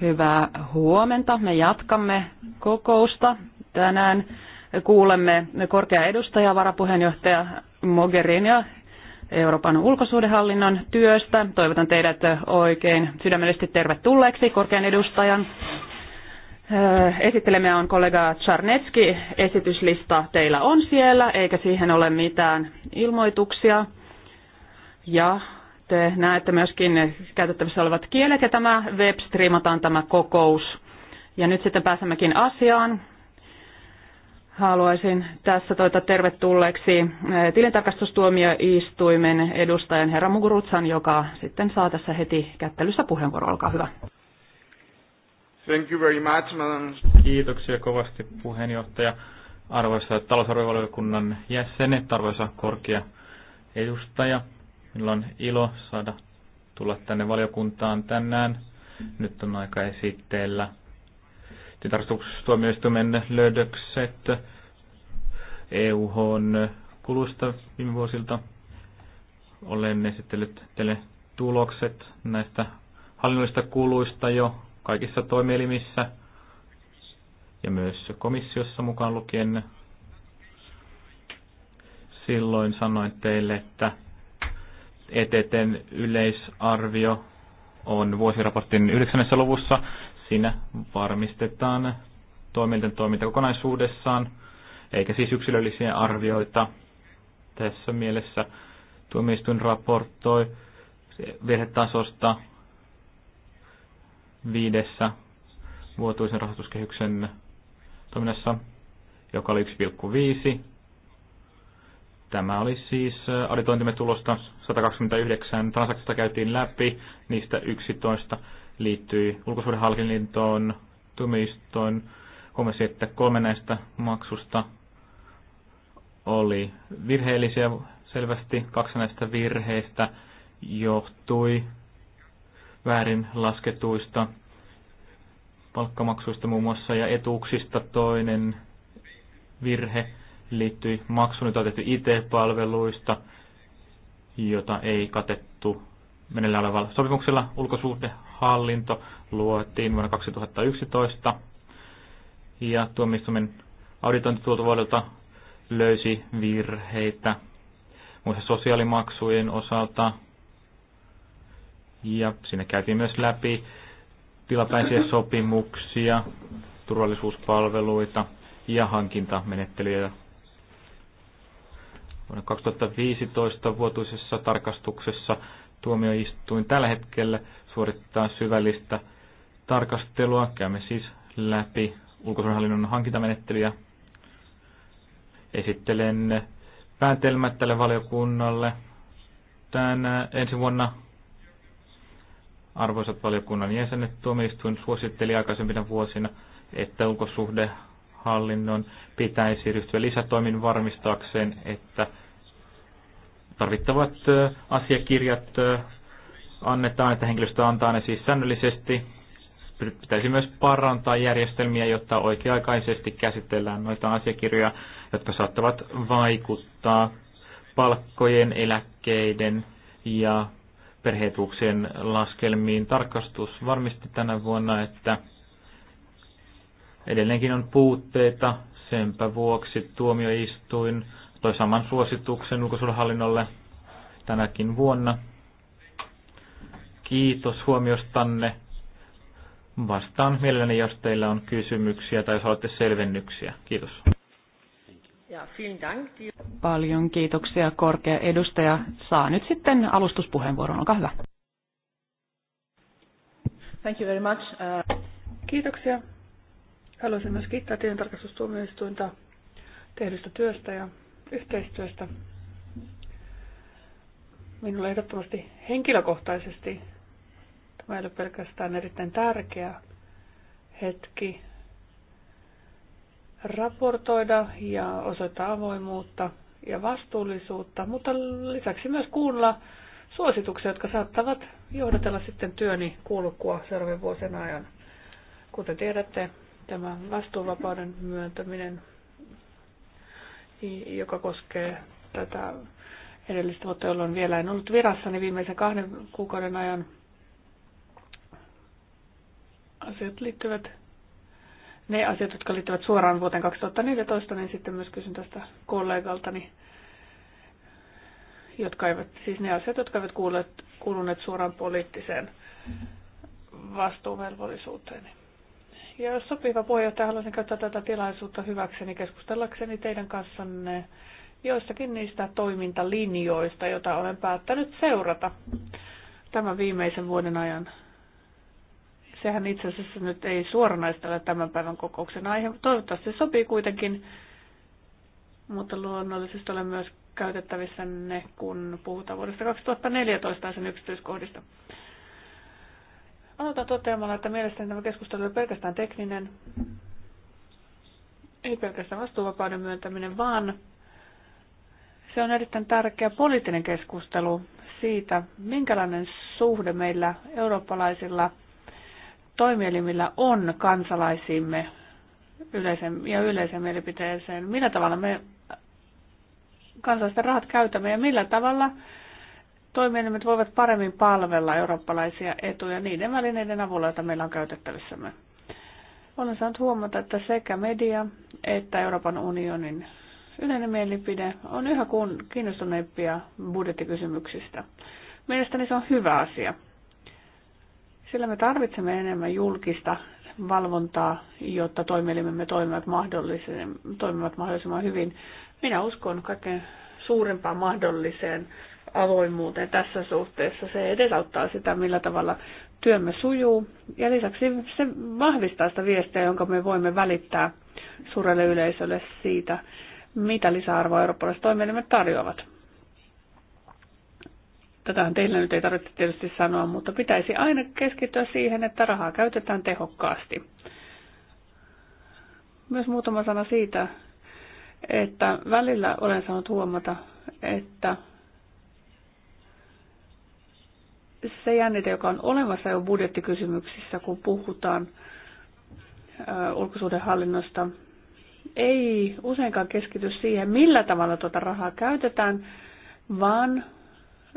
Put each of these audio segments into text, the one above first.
Hyvää huomenta. Me jatkamme kokousta. Tänään kuulemme korkea edustaja, varapuheenjohtaja Mogherinia Euroopan ulkosuudenhallinnon työstä. Toivotan teidät oikein sydämellisesti tervetulleeksi korkean edustajan. Äh, esittelemme on kollega Czarnetski. Esityslista teillä on siellä, eikä siihen ole mitään ilmoituksia. Ja te näette myöskin käytettävissä olevat kielet ja tämä webstreamataan tämä kokous. Ja nyt sitten pääsemmekin asiaan. Haluaisin tässä toita tervetulleeksi eh, tilintarkastustuomioistuimen edustajan herra Mugurutsan, joka sitten saa tässä heti kättelyssä puheenvuoro. Olkaa hyvä. Thank you very much, madam. Kiitoksia kovasti puheenjohtaja. Arvoisa talousarvovaliokunnan jäsenet, arvoisa korkea edustaja, Minulla on ilo saada tulla tänne valiokuntaan tänään. Nyt on aika esitteellä titarkastustuomioistuimen löydökset EUHn kulusta viime vuosilta. Olen esitellyt teille tulokset näistä hallinnollisista kuluista jo kaikissa toimielimissä ja myös komissiossa mukaan lukien. Silloin sanoin teille, että ETTn yleisarvio on vuosiraportin 9. luvussa. Siinä varmistetaan toiminten toiminta kokonaisuudessaan, eikä siis yksilöllisiä arvioita. Tässä mielessä tuomioistuin raportoi virhetasosta viidessä vuotuisen rahoituskehyksen toiminnassa, joka oli Tämä oli siis auditointimme tulosta. 129 transaktiota käytiin läpi, niistä 11 liittyi ulkosuudenhallintoon, tuomioistoon. Huomasi, että kolme näistä maksusta oli virheellisiä selvästi. Kaksi näistä virheistä johtui väärin lasketuista palkkamaksuista muun muassa ja etuuksista toinen virhe liittyi maksuun, jota on tehty IT-palveluista, jota ei katettu menellä olevalla sopimuksella. Ulkosuhdehallinto luotiin vuonna 2011 ja tuomioistuimen auditointituolta vuodelta löysi virheitä muissa sosiaalimaksujen osalta. Ja siinä käytiin myös läpi tilapäisiä sopimuksia, turvallisuuspalveluita ja hankintamenettelyjä, Vuonna 2015 vuotuisessa tarkastuksessa tuomioistuin tällä hetkellä suorittaa syvällistä tarkastelua. Käymme siis läpi ulkosuudenhallinnon hankintamenettelyjä. Esittelen päätelmät tälle valiokunnalle tänä eh, ensi vuonna. Arvoisat valiokunnan jäsenet, tuomioistuin suositteli aikaisempina vuosina, että ulkosuhde hallinnon pitäisi ryhtyä lisätoimin varmistaakseen, että tarvittavat asiakirjat annetaan, että henkilöstö antaa ne siis säännöllisesti. Pitäisi myös parantaa järjestelmiä, jotta oikea-aikaisesti käsitellään noita asiakirjoja, jotka saattavat vaikuttaa palkkojen, eläkkeiden ja perheetuuksien laskelmiin. Tarkastus varmisti tänä vuonna, että edelleenkin on puutteita. Senpä vuoksi tuomioistuin toi saman suosituksen ulkosuudenhallinnolle tänäkin vuonna. Kiitos huomiostanne. Vastaan mielelläni, jos teillä on kysymyksiä tai jos haluatte selvennyksiä. Kiitos. Paljon kiitoksia korkea edustaja. Saa nyt sitten alustuspuheenvuoron. Olkaa hyvä. Thank you very much. Uh... Kiitoksia Haluaisin myös kiittää tilintarkastustuomioistuinta tehdystä työstä ja yhteistyöstä. Minulle ehdottomasti henkilökohtaisesti tämä ei ole pelkästään erittäin tärkeä hetki raportoida ja osoittaa avoimuutta ja vastuullisuutta, mutta lisäksi myös kuulla suosituksia, jotka saattavat johdatella sitten työni kulkua seuraavien vuosien ajan. Kuten tiedätte, tämä vastuuvapauden myöntäminen, joka koskee tätä edellistä vuotta, jolloin vielä en ollut niin viimeisen kahden kuukauden ajan. Asiat liittyvät, ne asiat, jotka liittyvät suoraan vuoteen 2014, niin sitten myös kysyn tästä kollegaltani, jotka eivät, siis ne asiat, jotka eivät kuuluneet, suoraan poliittiseen vastuuvelvollisuuteen. Ja jos sopiva puheenjohtaja, haluaisin käyttää tätä tilaisuutta hyväkseni keskustellakseni teidän kanssanne joistakin niistä toimintalinjoista, joita olen päättänyt seurata tämän viimeisen vuoden ajan. Sehän itse asiassa nyt ei suoranaista ole tämän päivän kokouksen aihe, mutta toivottavasti se sopii kuitenkin. Mutta luonnollisesti olen myös käytettävissä ne, kun puhutaan vuodesta 2014 ja sen yksityiskohdista. Aloitan toteamalla, että mielestäni tämä keskustelu on pelkästään tekninen, ei pelkästään vastuuvapauden myöntäminen, vaan se on erittäin tärkeä poliittinen keskustelu siitä, minkälainen suhde meillä eurooppalaisilla toimielimillä on kansalaisiimme yleisen, ja yleisen mielipiteeseen, millä tavalla me kansalaisten rahat käytämme ja millä tavalla toimielimet voivat paremmin palvella eurooppalaisia etuja niiden välineiden avulla, joita meillä on käytettävissämme. Olen saanut huomata, että sekä media että Euroopan unionin yleinen mielipide on yhä kun kiinnostuneempia budjettikysymyksistä. Mielestäni se on hyvä asia, sillä me tarvitsemme enemmän julkista valvontaa, jotta toimielimemme toimivat mahdollisimman, toimivat mahdollisimman hyvin. Minä uskon kaikkein suurimpaan mahdolliseen avoimuuteen tässä suhteessa. Se edesauttaa sitä, millä tavalla työmme sujuu. Ja lisäksi se vahvistaa sitä viestiä, jonka me voimme välittää suurelle yleisölle siitä, mitä lisäarvoa eurooppalaiset toimielimet tarjoavat. Tätähän teillä nyt ei tarvitse tietysti sanoa, mutta pitäisi aina keskittyä siihen, että rahaa käytetään tehokkaasti. Myös muutama sana siitä, että välillä olen saanut huomata, että se jännite, joka on olemassa jo budjettikysymyksissä, kun puhutaan ulkosuhdehallinnosta, ei useinkaan keskity siihen, millä tavalla tuota rahaa käytetään, vaan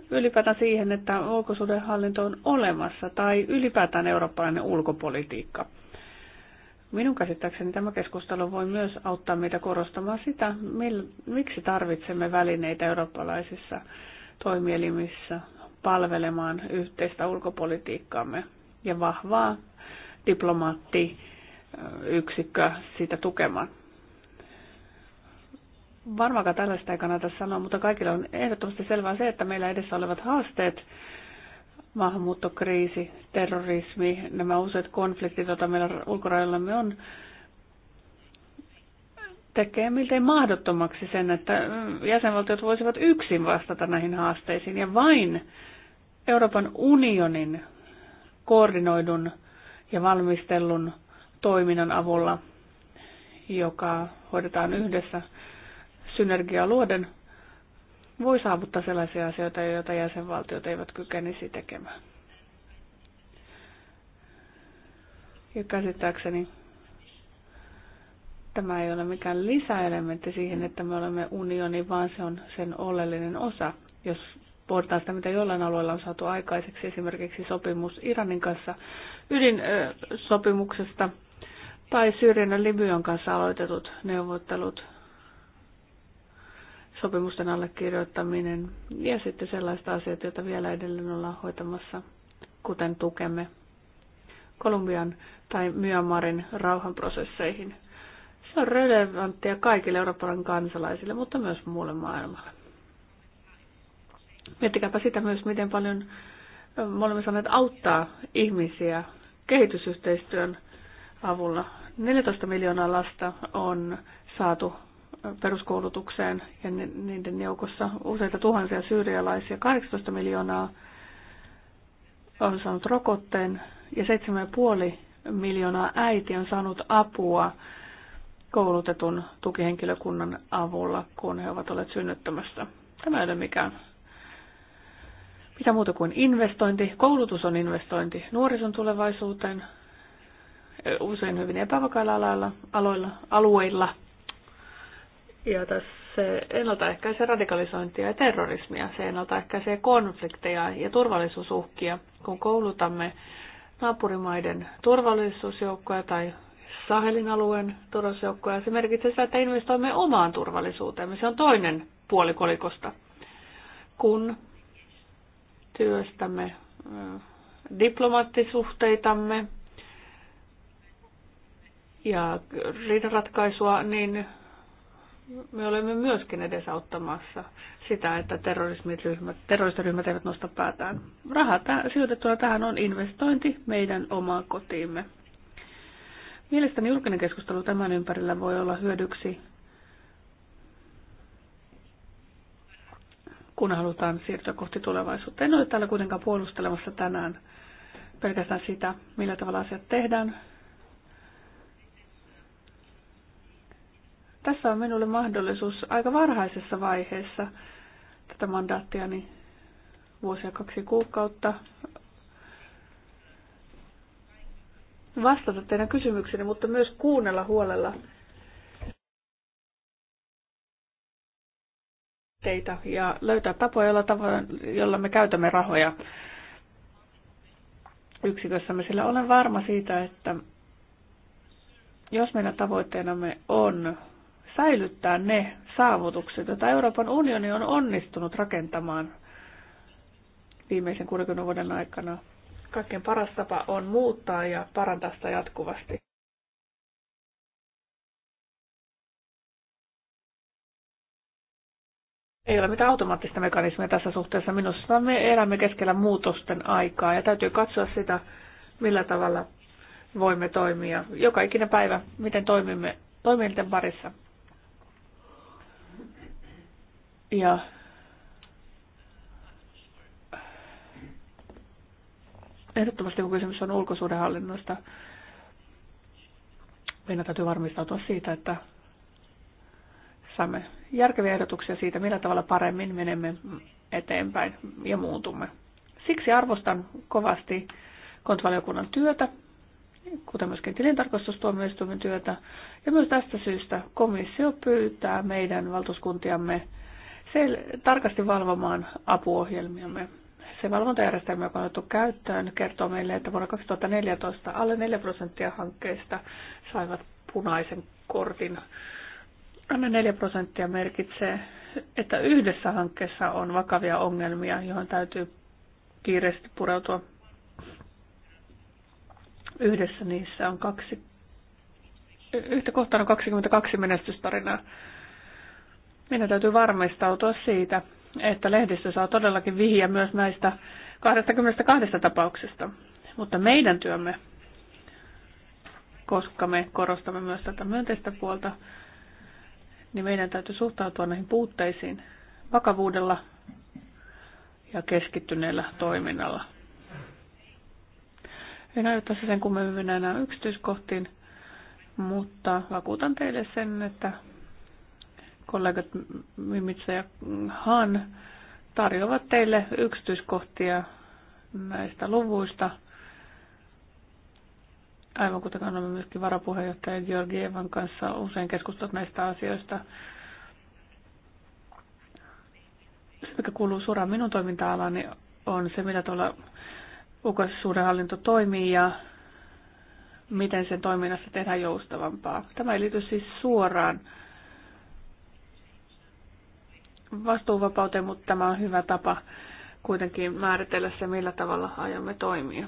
ylipäätään siihen, että ulkosuhdehallinto on olemassa tai ylipäätään eurooppalainen ulkopolitiikka. Minun käsittääkseni tämä keskustelu voi myös auttaa meitä korostamaan sitä, miksi tarvitsemme välineitä eurooppalaisissa toimielimissä, palvelemaan yhteistä ulkopolitiikkaamme ja vahvaa diplomaattiyksikköä sitä tukemaan. Varmaankaan tällaista ei kannata sanoa, mutta kaikille on ehdottomasti selvää se, että meillä edessä olevat haasteet, maahanmuuttokriisi, terrorismi, nämä useat konfliktit, joita meillä ulkorajoillamme on, tekee miltei mahdottomaksi sen, että jäsenvaltiot voisivat yksin vastata näihin haasteisiin ja vain Euroopan unionin koordinoidun ja valmistellun toiminnan avulla, joka hoidetaan yhdessä synergiaa luoden, voi saavuttaa sellaisia asioita, joita jäsenvaltiot eivät kykenisi tekemään. Ja käsittääkseni Tämä ei ole mikään lisäelementti siihen, että me olemme unioni, vaan se on sen oleellinen osa. Jos pohditaan sitä, mitä jollain alueella on saatu aikaiseksi, esimerkiksi sopimus Iranin kanssa ydinsopimuksesta tai Syyrian ja Libyan kanssa aloitetut neuvottelut, sopimusten allekirjoittaminen ja sitten sellaista asioita, joita vielä edelleen ollaan hoitamassa, kuten tukemme Kolumbian tai Myanmarin rauhanprosesseihin. Se on relevanttia kaikille Euroopan kansalaisille, mutta myös muulle maailmalle. Miettikääpä sitä myös, miten paljon me olemme saaneet auttaa ihmisiä kehitysyhteistyön avulla. 14 miljoonaa lasta on saatu peruskoulutukseen ja niiden joukossa useita tuhansia syyrialaisia. 18 miljoonaa on saanut rokotteen ja 7,5 miljoonaa äiti on saanut apua koulutetun tukihenkilökunnan avulla, kun he ovat olleet synnyttämässä. Tämä ei ole mikään mitä muuta kuin investointi. Koulutus on investointi nuorison tulevaisuuteen, usein hyvin epävakailla aloilla, aloilla, alueilla. Ja tässä ennaltaehkäisee radikalisointia ja terrorismia, se ennaltaehkäisee konflikteja ja turvallisuusuhkia, kun koulutamme naapurimaiden turvallisuusjoukkoja tai Sahelin alueen turvallisuusjoukkoja. Se merkitsee sitä, että investoimme omaan turvallisuuteemme. Se on toinen puoli kolikosta, kun työstämme diplomaattisuhteitamme ja riidanratkaisua, niin me olemme myöskin edesauttamassa sitä, että terrorismiryhmät, terroristiryhmät eivät nosta päätään. Raha sijoitettuna tähän on investointi meidän omaan kotiimme. Mielestäni julkinen keskustelu tämän ympärillä voi olla hyödyksi, kun halutaan siirtyä kohti tulevaisuutta. En ole täällä kuitenkaan puolustelemassa tänään pelkästään sitä, millä tavalla asiat tehdään. Tässä on minulle mahdollisuus aika varhaisessa vaiheessa tätä mandaattiani vuosia kaksi kuukautta vastata teidän kysymyksenne, mutta myös kuunnella huolella teitä ja löytää tapoja, jolla, tavoin, jolla me käytämme rahoja yksikössämme, sillä olen varma siitä, että jos meidän tavoitteenamme on säilyttää ne saavutukset, joita Euroopan unioni on onnistunut rakentamaan viimeisen 60 vuoden aikana, kaikkein paras tapa on muuttaa ja parantaa sitä jatkuvasti. Ei ole mitään automaattista mekanismia tässä suhteessa minussa, vaan me elämme keskellä muutosten aikaa ja täytyy katsoa sitä, millä tavalla voimme toimia joka ikinä päivä, miten toimimme toimijoiden parissa. Ja Ehdottomasti kun kysymys on ulkosuhdehallinnosta, meidän täytyy varmistautua siitä, että saamme järkeviä ehdotuksia siitä, millä tavalla paremmin menemme eteenpäin ja muutumme. Siksi arvostan kovasti kontvaliokunnan työtä, kuten myöskin tilintarkastustuomioistuimen työtä. Ja myös tästä syystä komissio pyytää meidän valtuuskuntiamme tarkasti valvomaan apuohjelmiamme se valvontajärjestelmä, joka on otettu käyttöön, kertoo meille, että vuonna 2014 alle 4 prosenttia hankkeista saivat punaisen kortin. Alle 4 prosenttia merkitsee, että yhdessä hankkeessa on vakavia ongelmia, johon täytyy kiireesti pureutua. Yhdessä niissä on kaksi, yhtä kohtaan on 22 menestystarinaa. Meidän täytyy varmistautua siitä, että lehdistö saa todellakin vihiä myös näistä 22 tapauksesta. Mutta meidän työmme, koska me korostamme myös tätä myönteistä puolta, niin meidän täytyy suhtautua näihin puutteisiin vakavuudella ja keskittyneellä toiminnalla. En aio tässä sen kummemmin enää yksityiskohtiin, mutta vakuutan teille sen, että kollegat Mimitsa ja Han tarjoavat teille yksityiskohtia näistä luvuista. Aivan kuten kannamme myöskin varapuheenjohtaja Georgi Evan kanssa usein keskustelut näistä asioista. Se, mikä kuuluu suoraan minun toiminta-alani, on se, mitä tuolla ulkoisuudenhallinto toimii ja miten sen toiminnassa tehdään joustavampaa. Tämä ei liity siis suoraan vastuuvapauteen, mutta tämä on hyvä tapa kuitenkin määritellä se, millä tavalla aiomme toimia.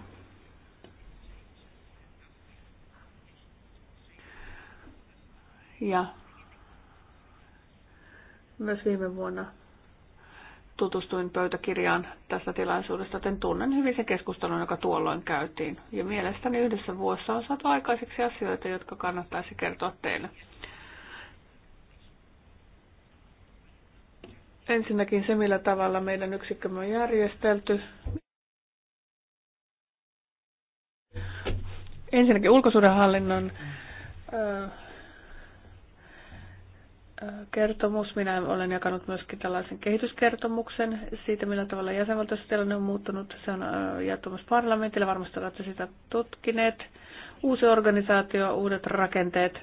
Ja myös viime vuonna tutustuin pöytäkirjaan tästä tilaisuudesta, joten tunnen hyvin sen keskustelun, joka tuolloin käytiin. Ja mielestäni yhdessä vuossa on saatu aikaiseksi asioita, jotka kannattaisi kertoa teille. Ensinnäkin se, millä tavalla meidän yksikkömme on järjestelty. Ensinnäkin ulkosuudenhallinnon kertomus. Minä olen jakanut myöskin tällaisen kehityskertomuksen siitä, millä tavalla jäsenvaltiossa on muuttunut. Se on jaettu parlamentille. Varmasti olette sitä tutkineet. Uusi organisaatio, uudet rakenteet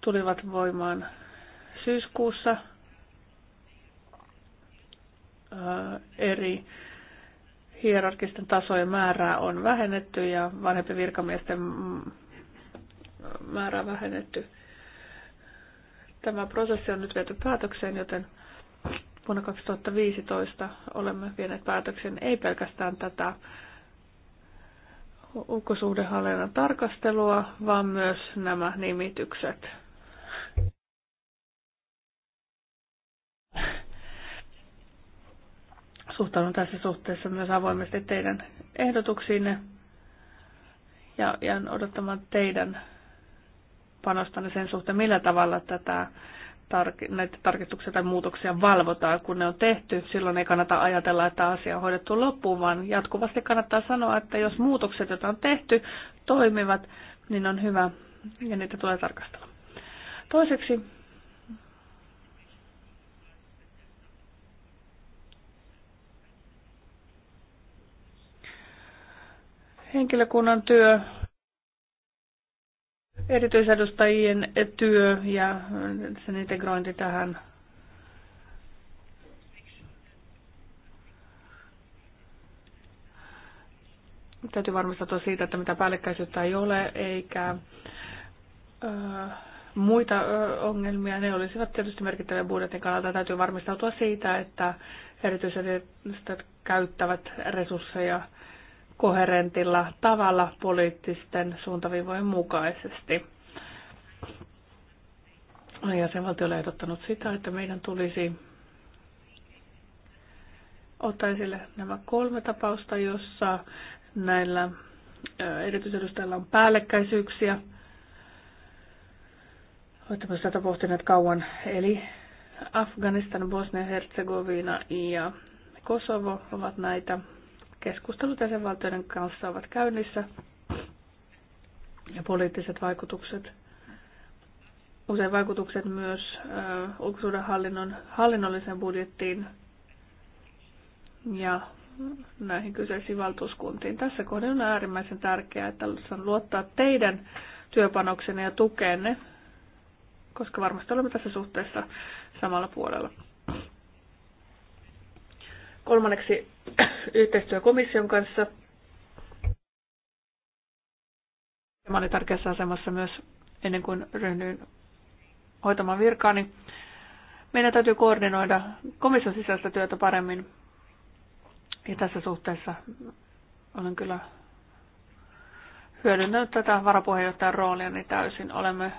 tulivat voimaan syyskuussa eri hierarkisten tasojen määrää on vähennetty ja vanhempien virkamiesten määrää vähennetty. Tämä prosessi on nyt viety päätökseen, joten vuonna 2015 olemme vieneet päätöksen ei pelkästään tätä ulkosuhdehallinnan tarkastelua, vaan myös nämä nimitykset. suhtaudun tässä suhteessa myös avoimesti teidän ehdotuksiinne ja jään odottamaan teidän panostanne sen suhteen, millä tavalla tätä, näitä tarkistuksia tai muutoksia valvotaan, kun ne on tehty. Silloin ei kannata ajatella, että asia on hoidettu loppuun, vaan jatkuvasti kannattaa sanoa, että jos muutokset, joita on tehty, toimivat, niin on hyvä ja niitä tulee tarkastella. Toiseksi henkilökunnan työ, erityisedustajien työ ja sen integrointi tähän täytyy varmistaa siitä, että mitä päällekkäisyyttä ei ole, eikä ö, muita ö, ongelmia. Ne olisivat tietysti merkittäviä budjetin kannalta. Täytyy varmistautua siitä, että erityisesti käyttävät resursseja koherentilla tavalla poliittisten suuntavivojen mukaisesti. No, ja se valtio on ehdottanut sitä, että meidän tulisi ottaa esille nämä kolme tapausta, jossa näillä erityisedustajilla on päällekkäisyyksiä. Olette myös tätä pohtineet kauan. Eli Afganistan, Bosnia-Herzegovina ja Kosovo ovat näitä Keskustelut jäsenvaltioiden kanssa ovat käynnissä ja poliittiset vaikutukset, usein vaikutukset myös hallinnon hallinnolliseen budjettiin ja näihin kyseisiin valtuuskuntiin. Tässä kohdin on äärimmäisen tärkeää, että on luottaa teidän työpanoksenne ja tukeenne, koska varmasti olemme tässä suhteessa samalla puolella. Kolmanneksi yhteistyö komission kanssa. Tämä oli tärkeässä asemassa myös ennen kuin ryhdyin hoitamaan virkaani. Meidän täytyy koordinoida komission sisäistä työtä paremmin. Ja tässä suhteessa olen kyllä hyödyntänyt tätä varapuheenjohtajan roolia niin täysin. Olemme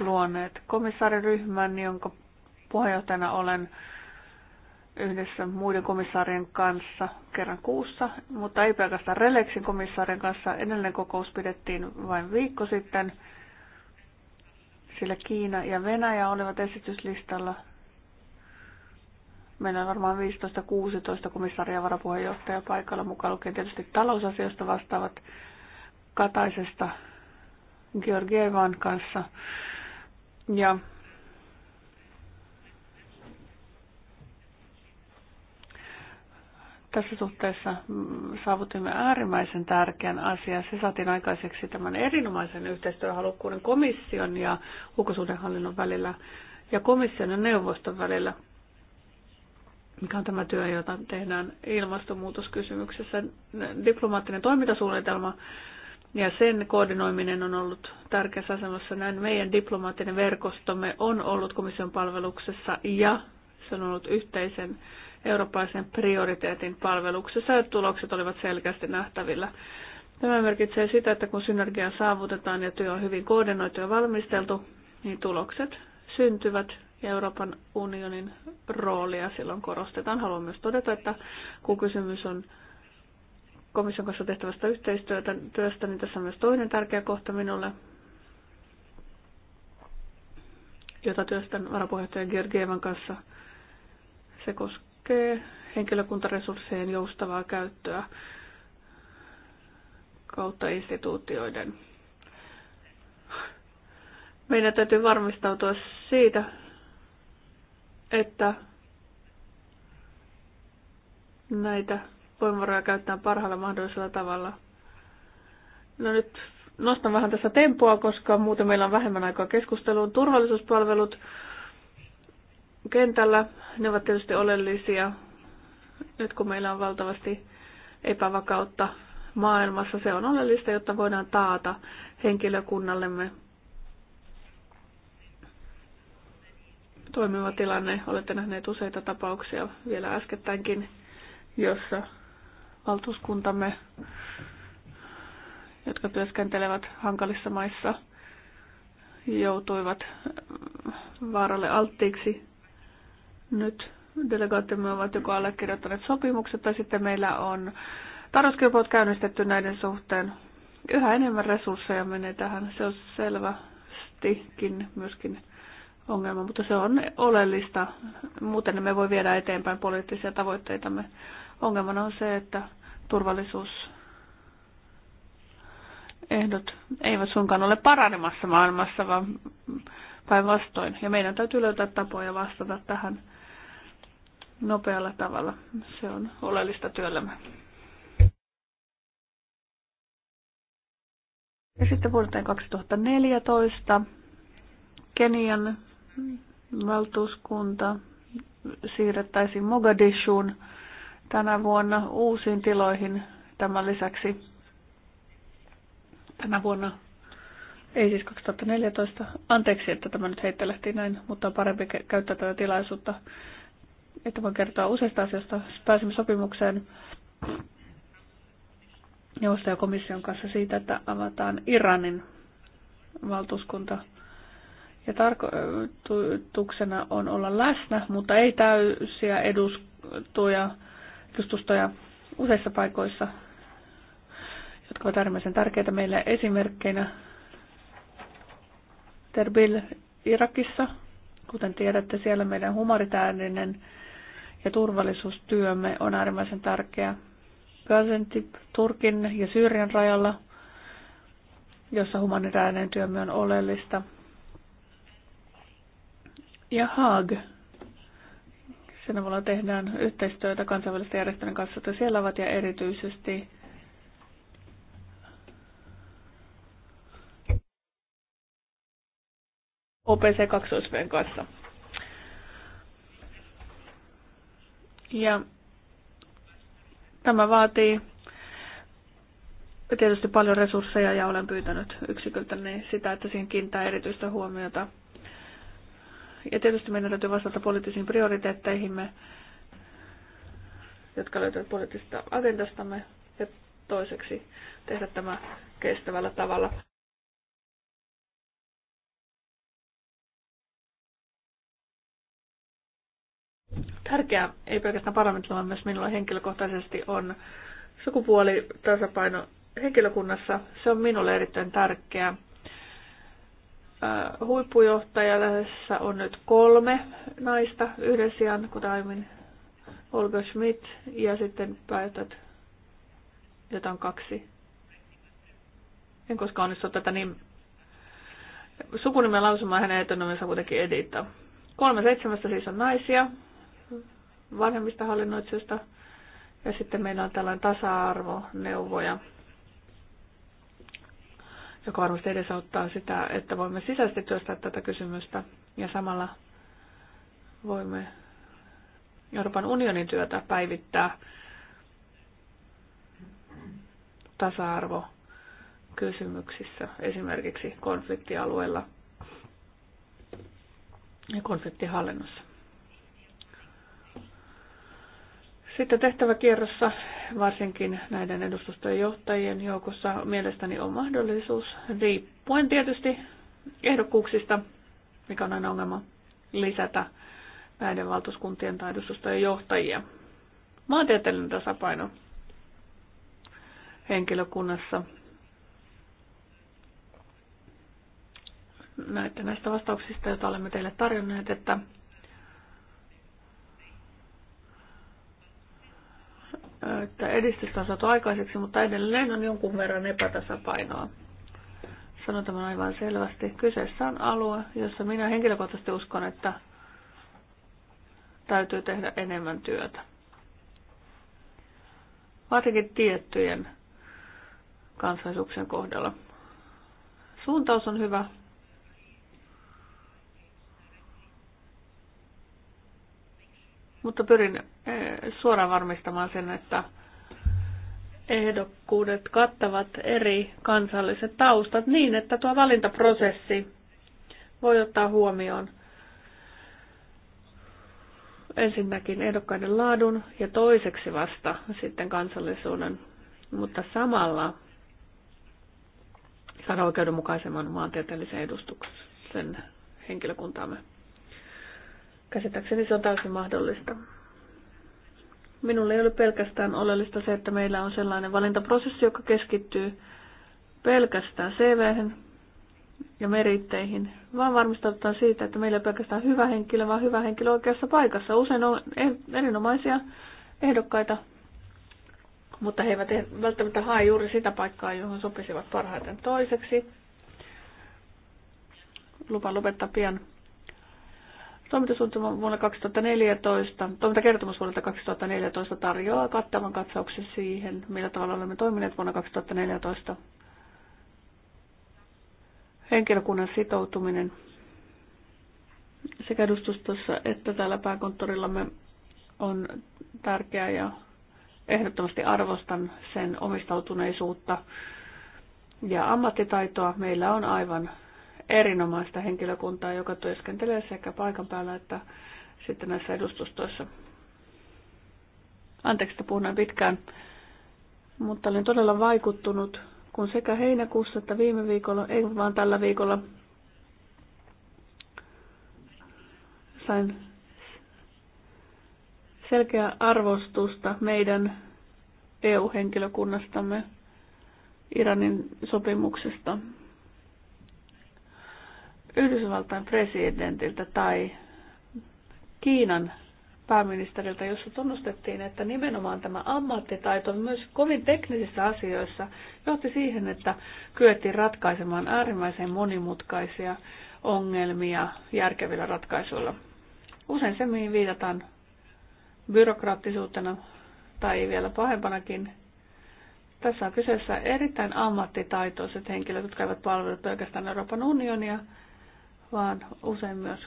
luoneet komissaariryhmän, jonka puheenjohtajana olen yhdessä muiden komissaarien kanssa kerran kuussa, mutta ei pelkästään Relexin komissaarien kanssa. Edellinen kokous pidettiin vain viikko sitten, sillä Kiina ja Venäjä olivat esityslistalla. Meillä on varmaan 15-16 komissaaria varapuheenjohtaja paikalla, mukaan lukien tietysti talousasioista vastaavat Kataisesta Georgievan kanssa. Ja Tässä suhteessa mm, saavutimme äärimmäisen tärkeän asian. Se saatiin aikaiseksi tämän erinomaisen yhteistyöhalukkuuden komission ja ulkosuhdehallinnon välillä ja komission ja neuvoston välillä, mikä on tämä työ, jota tehdään ilmastonmuutoskysymyksessä. Diplomaattinen toimintasuunnitelma ja sen koordinoiminen on ollut tärkeässä asemassa. Näin meidän diplomaattinen verkostomme on ollut komission palveluksessa ja se on ollut yhteisen eurooppalaisen prioriteetin palveluksessa ja tulokset olivat selkeästi nähtävillä. Tämä merkitsee sitä, että kun synergia saavutetaan ja työ on hyvin koordinoitu ja valmisteltu, niin tulokset syntyvät ja Euroopan unionin roolia silloin korostetaan. Haluan myös todeta, että kun kysymys on komission kanssa tehtävästä yhteistyötä, työstä, niin tässä on myös toinen tärkeä kohta minulle, jota työstän varapuheenjohtaja Georgievan kanssa. Se koskee koskee henkilökuntaresurssien joustavaa käyttöä kautta instituutioiden. Meidän täytyy varmistautua siitä, että näitä voimavaroja käytetään parhaalla mahdollisella tavalla. No nyt nostan vähän tässä tempoa, koska muuten meillä on vähemmän aikaa keskusteluun. Turvallisuuspalvelut kentällä. Ne ovat tietysti oleellisia. Nyt kun meillä on valtavasti epävakautta maailmassa, se on oleellista, jotta voidaan taata henkilökunnallemme toimiva tilanne. Olette nähneet useita tapauksia vielä äskettäinkin, jossa valtuuskuntamme, jotka työskentelevät hankalissa maissa, joutuivat mm, vaaralle alttiiksi nyt delegaattimme ovat joko allekirjoittaneet sopimukset tai sitten meillä on tarjouskilpailut käynnistetty näiden suhteen. Yhä enemmän resursseja menee tähän. Se on selvästikin myöskin ongelma, mutta se on oleellista. Muuten me voi viedä eteenpäin poliittisia tavoitteitamme. Ongelmana on se, että turvallisuus ehdot eivät suinkaan ole paranemassa maailmassa, vaan päinvastoin. Ja meidän täytyy löytää tapoja vastata tähän nopealla tavalla. Se on oleellista työllämme. Ja sitten vuoteen 2014 Kenian valtuuskunta siirrettäisiin Mogadishuun tänä vuonna uusiin tiloihin. Tämän lisäksi tänä vuonna, ei siis 2014, anteeksi, että tämä nyt heittelehti näin, mutta on parempi käyttää tätä tilaisuutta että voin kertoa useista asioista. Pääsimme sopimukseen neuvoston ja komission kanssa siitä, että avataan Iranin valtuuskunta. Ja tarkoituksena on olla läsnä, mutta ei täysiä edustuja, edustustoja useissa paikoissa, jotka ovat äärimmäisen tärkeitä meille esimerkkeinä. Terbil Irakissa, kuten tiedätte, siellä meidän humanitaarinen ja turvallisuustyömme on äärimmäisen tärkeä. Gaziantep Turkin ja Syyrian rajalla, jossa humanitaarinen työmme on oleellista. Ja Haag. Sen avulla tehdään yhteistyötä kansainvälisten järjestöjen kanssa, että siellä ovat ja erityisesti OPC-kaksoisven kanssa. Ja tämä vaatii tietysti paljon resursseja ja olen pyytänyt yksiköltä niin sitä, että siihen kiinnittää erityistä huomiota. Ja tietysti meidän täytyy vastata poliittisiin prioriteetteihimme, jotka löytyvät poliittisesta agendastamme ja toiseksi tehdä tämä kestävällä tavalla. Tärkeää, ei pelkästään parlamentilla, vaan myös minulla henkilökohtaisesti on sukupuolitasapaino henkilökunnassa. Se on minulle erittäin tärkeää. tässä on nyt kolme naista yhden sijaan, kuten aiemmin Olga Schmidt ja sitten päätöt joita on kaksi. En koskaan onnistu tätä niin sukunimen lausumaan hänen etunimensa kuitenkin Edita. Kolme seitsemästä siis on naisia vanhemmista hallinnoitsijoista. Ja sitten meillä on tällainen tasa-arvoneuvoja, joka varmasti edesauttaa sitä, että voimme sisäisesti työstää tätä kysymystä ja samalla voimme Euroopan unionin työtä päivittää tasa-arvo kysymyksissä, esimerkiksi konfliktialueella ja konfliktihallinnossa. Sitten tehtäväkierrossa, varsinkin näiden edustustojen johtajien joukossa, mielestäni on mahdollisuus, riippuen tietysti ehdokkuuksista, mikä on aina ongelma, lisätä näiden valtuuskuntien tai edustustojen johtajia. Maantieteellinen tasapaino henkilökunnassa. Näette näistä vastauksista, joita olemme teille tarjonneet, että että edistystä on saatu aikaiseksi, mutta edelleen on jonkun verran epätasapainoa. Sanon tämän aivan selvästi. Kyseessä on alue, jossa minä henkilökohtaisesti uskon, että täytyy tehdä enemmän työtä. Varsinkin tiettyjen kansallisuuksien kohdalla. Suuntaus on hyvä, Mutta pyrin eh, suoraan varmistamaan sen, että ehdokkuudet kattavat eri kansalliset taustat niin, että tuo valintaprosessi voi ottaa huomioon ensinnäkin ehdokkaiden laadun ja toiseksi vasta sitten kansallisuuden, mutta samalla saada oikeudenmukaisemman maantieteellisen edustuksen henkilökuntaamme. Käsittääkseni se on täysin mahdollista. Minulle ei ole pelkästään oleellista se, että meillä on sellainen valintaprosessi, joka keskittyy pelkästään cv ja meritteihin, vaan varmistetaan siitä, että meillä ei ole pelkästään hyvä henkilö, vaan hyvä henkilö oikeassa paikassa. Usein on e- erinomaisia ehdokkaita, mutta he eivät e- välttämättä hae juuri sitä paikkaa, johon sopisivat parhaiten toiseksi. Lupa lopettaa pian Toimintasuunnitelma vuonna 2014, toimintakertomus vuodelta 2014 tarjoaa kattavan katsauksen siihen, millä tavalla olemme toimineet vuonna 2014. Henkilökunnan sitoutuminen sekä edustustossa että täällä pääkonttorillamme on tärkeää ja ehdottomasti arvostan sen omistautuneisuutta ja ammattitaitoa. Meillä on aivan erinomaista henkilökuntaa, joka työskentelee sekä paikan päällä että sitten näissä edustustoissa. Anteeksi, että puhun pitkään, mutta olin todella vaikuttunut, kun sekä heinäkuussa että viime viikolla, ei vaan tällä viikolla, sain selkeää arvostusta meidän EU-henkilökunnastamme Iranin sopimuksesta Yhdysvaltain presidentiltä tai Kiinan pääministeriltä, jossa tunnustettiin, että nimenomaan tämä ammattitaito myös kovin teknisissä asioissa johti siihen, että kyettiin ratkaisemaan äärimmäisen monimutkaisia ongelmia järkevillä ratkaisuilla. Usein se, mihin viitataan byrokraattisuutena tai vielä pahempanakin, tässä on kyseessä erittäin ammattitaitoiset henkilöt, jotka eivät palvelut pelkästään Euroopan unionia, vaan usein myös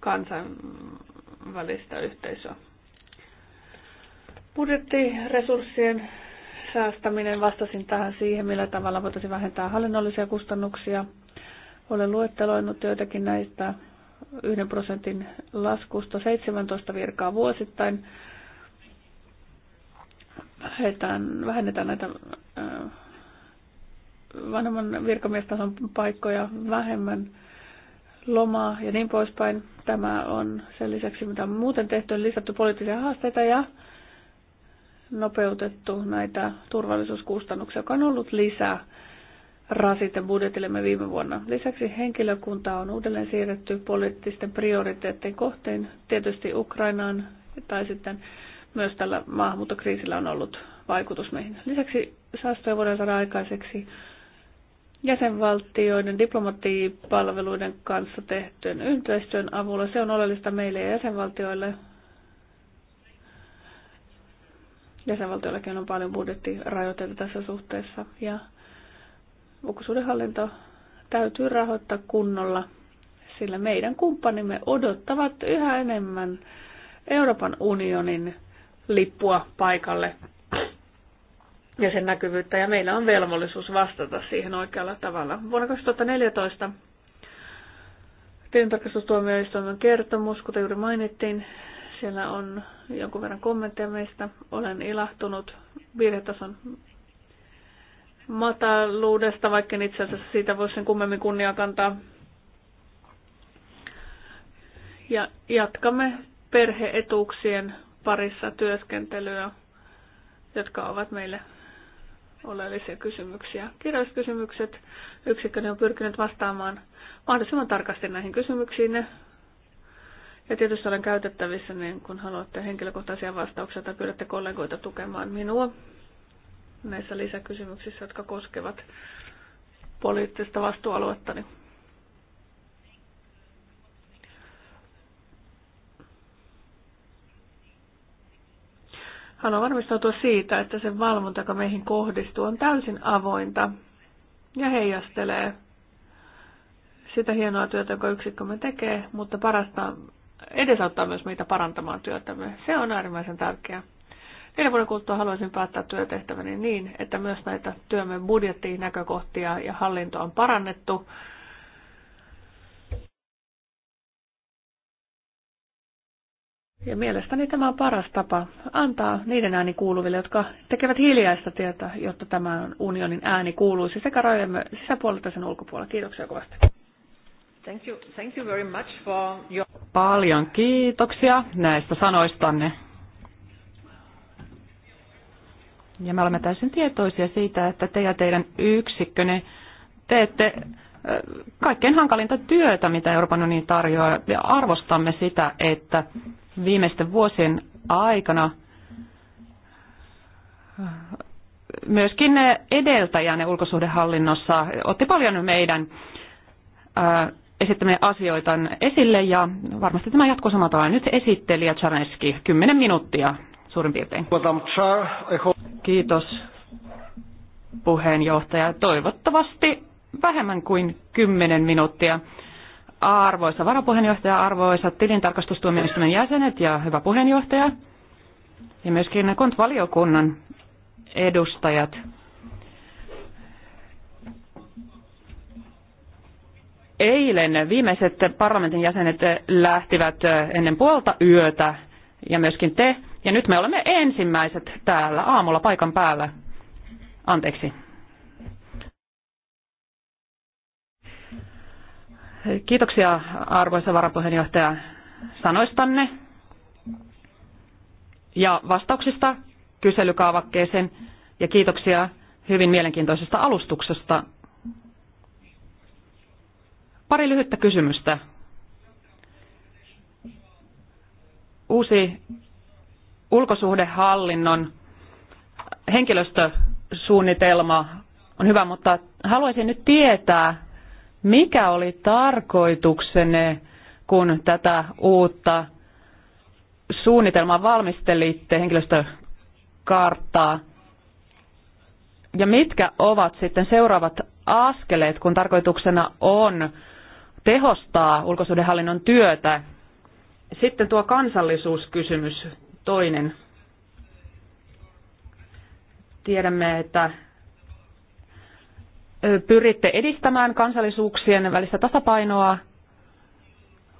kansainvälistä yhteisöä. Budjettiresurssien säästäminen, vastasin tähän siihen, millä tavalla voitaisiin vähentää hallinnollisia kustannuksia. Olen luetteloinut joitakin näistä yhden prosentin laskusta 17 virkaa vuosittain. Heitään vähennetään näitä vanhemman virkamiestason paikkoja vähemmän lomaa ja niin poispäin. Tämä on sen lisäksi, mitä on muuten tehty, on lisätty poliittisia haasteita ja nopeutettu näitä turvallisuuskustannuksia, joka on ollut lisää rasite budjetillemme viime vuonna. Lisäksi henkilökunta on uudelleen siirretty poliittisten prioriteettien kohteen, tietysti Ukrainaan tai sitten myös tällä maahanmuuttokriisillä on ollut vaikutus meihin. Lisäksi säästöjä voidaan saada aikaiseksi jäsenvaltioiden diplomatiipalveluiden kanssa tehtyjen yhteistyön avulla. Se on oleellista meille ja jäsenvaltioille. Jäsenvaltioillakin on paljon budjettirajoitteita tässä suhteessa ja ulkosuudenhallinto täytyy rahoittaa kunnolla, sillä meidän kumppanimme odottavat yhä enemmän Euroopan unionin lippua paikalle ja sen näkyvyyttä, ja meillä on velvollisuus vastata siihen oikealla tavalla. Vuonna 2014 tilintarkastustuomioistuimen kertomus, kuten juuri mainittiin, siellä on jonkun verran kommentteja meistä. Olen ilahtunut virhetason mataluudesta, vaikka itse asiassa siitä voisi sen kummemmin kunnia kantaa. Ja jatkamme perheetuuksien parissa työskentelyä, jotka ovat meille oleellisia kysymyksiä. Kirjalliskysymykset yksikköni on pyrkinyt vastaamaan mahdollisimman tarkasti näihin kysymyksiin. Ja tietysti olen käytettävissä, niin kun haluatte henkilökohtaisia vastauksia tai pyydätte kollegoita tukemaan minua näissä lisäkysymyksissä, jotka koskevat poliittista vastuualuettani. Niin Haluan varmistautua siitä, että se valvonta, joka meihin kohdistuu, on täysin avointa ja heijastelee sitä hienoa työtä, jonka yksikkömme tekee, mutta parasta edesauttaa myös meitä parantamaan työtämme. Se on äärimmäisen tärkeää. Neljän vuoden kuluttua haluaisin päättää työtehtäväni niin, että myös näitä työmme budjettiin näkökohtia ja hallintoa on parannettu Ja mielestäni tämä on paras tapa antaa niiden ääni kuuluville, jotka tekevät hiljaista tietä, jotta tämä unionin ääni kuuluisi sekä rajojemme sisäpuolella että sen ulkopuolella. Kiitoksia kovasti. Thank you. Thank you very much for your... Paljon kiitoksia näistä sanoistanne. Ja me olemme täysin tietoisia siitä, että te ja teidän yksikkönne teette kaikkein hankalinta työtä, mitä Euroopan unioni tarjoaa, ja arvostamme sitä, että viimeisten vuosien aikana myöskin edeltäjänne ulkosuhdehallinnossa otti paljon meidän esittämiä asioita esille ja varmasti tämä jatkuu samalla tavalla. Nyt esittelijä Czarneski, 10 minuuttia suurin piirtein. Kiitos puheenjohtaja. Toivottavasti vähemmän kuin 10 minuuttia. Arvoisa varapuheenjohtaja, arvoisat tilintarkastustuomioistuimen jäsenet ja hyvä puheenjohtaja ja myöskin kontvaliokunnan edustajat. Eilen viimeiset parlamentin jäsenet lähtivät ennen puolta yötä ja myöskin te. Ja nyt me olemme ensimmäiset täällä aamulla paikan päällä. Anteeksi, Kiitoksia arvoisa varapuheenjohtaja sanoistanne ja vastauksista kyselykaavakkeeseen ja kiitoksia hyvin mielenkiintoisesta alustuksesta. Pari lyhyttä kysymystä. Uusi ulkosuhdehallinnon henkilöstösuunnitelma on hyvä, mutta haluaisin nyt tietää, mikä oli tarkoituksenne, kun tätä uutta suunnitelmaa valmistelitte henkilöstökarttaa? Ja mitkä ovat sitten seuraavat askeleet, kun tarkoituksena on tehostaa ulkosuhdehallinnon työtä? Sitten tuo kansallisuuskysymys, toinen. Tiedämme, että pyritte edistämään kansallisuuksien välistä tasapainoa,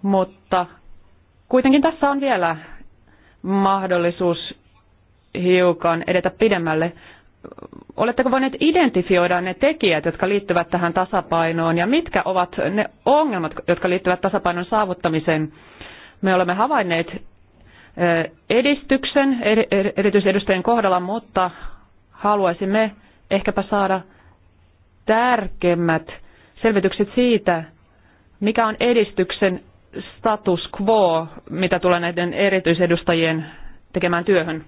mutta kuitenkin tässä on vielä mahdollisuus hiukan edetä pidemmälle. Oletteko voineet identifioida ne tekijät, jotka liittyvät tähän tasapainoon, ja mitkä ovat ne ongelmat, jotka liittyvät tasapainon saavuttamiseen? Me olemme havainneet edistyksen erityisedustajien kohdalla, mutta haluaisimme ehkäpä saada tärkeimmät selvitykset siitä, mikä on edistyksen status quo, mitä tulee näiden erityisedustajien tekemään työhön.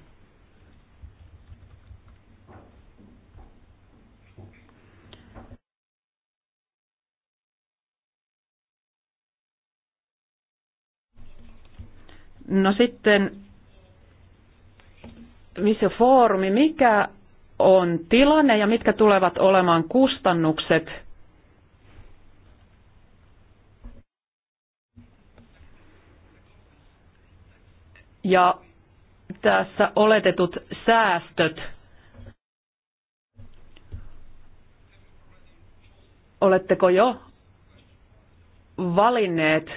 No sitten, missä foorumi, mikä on tilanne ja mitkä tulevat olemaan kustannukset ja tässä oletetut säästöt. Oletteko jo valinneet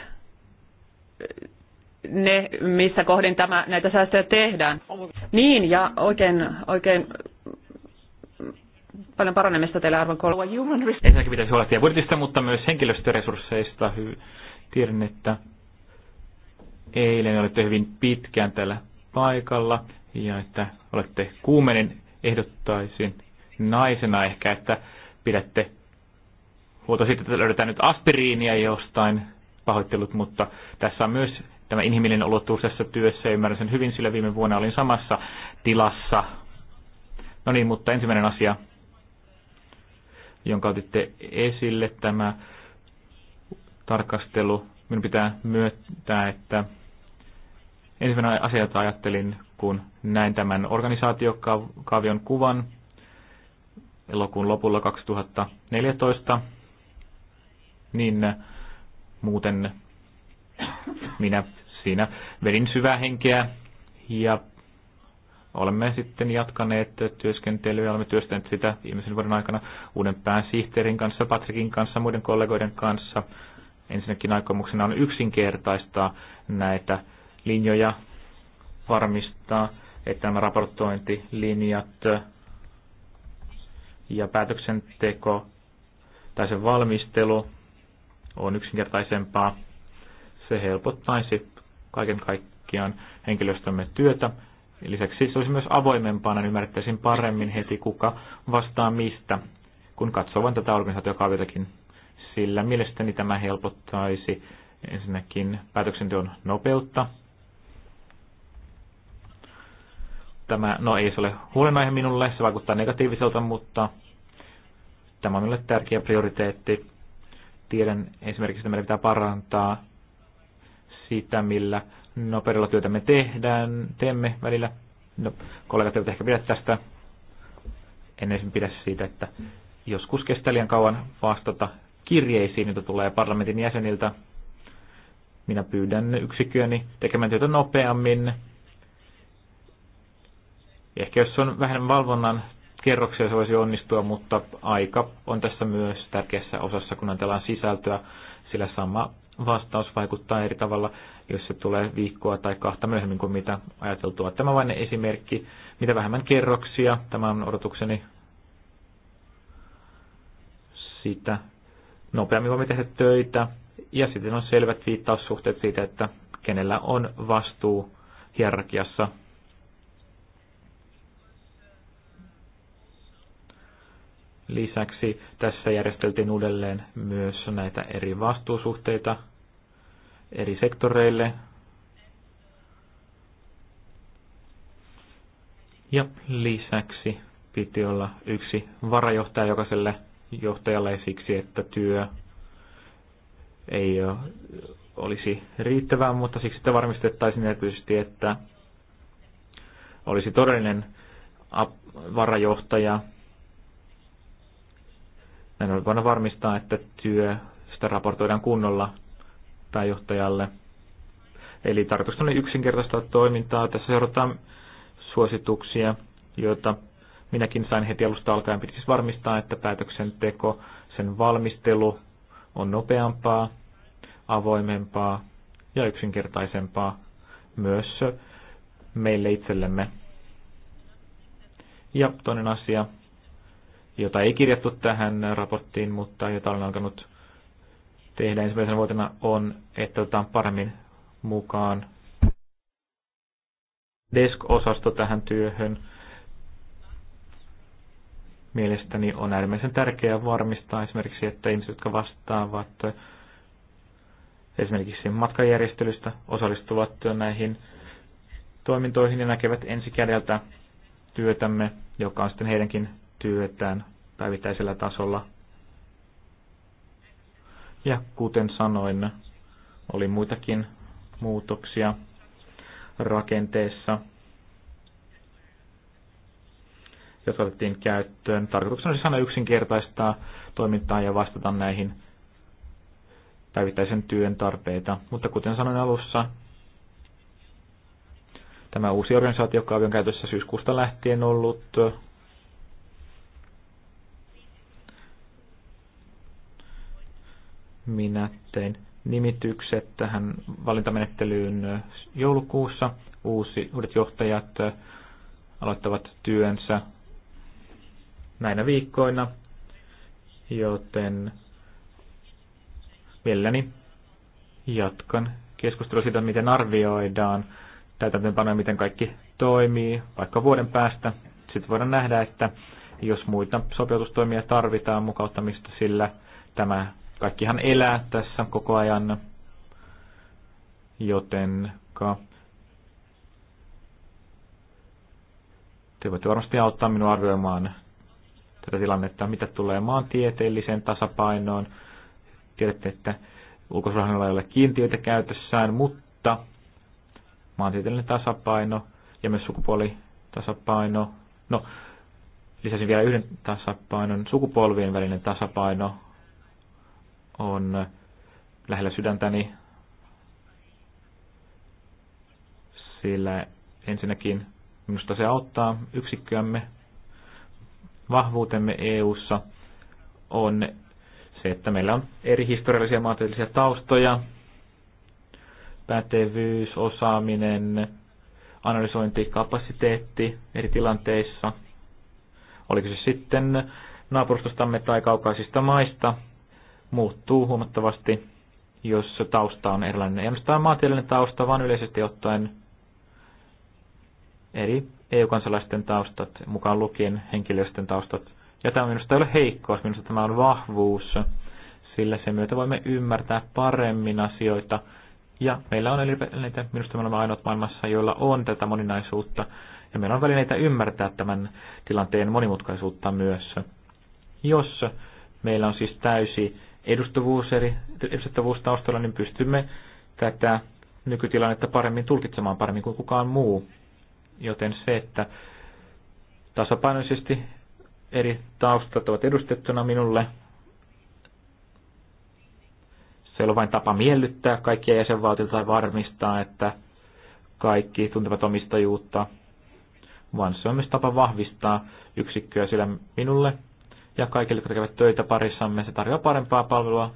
ne, missä kohdin tämä, näitä säästöjä tehdään? Niin, ja oikein, oikein paljon paranemista teille arvon kolme. Ensinnäkin pitäisi huolehtia budjetista, mutta myös henkilöstöresursseista. Tiedän, että eilen olette hyvin pitkään täällä paikalla ja että olette kuumenen ehdottaisin naisena ehkä, että pidätte huolta siitä, että löydetään nyt aspiriinia jostain pahoittelut, mutta tässä on myös tämä inhimillinen ulottuvuus tässä työssä. Ymmärrän sen hyvin, sillä viime vuonna olin samassa tilassa. No niin, mutta ensimmäinen asia jonka otitte esille, tämä tarkastelu. Minun pitää myöntää, että ensimmäinen asia, jota ajattelin, kun näin tämän organisaatiokaavion kuvan elokuun lopulla 2014, niin muuten minä siinä vedin syvää henkeä ja olemme sitten jatkaneet työskentelyä ja olemme työstäneet sitä viimeisen vuoden aikana uuden pääsihteerin kanssa, Patrikin kanssa, muiden kollegoiden kanssa. Ensinnäkin aikomuksena on yksinkertaistaa näitä linjoja, varmistaa, että nämä raportointilinjat ja päätöksenteko tai sen valmistelu on yksinkertaisempaa. Se helpottaisi kaiken kaikkiaan henkilöstömme työtä Lisäksi se siis olisi myös avoimempana, niin ymmärrettäisiin paremmin heti, kuka vastaa mistä, kun katsoo vain tätä organisaatiokaaviakin. Sillä mielestäni tämä helpottaisi ensinnäkin päätöksenteon nopeutta. Tämä, no ei se ole huolenaihe minulle, se vaikuttaa negatiiviselta, mutta tämä on minulle tärkeä prioriteetti. Tiedän esimerkiksi, että meidän pitää parantaa sitä, millä nopeudella työtä me tehdään, teemme välillä. No, kollegat eivät ehkä pidä tästä. En ensin pidä siitä, että joskus kestää liian kauan vastata kirjeisiin, joita tulee parlamentin jäseniltä. Minä pyydän yksiköni tekemään työtä nopeammin. Ehkä jos on vähän valvonnan kerroksia se voisi onnistua, mutta aika on tässä myös tärkeässä osassa, kun ajatellaan sisältöä, sillä sama vastaus vaikuttaa eri tavalla, jos se tulee viikkoa tai kahta myöhemmin kuin mitä ajateltua. Tämä vain esimerkki, mitä vähemmän kerroksia, tämä on odotukseni sitä. nopeammin voimme tehdä töitä. Ja sitten on selvät viittaussuhteet siitä, että kenellä on vastuu hierarkiassa Lisäksi tässä järjesteltiin uudelleen myös näitä eri vastuusuhteita eri sektoreille. Ja lisäksi piti olla yksi varajohtaja jokaiselle johtajalle siksi, että työ ei olisi riittävää, mutta siksi että varmistettaisiin erityisesti, että olisi todellinen varajohtaja näin on voinut varmistaa, että työ, sitä raportoidaan kunnolla pääjohtajalle. Eli tarkoitus on yksinkertaistaa toimintaa. Tässä seurataan suosituksia, joita minäkin sain heti alusta alkaen. Piti siis varmistaa, että päätöksenteko, sen valmistelu on nopeampaa, avoimempaa ja yksinkertaisempaa myös meille itsellemme. Ja toinen asia, jota ei kirjattu tähän raporttiin, mutta jota olen alkanut tehdä ensimmäisenä vuotena, on, että otetaan paremmin mukaan desk-osasto tähän työhön. Mielestäni on äärimmäisen tärkeää varmistaa esimerkiksi, että ihmiset, jotka vastaavat esimerkiksi matkajärjestelystä, osallistuvat näihin toimintoihin ja näkevät kädeltä työtämme, joka on sitten heidänkin työtään päivittäisellä tasolla. Ja kuten sanoin, oli muitakin muutoksia rakenteessa, jotka otettiin käyttöön. Tarkoituksena oli aina yksinkertaistaa toimintaa ja vastata näihin päivittäisen työn tarpeita. Mutta kuten sanoin alussa, tämä uusi organisaatiokaavi on käytössä syyskuusta lähtien ollut Minä tein nimitykset tähän valintamenettelyyn joulukuussa. Uusi, uudet johtajat aloittavat työnsä näinä viikkoina, joten mielelläni jatkan keskustelua siitä, miten arvioidaan täytäntöönpanoja, miten kaikki toimii vaikka vuoden päästä. Sitten voidaan nähdä, että jos muita sopeutustoimia tarvitaan mukauttamista, sillä tämä kaikkihan elää tässä koko ajan, joten te voitte varmasti auttaa minua arvioimaan tätä tilannetta, mitä tulee maantieteelliseen tasapainoon. Tiedätte, että ulkosuhdannella ei ole kiintiöitä käytössään, mutta maantieteellinen tasapaino ja myös sukupuolitasapaino. No, lisäsin vielä yhden tasapainon, sukupolvien välinen tasapaino on lähellä sydäntäni, sillä ensinnäkin minusta se auttaa yksikköämme. Vahvuutemme EU:ssa on se, että meillä on eri historiallisia maantieteellisiä taustoja, pätevyys, osaaminen, analysointi, kapasiteetti eri tilanteissa. Oliko se sitten naapurustostamme tai kaukaisista maista, muuttuu huomattavasti, jos tausta on erilainen. Ei ainoastaan maantieteellinen tausta, vaan yleisesti ottaen eri EU-kansalaisten taustat, mukaan lukien henkilöstön taustat. Ja tämä minusta ei ole heikkous, minusta tämä on vahvuus, sillä sen myötä voimme ymmärtää paremmin asioita. Ja meillä on välineitä, minusta me olemme ainoat maailmassa, joilla on tätä moninaisuutta. Ja meillä on välineitä ymmärtää tämän tilanteen monimutkaisuutta myös. Jos meillä on siis täysi edustavuus, eli edustettavuus taustalla, niin pystymme tätä nykytilannetta paremmin tulkitsemaan paremmin kuin kukaan muu. Joten se, että tasapainoisesti eri taustat ovat edustettuna minulle, se on vain tapa miellyttää kaikkia jäsenvaltioita tai varmistaa, että kaikki tuntevat omistajuutta, vaan se on myös tapa vahvistaa yksikköä, sillä minulle ja kaikille, jotka tekevät töitä parissamme. Se tarjoaa parempaa palvelua.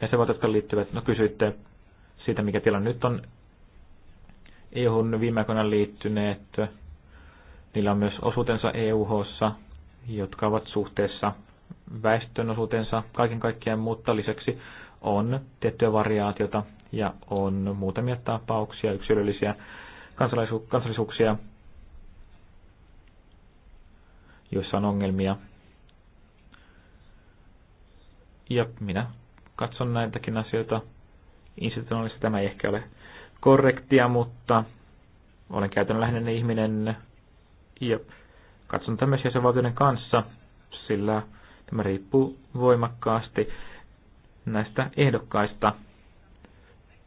Ja se jotka liittyvät, no kysyitte siitä, mikä tilanne nyt on EU-hun viime aikoina liittyneet. Niillä on myös osuutensa eu jotka ovat suhteessa väestön osuutensa kaiken kaikkiaan, mutta lisäksi on tiettyä variaatiota ja on muutamia tapauksia, yksilöllisiä kansallisuuksia, joissa on ongelmia. Ja minä katson näitäkin asioita. Institutionaalisesti tämä ei ehkä ole korrektia, mutta olen käytännönläheinen ihminen ja katson tätä myös jäsenvaltioiden kanssa, sillä tämä riippuu voimakkaasti näistä ehdokkaista.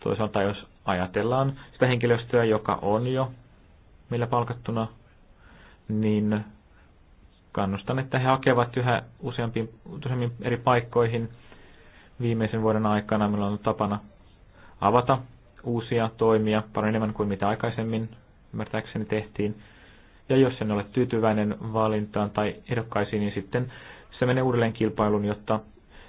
Toisaalta jos ajatellaan sitä henkilöstöä, joka on jo meillä palkattuna, niin kannustan, että he hakevat yhä useampiin, useammin eri paikkoihin viimeisen vuoden aikana. Meillä on ollut tapana avata uusia toimia paljon enemmän kuin mitä aikaisemmin ymmärtääkseni tehtiin. Ja jos en ole tyytyväinen valintaan tai ehdokkaisiin, niin sitten se menee uudelleen kilpailuun, jotta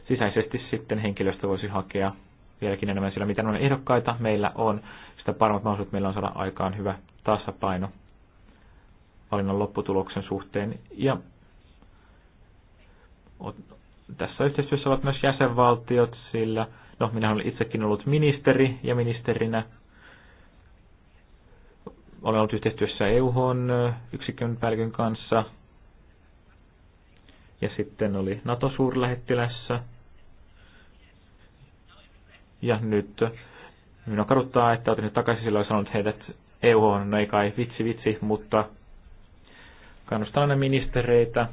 sisäisesti sitten henkilöstö voisi hakea vieläkin enemmän, sillä mitä on ehdokkaita meillä on, sitä paremmat mahdollisuudet meillä on saada aikaan hyvä tasapaino valinnan lopputuloksen suhteen. Ja tässä yhteistyössä ovat myös jäsenvaltiot, sillä no, minä olen itsekin ollut ministeri ja ministerinä olen ollut yhteistyössä EUHon yksikön päällikön kanssa. Ja sitten oli NATO-suurlähettilässä. Ja nyt minua kaduttaa, että otin nyt takaisin silloin sanonut heidät EUHon, no ei kai vitsi vitsi, mutta kannustan aina ministereitä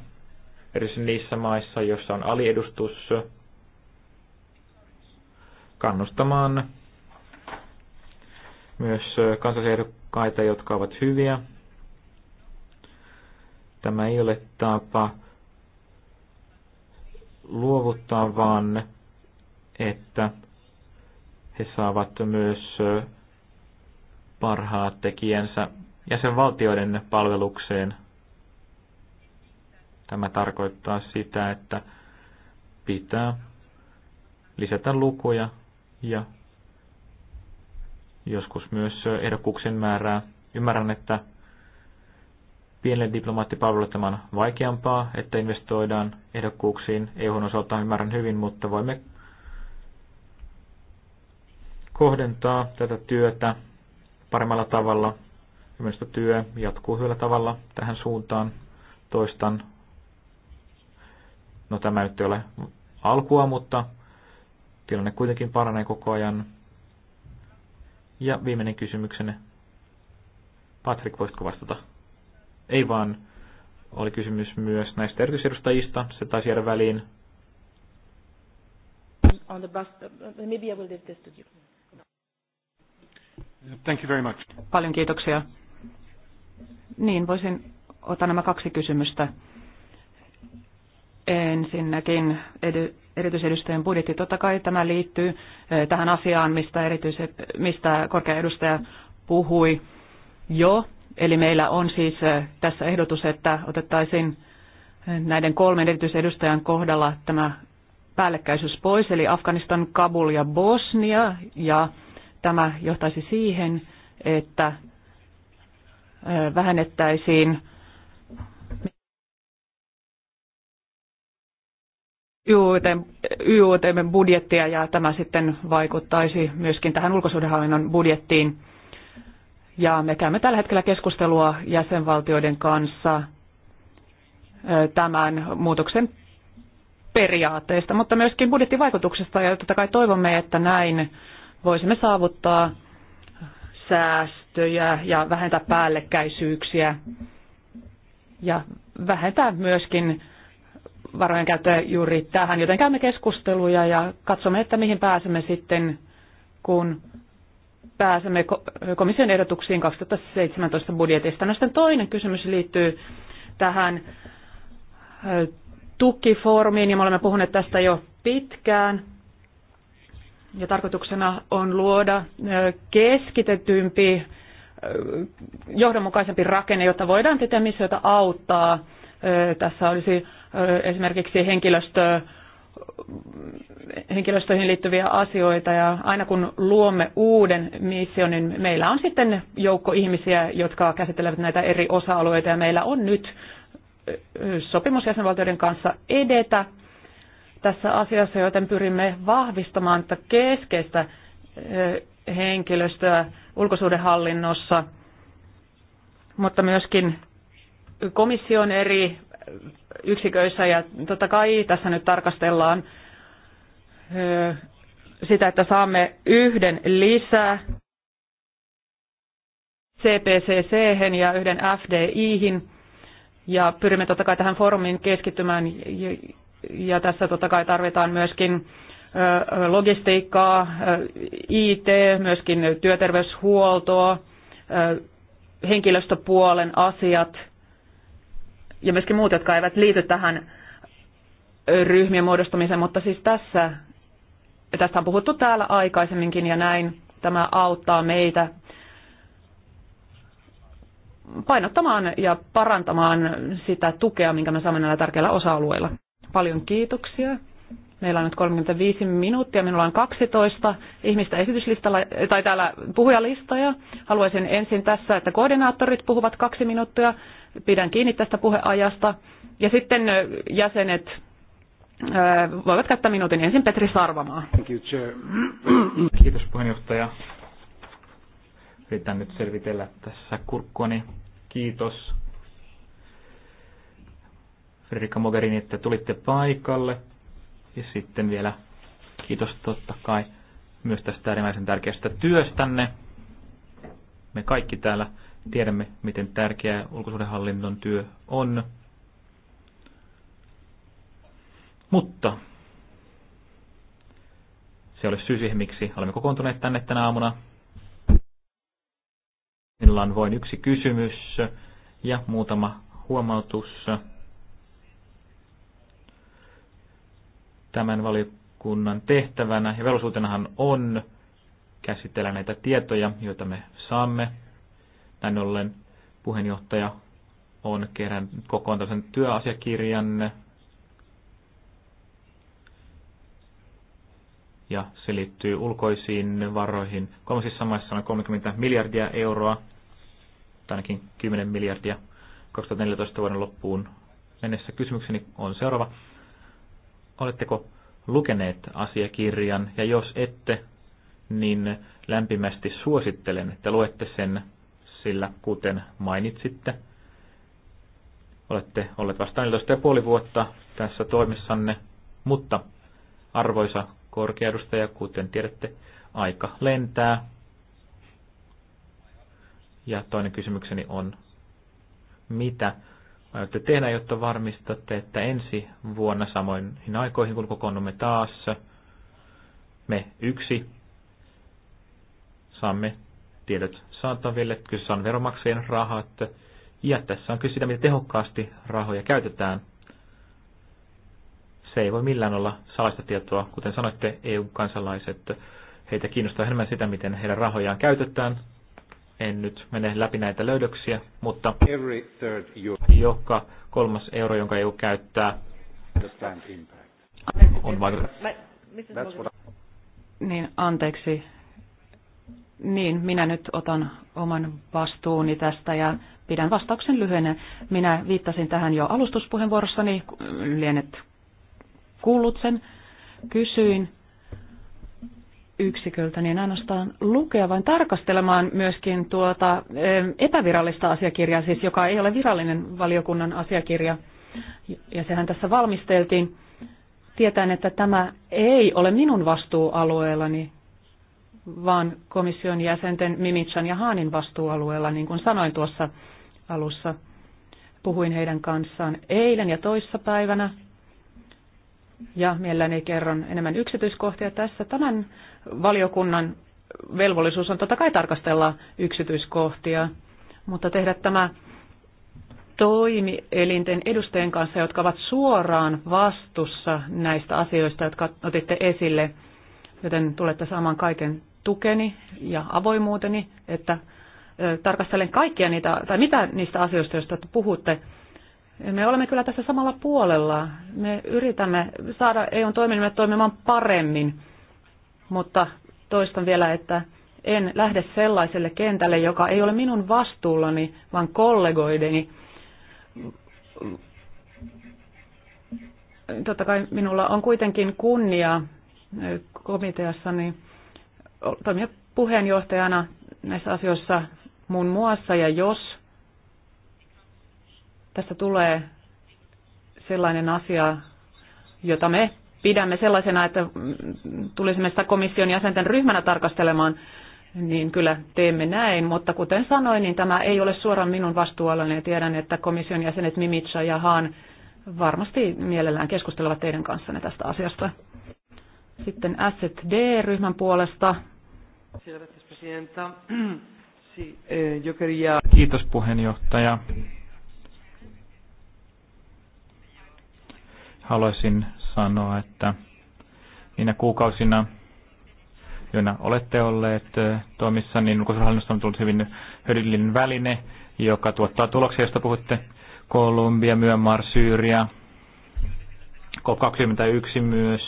edes niissä maissa, joissa on aliedustus, kannustamaan myös kansallisehdokkaita, jotka ovat hyviä. Tämä ei ole tapa luovuttaa, vaan että he saavat myös parhaat tekijänsä jäsenvaltioiden palvelukseen. Tämä tarkoittaa sitä, että pitää lisätä lukuja ja joskus myös ehdokkuuksien määrää. Ymmärrän, että pienelle diplomaattipalvelulle tämä on vaikeampaa, että investoidaan ehdokkuuksiin EUn osalta, ymmärrän hyvin, mutta voimme kohdentaa tätä työtä paremmalla tavalla. Mielestäni työ jatkuu hyvällä tavalla tähän suuntaan. Toistan No tämä nyt ei ole alkua, mutta tilanne kuitenkin paranee koko ajan. Ja viimeinen kysymyksenne. Patrick, voisitko vastata? Ei vaan. Oli kysymys myös näistä erityisedustajista. Se taisi jäädä väliin. On the bus, uh, maybe I will this to you. Thank you very much. Paljon kiitoksia. Niin, voisin ottaa nämä kaksi kysymystä Ensinnäkin edy, erityisedustajan budjetti. Totta kai tämä liittyy eh, tähän asiaan, mistä, erityiset, mistä korkea edustaja puhui jo. Eli meillä on siis eh, tässä ehdotus, että otettaisiin eh, näiden kolmen erityisedustajan kohdalla tämä päällekkäisyys pois, eli Afganistan, Kabul ja Bosnia, ja tämä johtaisi siihen, että vähennettäisiin YUTM budjettia ja tämä sitten vaikuttaisi myöskin tähän ulkosuhdehallinnon budjettiin. Ja me käymme tällä hetkellä keskustelua jäsenvaltioiden kanssa tämän muutoksen periaatteista, mutta myöskin budjettivaikutuksesta. Ja totta kai toivomme, että näin voisimme saavuttaa säästöjä ja vähentää päällekkäisyyksiä ja vähentää myöskin varojen käyttöä juuri tähän, joten käymme keskusteluja ja katsomme, että mihin pääsemme sitten, kun pääsemme komission ehdotuksiin 2017 budjetista. No sitten toinen kysymys liittyy tähän tukifoorumiin, ja me olemme puhuneet tästä jo pitkään. Ja tarkoituksena on luoda keskitetympi, johdonmukaisempi rakenne, jotta voidaan tietää, missä auttaa. Tässä olisi esimerkiksi henkilöstö, henkilöstöihin liittyviä asioita ja aina kun luomme uuden mission, niin meillä on sitten joukko ihmisiä, jotka käsittelevät näitä eri osa-alueita ja meillä on nyt sopimus kanssa edetä tässä asiassa, joten pyrimme vahvistamaan että keskeistä henkilöstöä ulkosuudenhallinnossa, mutta myöskin komission eri yksiköissä ja totta kai tässä nyt tarkastellaan sitä, että saamme yhden lisää cpcc ja yhden fdi ja pyrimme totta kai tähän foorumiin keskittymään ja tässä totta kai tarvitaan myöskin logistiikkaa, IT, myöskin työterveyshuoltoa, henkilöstöpuolen asiat – ja myöskin muut, jotka eivät liity tähän ryhmien muodostumiseen, mutta siis tässä, tästä on puhuttu täällä aikaisemminkin ja näin tämä auttaa meitä painottamaan ja parantamaan sitä tukea, minkä me saamme näillä tärkeillä osa-alueilla. Paljon kiitoksia. Meillä on nyt 35 minuuttia, minulla on 12 ihmistä esityslistalla, tai täällä puhujalistoja. Haluaisin ensin tässä, että koordinaattorit puhuvat kaksi minuuttia, Pidän kiinni tästä puheajasta. Ja sitten jäsenet voivat käyttää minuutin. Ensin Petri Sarvamaa. Kiitos puheenjohtaja. Yritän nyt selvitellä tässä kurkkoni. Kiitos. Frederica Mogherini, että tulitte paikalle. Ja sitten vielä kiitos totta kai myös tästä äärimmäisen tärkeästä työstänne. Me kaikki täällä Tiedämme, miten tärkeää ulkosuhdehallinnon työ on. Mutta se olisi syy siihen, miksi olemme kokoontuneet tänne tänä aamuna. Minulla on vain yksi kysymys ja muutama huomautus. Tämän valiokunnan tehtävänä ja velvollisuutenahan on käsitellä näitä tietoja, joita me saamme näin ollen puheenjohtaja on kerännyt kokoon tämmöisen työasiakirjan ja se liittyy ulkoisiin varoihin. Kolmasissa maissa on 30 miljardia euroa, tai ainakin 10 miljardia 2014 vuoden loppuun mennessä. Kysymykseni on seuraava. Oletteko lukeneet asiakirjan, ja jos ette, niin lämpimästi suosittelen, että luette sen sillä kuten mainitsitte, olette olleet vasta 14,5 vuotta tässä toimissanne, mutta arvoisa korkeadustaja, kuten tiedätte, aika lentää. Ja toinen kysymykseni on, mitä aiotte tehdä, jotta varmistatte, että ensi vuonna samoin aikoihin, kun kokoonnumme taas, me yksi saamme tiedot saataville. kyseessä on veromaksajien rahat. Ja tässä on kyse siitä, miten tehokkaasti rahoja käytetään. Se ei voi millään olla salaista tietoa. Kuten sanoitte, EU-kansalaiset, heitä kiinnostaa enemmän sitä, miten heidän rahojaan käytetään. En nyt mene läpi näitä löydöksiä, mutta Every third joka kolmas euro, jonka EU käyttää, on vaikutus. Niin, anteeksi, niin, minä nyt otan oman vastuuni tästä ja pidän vastauksen lyhyenä. Minä viittasin tähän jo alustuspuheenvuorossani, lienet kuullut sen. Kysyin yksiköltä, niin ainoastaan lukea, vain tarkastelemaan myöskin tuota epävirallista asiakirjaa, siis joka ei ole virallinen valiokunnan asiakirja. Ja sehän tässä valmisteltiin. Tietään, että tämä ei ole minun vastuualueellani, vaan komission jäsenten Mimitsan ja Haanin vastuualueella, niin kuin sanoin tuossa alussa. Puhuin heidän kanssaan eilen ja toissapäivänä ja mielelläni kerron enemmän yksityiskohtia tässä. Tämän valiokunnan velvollisuus on totta kai tarkastella yksityiskohtia, mutta tehdä tämä toimielinten edustajien kanssa, jotka ovat suoraan vastuussa näistä asioista, jotka otitte esille, joten tulette saamaan kaiken tukeni ja avoimuuteni, että tarkastelen kaikkia niitä, tai mitä niistä asioista, joista puhutte. Me olemme kyllä tässä samalla puolella. Me yritämme saada EUn toiminnan toimimaan paremmin, mutta toistan vielä, että en lähde sellaiselle kentälle, joka ei ole minun vastuullani, vaan kollegoideni. Totta kai minulla on kuitenkin kunnia komiteassani toimia puheenjohtajana näissä asioissa muun muassa, ja jos tästä tulee sellainen asia, jota me pidämme sellaisena, että tulisimme sitä komission jäsenten ryhmänä tarkastelemaan, niin kyllä teemme näin, mutta kuten sanoin, niin tämä ei ole suoraan minun vastuuallani ja tiedän, että komission jäsenet Mimitsa ja Haan varmasti mielellään keskustelevat teidän kanssanne tästä asiasta. Sitten d ryhmän puolesta Eh, Kiitos puheenjohtaja. Haluaisin sanoa, että niinä kuukausina, joina olette olleet eh, toimissa, niin ulkoisuushallinnosta on tullut hyvin hyödyllinen väline, joka tuottaa tuloksia, josta puhutte Kolumbia, Myanmar, Syyria, k 21 myös.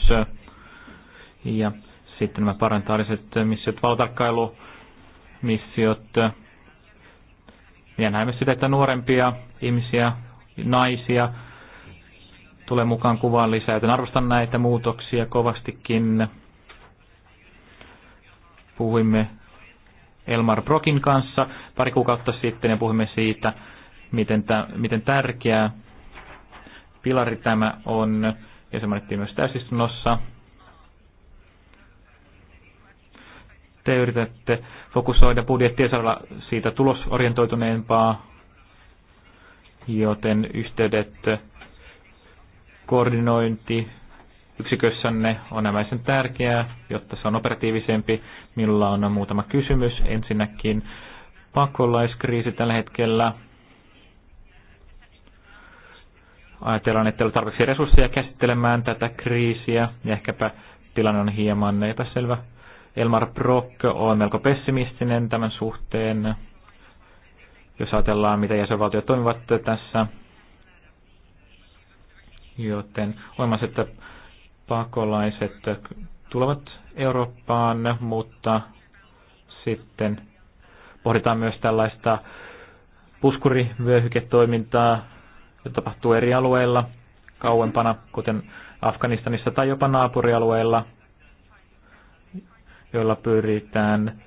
Ja sitten nämä parentaaliset eh, missiot, valotarkkailumissiot. Ja näemme sitä, että nuorempia ihmisiä, naisia tulee mukaan kuvaan lisää, joten arvostan näitä muutoksia kovastikin. Puhuimme Elmar Brokin kanssa pari kuukautta sitten ja puhuimme siitä, miten, tä, miten tärkeä pilari tämä on, ja se mainittiin myös täysistunnossa. te yritätte fokusoida budjettia saada siitä tulosorientoituneempaa, joten yhteydet koordinointi yksikössänne on äärimmäisen tärkeää, jotta se on operatiivisempi. Minulla on muutama kysymys. Ensinnäkin pakolaiskriisi tällä hetkellä. Ajatellaan, että ei ole tarpeeksi resursseja käsittelemään tätä kriisiä ja ehkäpä tilanne on hieman epäselvä Elmar Brock on melko pessimistinen tämän suhteen. Jos ajatellaan, mitä jäsenvaltiot toimivat tässä, joten olemassa, että pakolaiset tulevat Eurooppaan, mutta sitten pohditaan myös tällaista puskurivyöhyketoimintaa, jota tapahtuu eri alueilla kauempana, kuten Afganistanissa tai jopa naapurialueilla – jolla pyritään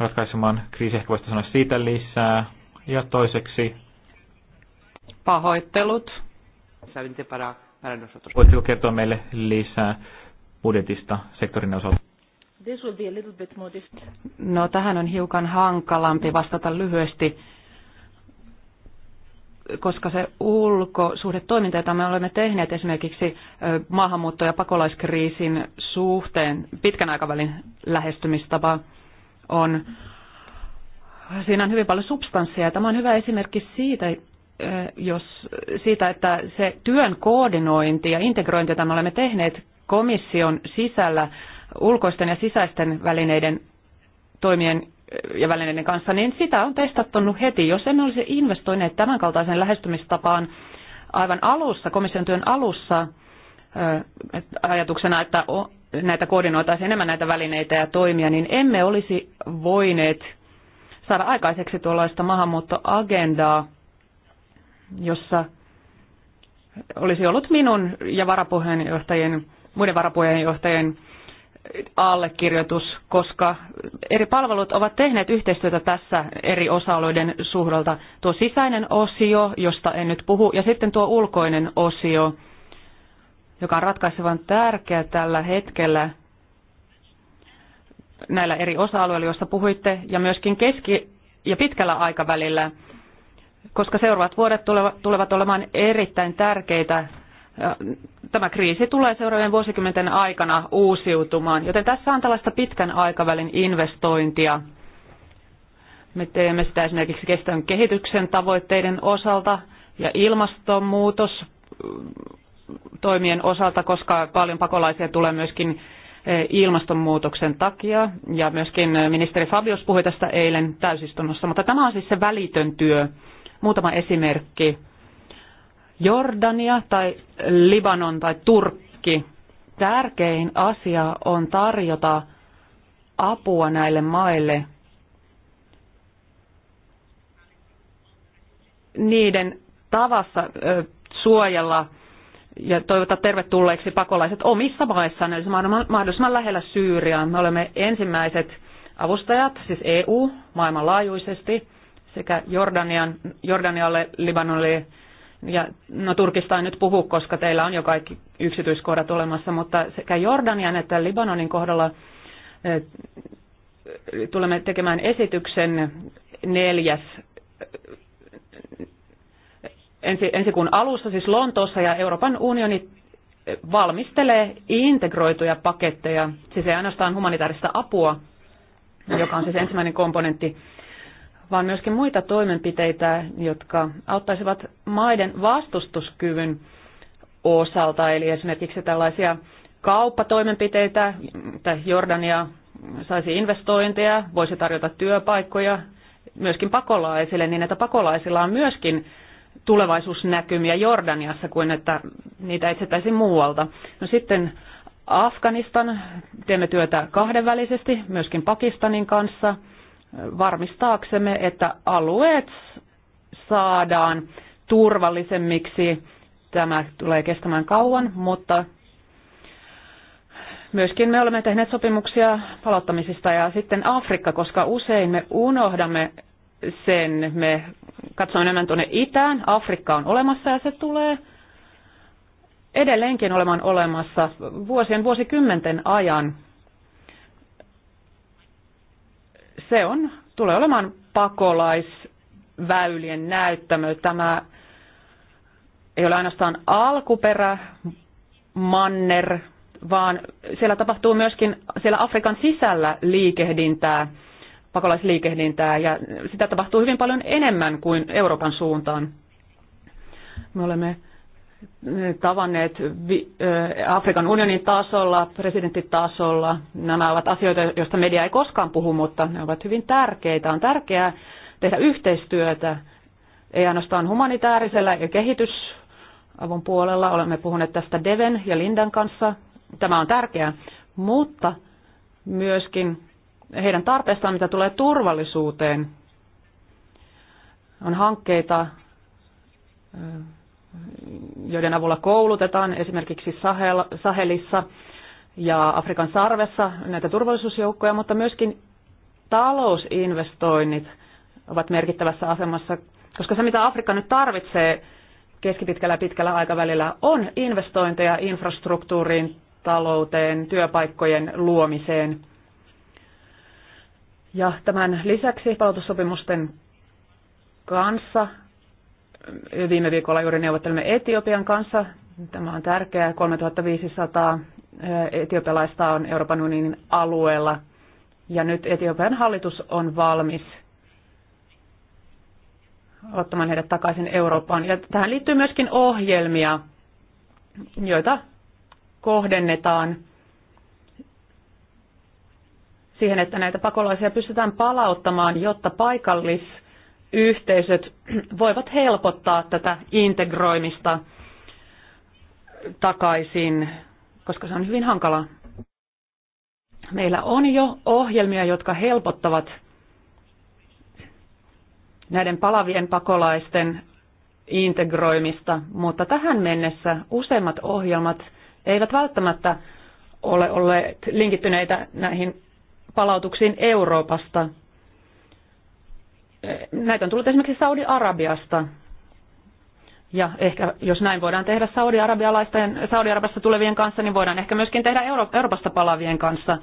ratkaisemaan kriisiä, ehkä voisi sanoa siitä lisää. Ja toiseksi pahoittelut. Voitteko kertoa meille lisää budjetista sektorin osalta? No tähän on hiukan hankalampi vastata lyhyesti koska se toiminta, jota me olemme tehneet esimerkiksi maahanmuutto- ja pakolaiskriisin suhteen, pitkän aikavälin lähestymistapa on, siinä on hyvin paljon substanssia. Tämä on hyvä esimerkki siitä, jos, siitä, että se työn koordinointi ja integrointi, jota me olemme tehneet komission sisällä ulkoisten ja sisäisten välineiden toimien ja välineiden kanssa, niin sitä on testattu heti. Jos emme olisi investoineet tämän kaltaisen lähestymistapaan aivan alussa, komission työn alussa, ajatuksena, että näitä koordinoitaisiin enemmän näitä välineitä ja toimia, niin emme olisi voineet saada aikaiseksi tuollaista maahanmuuttoagendaa, jossa olisi ollut minun ja varapuheenjohtajien, muiden varapuheenjohtajien allekirjoitus, koska eri palvelut ovat tehneet yhteistyötä tässä eri osa-alueiden suhdalta. Tuo sisäinen osio, josta en nyt puhu, ja sitten tuo ulkoinen osio, joka on ratkaisevan tärkeä tällä hetkellä näillä eri osa-alueilla, joista puhuitte, ja myöskin keski- ja pitkällä aikavälillä, koska seuraavat vuodet tulevat olemaan erittäin tärkeitä äh, tämä kriisi tulee seuraavien vuosikymmenten aikana uusiutumaan, joten tässä on tällaista pitkän aikavälin investointia. Me teemme sitä esimerkiksi kestävän kehityksen tavoitteiden osalta ja ilmastonmuutos mm, toimien osalta, koska paljon pakolaisia tulee myöskin e, ilmastonmuutoksen takia. Ja myöskin e, ministeri Fabius puhui tästä eilen täysistunnossa, mutta tämä on siis se välitön työ. Muutama esimerkki Jordania tai Libanon tai Turkki. Tärkein asia on tarjota apua näille maille niiden tavassa ö, suojella ja toivottaa tervetulleiksi pakolaiset omissa maissaan, eli mahdollisimman lähellä Syyriaa. Me olemme ensimmäiset avustajat, siis EU maailmanlaajuisesti, sekä Jordanian, Jordanialle, Libanonille ja no Turkista en nyt puhu, koska teillä on jo kaikki yksityiskohdat olemassa, mutta sekä Jordanian että Libanonin kohdalla eh, tulemme tekemään esityksen neljäs eh, ensi, ensi kuun alussa, siis Lontoossa, ja Euroopan unioni eh, valmistelee integroituja paketteja, siis ei ainoastaan humanitaarista apua, joka on siis ensimmäinen komponentti, vaan myöskin muita toimenpiteitä, jotka auttaisivat maiden vastustuskyvyn osalta, eli esimerkiksi tällaisia kauppatoimenpiteitä, että Jordania saisi investointeja, voisi tarjota työpaikkoja myöskin pakolaisille, niin että pakolaisilla on myöskin tulevaisuusnäkymiä Jordaniassa kuin että niitä etsittäisiin muualta. No sitten Afganistan, teemme työtä kahdenvälisesti, myöskin Pakistanin kanssa – varmistaaksemme, että alueet saadaan turvallisemmiksi. Tämä tulee kestämään kauan, mutta myöskin me olemme tehneet sopimuksia palauttamisista ja sitten Afrikka, koska usein me unohdamme sen, me katsomme enemmän tuonne itään, Afrikka on olemassa ja se tulee edelleenkin olemaan olemassa vuosien, vuosikymmenten ajan. se on, tulee olemaan pakolaisväylien näyttämö. Tämä ei ole ainoastaan alkuperä, manner, vaan siellä tapahtuu myöskin siellä Afrikan sisällä liikehdintää, pakolaisliikehdintää, ja sitä tapahtuu hyvin paljon enemmän kuin Euroopan suuntaan. Me olemme tavanneet Afrikan unionin tasolla, presidenttitasolla. Nämä ovat asioita, joista media ei koskaan puhu, mutta ne ovat hyvin tärkeitä. On tärkeää tehdä yhteistyötä, ei ainoastaan humanitaarisella ja kehitysavun puolella. Olemme puhuneet tästä Deven ja Lindan kanssa. Tämä on tärkeää, mutta myöskin heidän tarpeestaan, mitä tulee turvallisuuteen. On hankkeita joiden avulla koulutetaan esimerkiksi Sahel, Sahelissa ja Afrikan sarvessa näitä turvallisuusjoukkoja, mutta myöskin talousinvestoinnit ovat merkittävässä asemassa, koska se mitä Afrikka nyt tarvitsee keskipitkällä ja pitkällä aikavälillä on investointeja infrastruktuuriin, talouteen, työpaikkojen luomiseen. Ja tämän lisäksi palautussopimusten kanssa viime viikolla juuri neuvottelimme Etiopian kanssa. Tämä on tärkeää. 3500 etiopialaista on Euroopan unionin alueella. Ja nyt Etiopian hallitus on valmis ottamaan heidät takaisin Eurooppaan. Ja tähän liittyy myöskin ohjelmia, joita kohdennetaan siihen, että näitä pakolaisia pystytään palauttamaan, jotta paikallis- yhteisöt voivat helpottaa tätä integroimista takaisin, koska se on hyvin hankalaa. Meillä on jo ohjelmia, jotka helpottavat näiden palavien pakolaisten integroimista, mutta tähän mennessä useimmat ohjelmat eivät välttämättä ole olleet linkittyneitä näihin palautuksiin Euroopasta – näitä on tullut esimerkiksi Saudi-Arabiasta. Ja ehkä jos näin voidaan tehdä saudi-arabialaisten, Saudi-Arabiasta tulevien kanssa, niin voidaan ehkä myöskin tehdä Euro- Euroopasta palavien kanssa.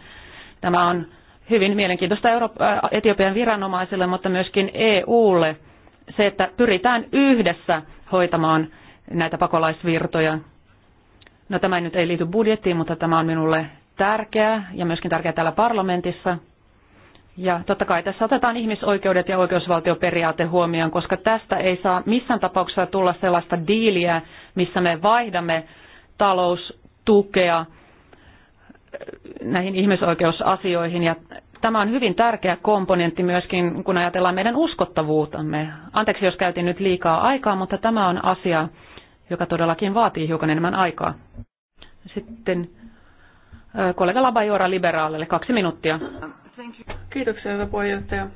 Tämä on hyvin mielenkiintoista Euro- äh, Etiopian viranomaisille, mutta myöskin EUlle se, että pyritään yhdessä hoitamaan näitä pakolaisvirtoja. No tämä nyt ei liity budjettiin, mutta tämä on minulle tärkeää ja myöskin tärkeää täällä parlamentissa – ja totta kai tässä otetaan ihmisoikeudet ja oikeusvaltioperiaate huomioon, koska tästä ei saa missään tapauksessa tulla sellaista diiliä, missä me vaihdamme taloustukea äh, näihin ihmisoikeusasioihin. Ja tämä on hyvin tärkeä komponentti myöskin, kun ajatellaan meidän uskottavuutamme. Anteeksi, jos käytin nyt liikaa aikaa, mutta tämä on asia, joka todellakin vaatii hiukan enemmän aikaa. Sitten äh, kollega Labajora liberaalille kaksi minuuttia. Kiitoksia, hyvä puheenjohtaja.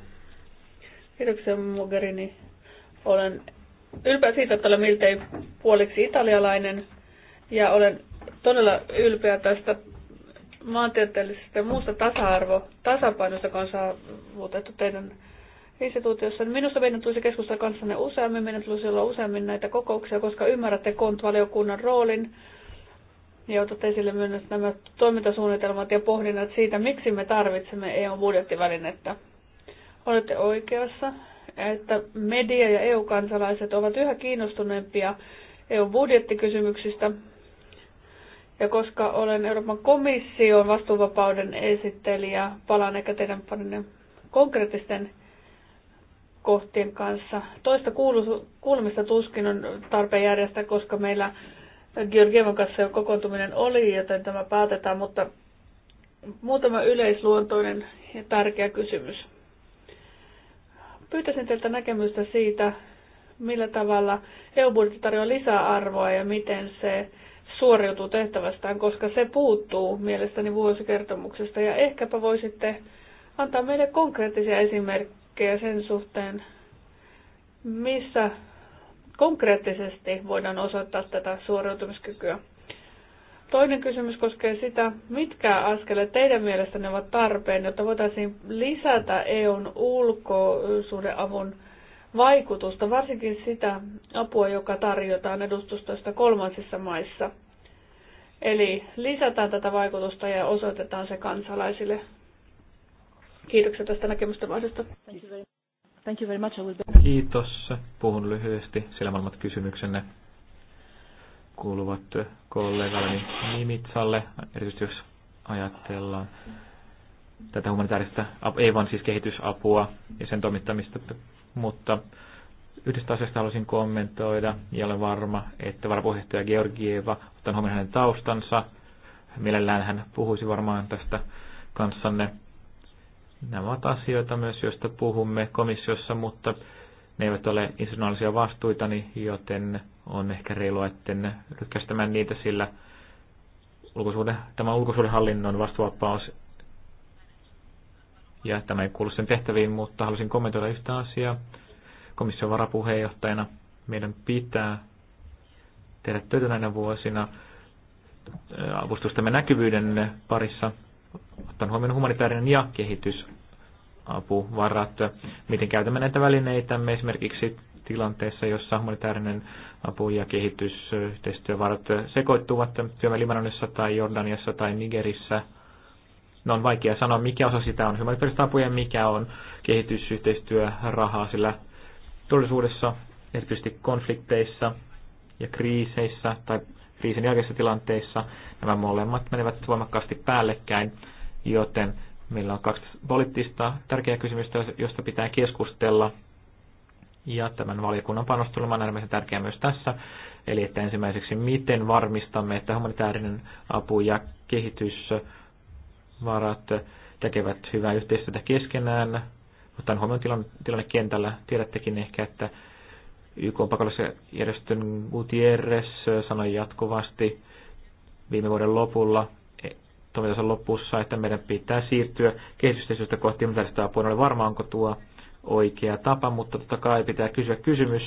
Kiitoksia, Mogherini. Olen ylpeä siitä, että olen miltei puoliksi italialainen ja olen todella ylpeä tästä maantieteellisestä ja muusta tasa-arvo, tasapainosta, joka on saavutettu teidän instituutiossa. Minusta meidän tulisi keskustella kanssanne useammin, meidän tulisi olla useammin näitä kokouksia, koska ymmärrätte kont-valiokunnan roolin Joo, otat esille myös nämä toimintasuunnitelmat ja pohdinnat siitä, miksi me tarvitsemme EU-budjettivälinettä. Olette oikeassa, että media ja EU-kansalaiset ovat yhä kiinnostuneempia EU-budjettikysymyksistä. Ja koska olen Euroopan komission vastuuvapauden esittelijä, palaan ehkä teidän parinne konkreettisten kohtien kanssa. Toista kuulumista tuskin on tarpeen järjestää, koska meillä Georgievan kanssa jo kokoontuminen oli, joten tämä päätetään, mutta muutama yleisluontoinen ja tärkeä kysymys. Pyytäisin teiltä näkemystä siitä, millä tavalla EU-budjetti tarjoaa lisäarvoa ja miten se suoriutuu tehtävästään, koska se puuttuu mielestäni vuosikertomuksesta. Ja ehkäpä voisitte antaa meille konkreettisia esimerkkejä sen suhteen, missä konkreettisesti voidaan osoittaa tätä suoriutumiskykyä. Toinen kysymys koskee sitä, mitkä askeleet teidän mielestänne ovat tarpeen, jotta voitaisiin lisätä EUn ulkosuhdeavun vaikutusta, varsinkin sitä apua, joka tarjotaan edustustoista kolmansissa maissa. Eli lisätään tätä vaikutusta ja osoitetaan se kansalaisille. Kiitoksia tästä näkemystä vaihdosta. Thank you very much. I will... Kiitos. Puhun lyhyesti, sillä molemmat kysymyksenne kuuluvat kollegalleni Nimitsalle, erityisesti jos ajatellaan tätä humanitaarista, ei vaan siis kehitysapua ja sen toimittamista, mutta yhdestä asiasta haluaisin kommentoida ja olen varma, että varapuheenjohtaja Georgieva, otan huomioon hänen taustansa, mielellään hän puhuisi varmaan tästä kanssanne Nämä ovat asioita myös, joista puhumme komissiossa, mutta ne eivät ole insinuaalisia vastuita, joten on ehkä reilua, etten rykkästämään niitä, sillä ulkosuuden, tämä ulkosuudenhallinnon vastuvapaus ja tämä ei kuulu sen tehtäviin, mutta halusin kommentoida yhtä asiaa. Komission varapuheenjohtajana meidän pitää tehdä töitä näinä vuosina äh, avustustamme näkyvyyden parissa ottaen huomioon humanitaarinen ja kehitysapuvarat. Miten käytämme näitä välineitämme esimerkiksi tilanteessa, jossa humanitaarinen apu ja kehitysyhteistyövarat sekoittuvat Limanonissa tai Jordaniassa tai Nigerissä. No on vaikea sanoa, mikä osa sitä on humanitaarista apuja ja mikä on kehitysyhteistyörahaa, sillä todellisuudessa erityisesti konflikteissa ja kriiseissä tai kriisin jälkeisissä tilanteissa nämä molemmat menevät voimakkaasti päällekkäin. Joten meillä on kaksi poliittista tärkeää kysymystä, josta pitää keskustella. Ja tämän valiokunnan panostelma on äärimmäisen tärkeää myös tässä. Eli että ensimmäiseksi, miten varmistamme, että humanitaarinen apu ja kehitysvarat tekevät hyvää yhteistyötä keskenään. on huomioon tilanne, tilanne kentällä, tiedättekin ehkä, että YK pakolaisjärjestön Gutierrez sanoi jatkuvasti viime vuoden lopulla, toimintansa lopussa, että meidän pitää siirtyä kehitysyhteistyöstä kohti humanitaarista apua. Olen varmaan onko tuo oikea tapa, mutta totta kai pitää kysyä kysymys,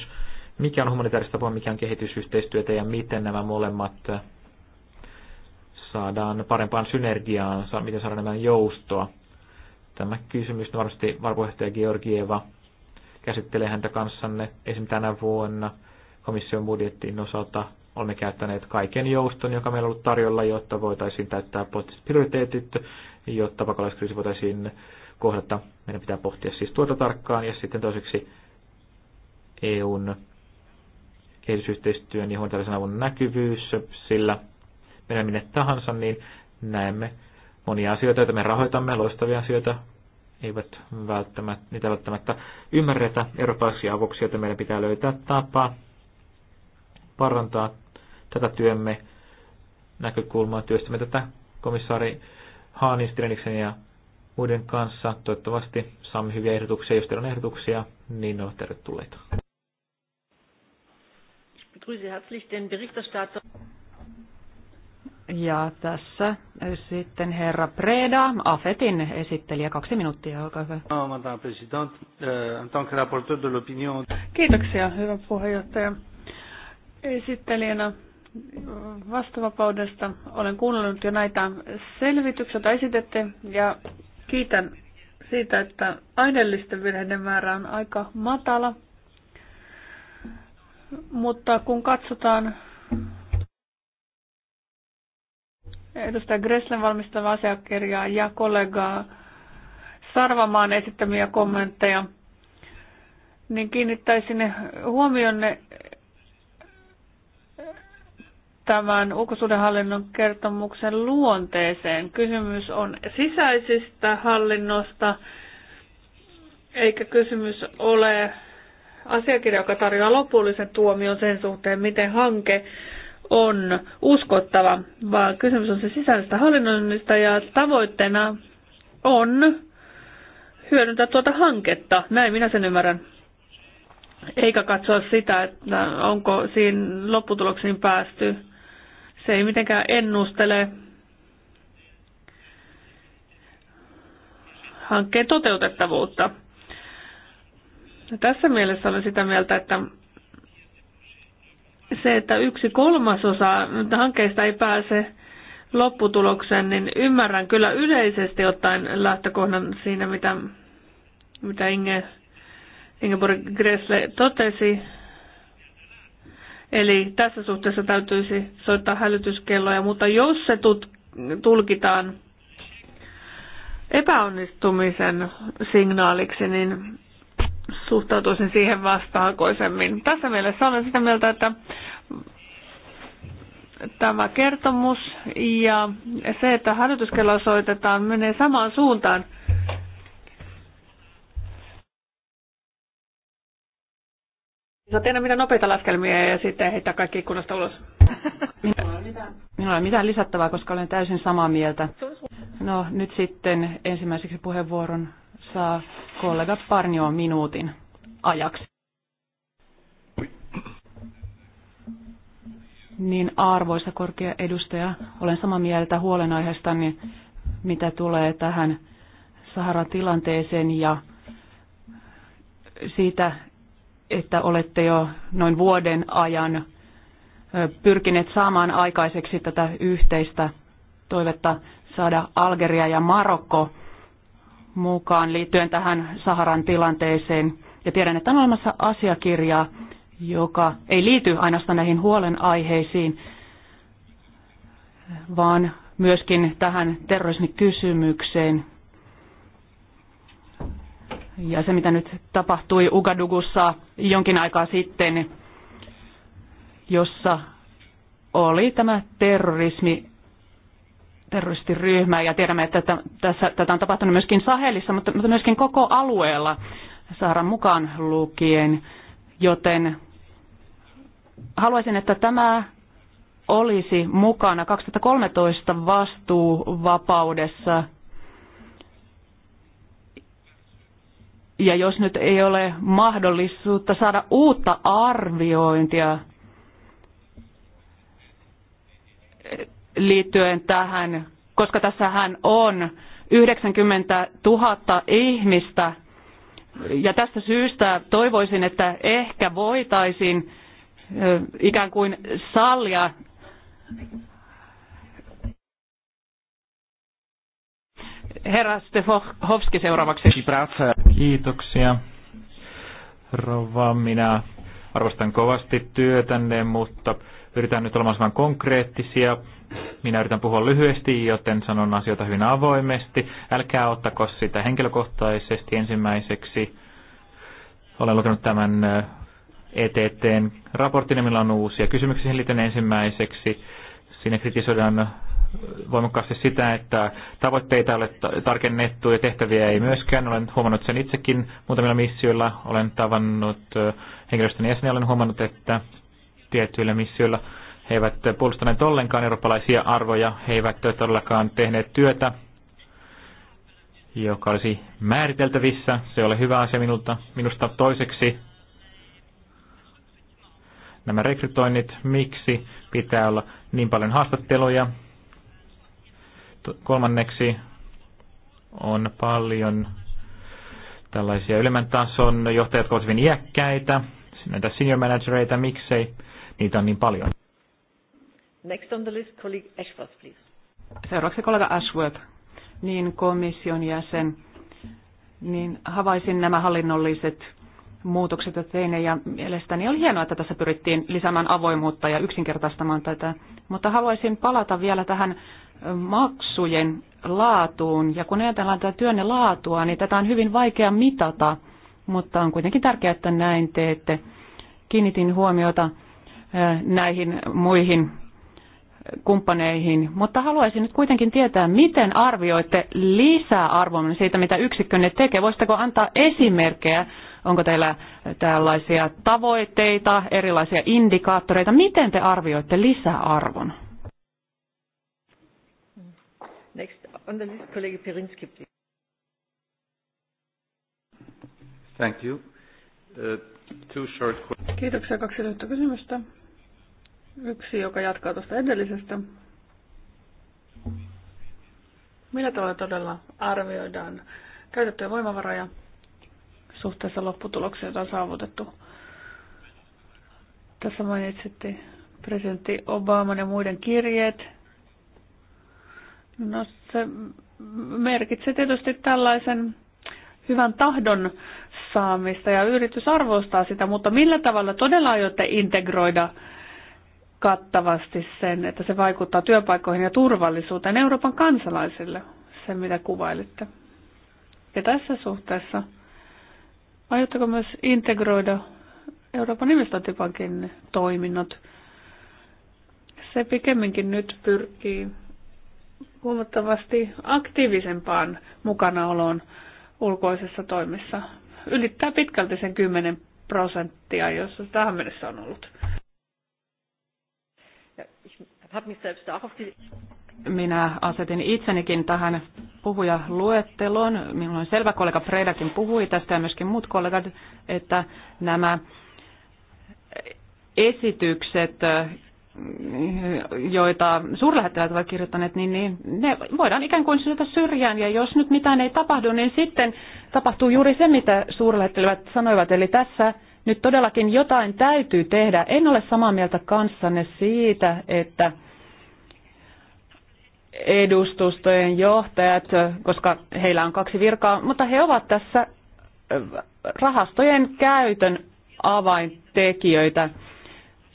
mikä on humanitaarista apua, mikä on kehitysyhteistyötä ja miten nämä molemmat saadaan parempaan synergiaan, miten saadaan nämä joustoa. Tämä kysymys varmasti varapuheenjohtaja Georgieva käsittelee häntä kanssanne esim. tänä vuonna komission budjettiin osalta olemme käyttäneet kaiken jouston, joka meillä on ollut tarjolla, jotta voitaisiin täyttää poliittiset prioriteetit, jotta pakolaiskriisi voitaisiin kohdata. Meidän pitää pohtia siis tuota tarkkaan ja sitten toiseksi EUn kehitysyhteistyön ja humanitaarisen avun näkyvyys, sillä meidän minne tahansa, niin näemme monia asioita, joita me rahoitamme, loistavia asioita, eivät välttämättä, niitä välttämättä ymmärretä eurooppalaisia avuksi, joten meidän pitää löytää tapa parantaa tätä työmme näkökulmaa. Työstämme tätä komissaari Haanin, ja muiden kanssa. Toivottavasti saamme hyviä ehdotuksia. Jos teillä on ehdotuksia, niin ne ovat tervetulleita. Ja tässä sitten herra Preda, AFETin esittelijä, kaksi minuuttia, olkaa hyvä. No, madame President, euh, en tant que rapporteur de l'opinion. Kiitoksia, hyvä puheenjohtaja esittelijänä vastavapaudesta. Olen kuunnellut jo näitä selvityksiä, joita esitette, ja kiitän siitä, että aineellisten virheiden määrä on aika matala. Mutta kun katsotaan edustaja Gresslen valmistava asiakirjaa ja kollegaa Sarvamaan esittämiä kommentteja, niin kiinnittäisin huomionne tämän ulkosuhdehallinnon kertomuksen luonteeseen. Kysymys on sisäisistä hallinnosta, eikä kysymys ole asiakirja, joka tarjoaa lopullisen tuomion sen suhteen, miten hanke on uskottava, vaan kysymys on se sisäisestä hallinnoinnista ja tavoitteena on hyödyntää tuota hanketta. Näin minä sen ymmärrän. Eikä katsoa sitä, että onko siinä lopputuloksiin päästy. Se ei mitenkään ennustele hankkeen toteutettavuutta. Ja tässä mielessä olen sitä mieltä, että se, että yksi kolmasosa hankkeista ei pääse lopputulokseen, niin ymmärrän kyllä yleisesti ottaen lähtökohdan siinä, mitä, mitä Inge, Ingeborg Gressle totesi. Eli tässä suhteessa täytyisi soittaa hälytyskelloja, mutta jos se tulkitaan epäonnistumisen signaaliksi, niin suhtautuisin siihen vastaakoisemmin. Tässä mielessä olen sitä mieltä, että tämä kertomus ja se, että hälytyskello soitetaan, menee samaan suuntaan Saa tehdä mitä nopeita laskelmia ja sitten heittää kaikki ikkunasta ulos. Minulla ei mitään lisättävää, koska olen täysin samaa mieltä. No nyt sitten ensimmäiseksi puheenvuoron saa kollega Parnio minuutin ajaksi. Niin arvoisa korkea edustaja, olen samaa mieltä huolenaiheesta, niin mitä tulee tähän Saharan tilanteeseen ja siitä, että olette jo noin vuoden ajan pyrkineet saamaan aikaiseksi tätä yhteistä toivetta saada Algeria ja Marokko mukaan liittyen tähän Saharan tilanteeseen. Ja tiedän, että on olemassa asiakirjaa, joka ei liity ainoastaan näihin huolenaiheisiin, vaan myöskin tähän terrorismikysymykseen ja se, mitä nyt tapahtui Ugadugussa jonkin aikaa sitten, jossa oli tämä terrorismi, terroristiryhmä, ja tiedämme, että tässä, tätä on tapahtunut myöskin Sahelissa, mutta, mutta myöskin koko alueella, Saaran mukaan lukien, joten haluaisin, että tämä olisi mukana 2013 vastuuvapaudessa – Ja jos nyt ei ole mahdollisuutta saada uutta arviointia liittyen tähän, koska tässähän on 90 000 ihmistä, ja tästä syystä toivoisin, että ehkä voitaisiin ikään kuin sallia Herra Stehovski seuraavaksi. Kiitoksia. Rova, minä arvostan kovasti työtänne, mutta yritän nyt olla mahdollisimman konkreettisia. Minä yritän puhua lyhyesti, joten sanon asioita hyvin avoimesti. Älkää ottako sitä henkilökohtaisesti ensimmäiseksi. Olen lukenut tämän ETTn raportin, millä on uusia kysymyksiä liittyen ensimmäiseksi. Siinä kritisoidaan voimakkaasti sitä, että tavoitteita ei ole tarkennettu ja tehtäviä ei myöskään. Olen huomannut sen itsekin muutamilla missioilla. Olen tavannut henkilöstön jäseniä, olen huomannut, että tietyillä missioilla he eivät puolustaneet ollenkaan eurooppalaisia arvoja, he eivät todellakaan tehneet työtä, joka olisi määriteltävissä. Se ole hyvä asia minulta, minusta toiseksi. Nämä rekrytoinnit, miksi pitää olla niin paljon haastatteluja, Kolmanneksi on paljon tällaisia ylemmän tason johtajia, jotka ovat hyvin iäkkäitä, näitä senior managereita, miksei niitä on niin paljon. Next on the list, colleague Ashworth, please. Seuraavaksi kollega Ashworth, niin komission jäsen, niin havaisin nämä hallinnolliset muutokset, ja tein, ja mielestäni oli hienoa, että tässä pyrittiin lisäämään avoimuutta ja yksinkertaistamaan tätä. Mutta haluaisin palata vielä tähän maksujen laatuun, ja kun ajatellaan tätä työnne laatua, niin tätä on hyvin vaikea mitata, mutta on kuitenkin tärkeää, että näin teette. Kiinnitin huomiota näihin muihin kumppaneihin, mutta haluaisin nyt kuitenkin tietää, miten arvioitte lisäarvon siitä, mitä yksikkönne tekee. Voisitteko antaa esimerkkejä Onko teillä tällaisia tavoitteita, erilaisia indikaattoreita? Miten te arvioitte lisäarvon? Next on the list, please. Thank you. Uh, two short questions. Kiitoksia. Kaksi lyhyttä kysymystä. Yksi, joka jatkaa tuosta edellisestä. Millä tavalla todella arvioidaan käytettyjä voimavaroja suhteessa lopputulokseen, jota on saavutettu. Tässä mainitsettiin presidentti Obaman ja muiden kirjeet. No se merkitsee tietysti tällaisen hyvän tahdon saamista ja yritys arvostaa sitä, mutta millä tavalla todella aiotte integroida kattavasti sen, että se vaikuttaa työpaikkoihin ja turvallisuuteen Euroopan kansalaisille, sen mitä kuvailitte. Ja tässä suhteessa Aiotteko myös integroida Euroopan investointipankin toiminnot? Se pikemminkin nyt pyrkii huomattavasti aktiivisempaan mukanaoloon ulkoisessa toimissa. Ylittää pitkälti sen 10 prosenttia, jossa tähän mennessä on ollut minä asetin itsenikin tähän puhujaluetteloon. Minulla on selvä kollega Fredakin puhui tästä ja myöskin muut kollegat, että nämä esitykset, joita suurlähettiläät ovat kirjoittaneet, niin, niin ne voidaan ikään kuin syötä syrjään. Ja jos nyt mitään ei tapahdu, niin sitten tapahtuu juuri se, mitä suurlähettiläät sanoivat. Eli tässä nyt todellakin jotain täytyy tehdä. En ole samaa mieltä kanssanne siitä, että edustustojen johtajat, koska heillä on kaksi virkaa, mutta he ovat tässä rahastojen käytön avaintekijöitä.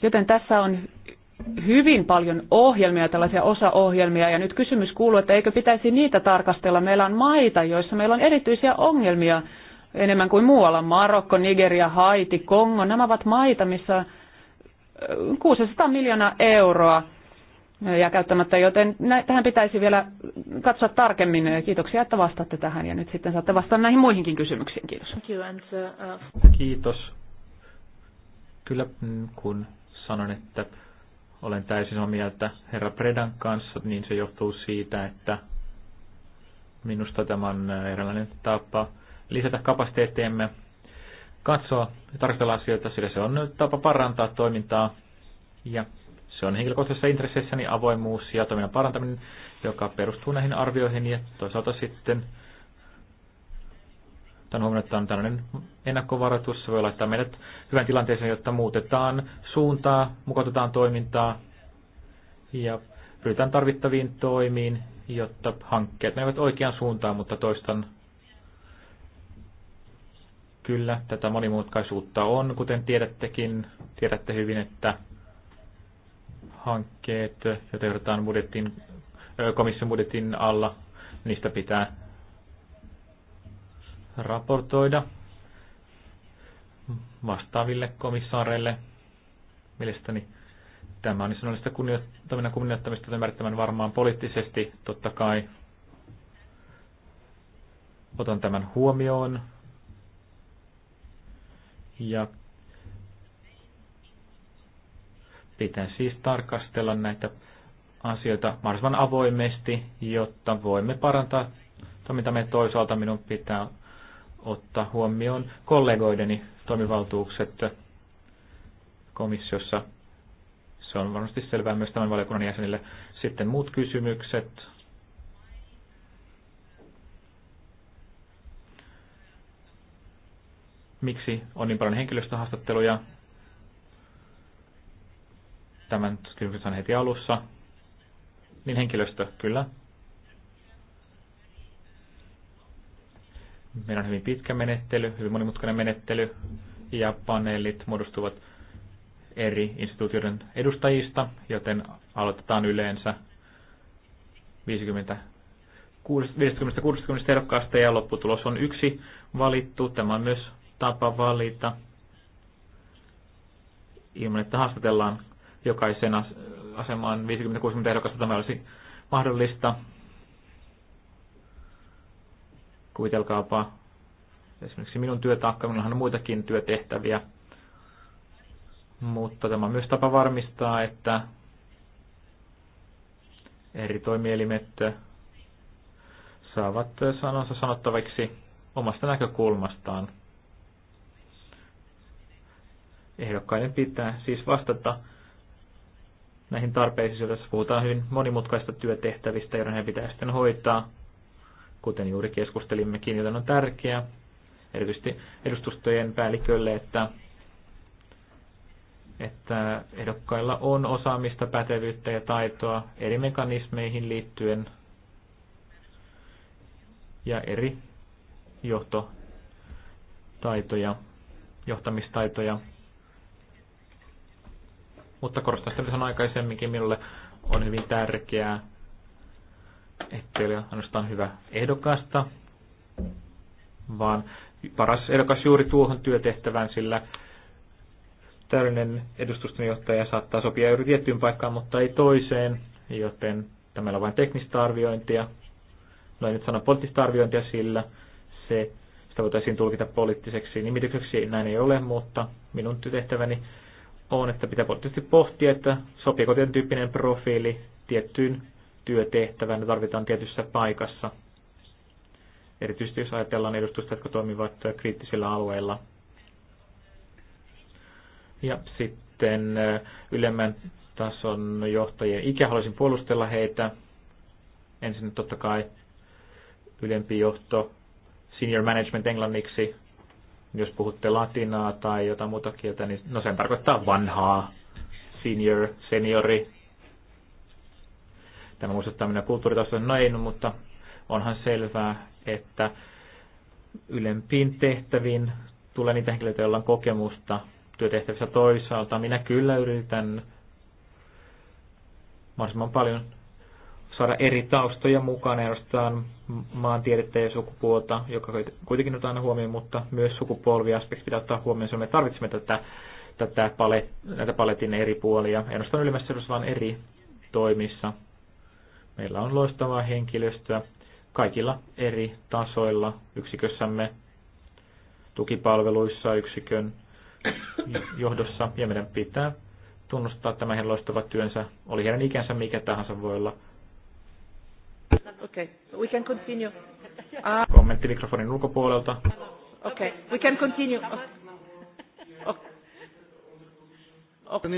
Joten tässä on hyvin paljon ohjelmia, tällaisia osaohjelmia, ja nyt kysymys kuuluu, että eikö pitäisi niitä tarkastella. Meillä on maita, joissa meillä on erityisiä ongelmia enemmän kuin muualla. Marokko, Nigeria, Haiti, Kongo, nämä ovat maita, missä 600 miljoonaa euroa ja käyttämättä, joten tähän pitäisi vielä katsoa tarkemmin. Kiitoksia, että vastaatte tähän ja nyt sitten saatte vastata näihin muihinkin kysymyksiin. Kiitos. Uh, uh, Kiitos. Kyllä mm, kun sanon, että olen täysin omia, mieltä herra Predan kanssa, niin se johtuu siitä, että minusta tämä on äh, erilainen tapa lisätä kapasiteettiemme, katsoa ja tarkastella asioita, sillä se on nyt tapa parantaa toimintaa ja se on henkilökohtaisessa intresseissäni niin avoimuus ja toiminnan parantaminen, joka perustuu näihin arvioihin ja toisaalta sitten tämän huomioon, että on tällainen ennakkovaroitus, se voi laittaa meidät hyvän tilanteeseen, jotta muutetaan suuntaa, mukautetaan toimintaa ja ryhdytään tarvittaviin toimiin, jotta hankkeet menevät oikeaan suuntaan, mutta toistan kyllä, tätä monimutkaisuutta on, kuten tiedättekin, tiedätte hyvin, että hankkeet, joita joudutaan budjettin, komission budjetin alla, niistä pitää raportoida vastaaville komissaareille. Mielestäni tämä on niin sanallista kunnioittaminen kunnioittamista ymmärtämään varmaan poliittisesti, totta kai. Otan tämän huomioon. Ja Pitää siis tarkastella näitä asioita mahdollisimman avoimesti, jotta voimme parantaa toimintamme. Toisaalta minun pitää ottaa huomioon kollegoideni toimivaltuukset komissiossa. Se on varmasti selvää myös tämän valiokunnan jäsenille. Sitten muut kysymykset. Miksi on niin paljon henkilöstöhaastatteluja? Tämän tutkimuksen heti alussa. Niin henkilöstö, kyllä. Meillä on hyvin pitkä menettely, hyvin monimutkainen menettely, ja paneelit muodostuvat eri instituutioiden edustajista, joten aloitetaan yleensä 50 50-60 ehdokkaasta ja lopputulos on yksi valittu. Tämä on myös tapa valita ilman, että haastatellaan jokaisen asemaan 50-60 ehdokasta tämä olisi mahdollista. Kuvitelkaapa esimerkiksi minun työtaakka, minullahan on muitakin työtehtäviä, mutta tämä on myös tapa varmistaa, että eri toimielimet saavat sanansa sanottaviksi omasta näkökulmastaan. Ehdokkaiden pitää siis vastata näihin tarpeisiin, joissa puhutaan hyvin monimutkaista työtehtävistä, joiden he pitää sitten hoitaa, kuten juuri keskustelimmekin, joten on tärkeää, erityisesti edustustojen päällikölle, että, että ehdokkailla on osaamista, pätevyyttä ja taitoa eri mekanismeihin liittyen ja eri johtotaitoja, johtamistaitoja mutta korostan sitä, mitä aikaisemminkin, minulle on hyvin tärkeää, ettei ole ainoastaan hyvä ehdokasta, vaan paras ehdokas juuri tuohon työtehtävään, sillä täydellinen edustustonjohtaja saattaa sopia juuri tiettyyn paikkaan, mutta ei toiseen, joten tämä on vain teknistä arviointia. No ei nyt sano poliittista arviointia sillä, se, sitä voitaisiin tulkita poliittiseksi nimitykseksi, näin ei ole, mutta minun työtehtäväni on, että pitää tietysti pohtia, että sopiiko tietyn tyyppinen profiili tiettyyn työtehtävään, tarvitaan tietyssä paikassa. Erityisesti jos ajatellaan edustusta, jotka toimivat kriittisillä alueilla. Ja sitten äh, ylemmän tason johtajien ikä, haluaisin puolustella heitä. Ensin totta kai ylempi johto, senior management englanniksi, jos puhutte latinaa tai jotain muuta kieltä, niin no sen tarkoittaa vanhaa, senior, seniori. Tämä muistuttaa minä kulttuuritaustan, no ei, mutta onhan selvää, että ylempiin tehtäviin tulee niitä henkilöitä, joilla on kokemusta työtehtävissä toisaalta. Minä kyllä yritän mahdollisimman paljon saada eri taustoja mukaan, ainoastaan maantiedettä ja sukupuolta, joka kuitenkin otetaan aina huomioon, mutta myös sukupolviaspekti pitää ottaa huomioon, että me tarvitsemme tätä, tätä palet, näitä paletin eri puolia, ei ylimmässä ylimmässä vain eri toimissa. Meillä on loistavaa henkilöstöä kaikilla eri tasoilla yksikössämme, tukipalveluissa, yksikön johdossa, ja meidän pitää tunnustaa tämä heidän loistava työnsä, oli heidän ikänsä mikä tahansa, voi olla Okay, we can continue. Ah. Kommentti mikrofonin ulkopuolelta. Okay, we can continue. Oh. Okay. Okay.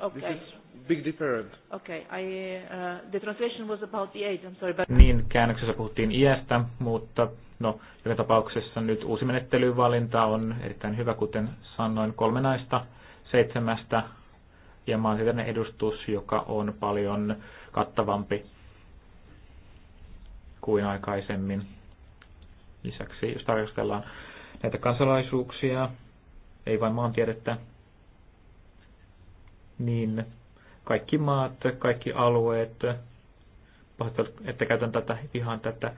Okay. This is big difference. Okay, I, uh, the translation was about the age, I'm sorry. But... Niin, käännöksessä puhuttiin iästä, mutta no, joka tapauksessa nyt uusi menettelyvalinta on erittäin hyvä, kuten sanoin, kolme naista seitsemästä ja maantieteellinen edustus, joka on paljon kattavampi kuin aikaisemmin. Lisäksi, jos tarkastellaan näitä kansalaisuuksia, ei vain maantiedettä, niin kaikki maat, kaikki alueet, että käytän tätä ihan tätä,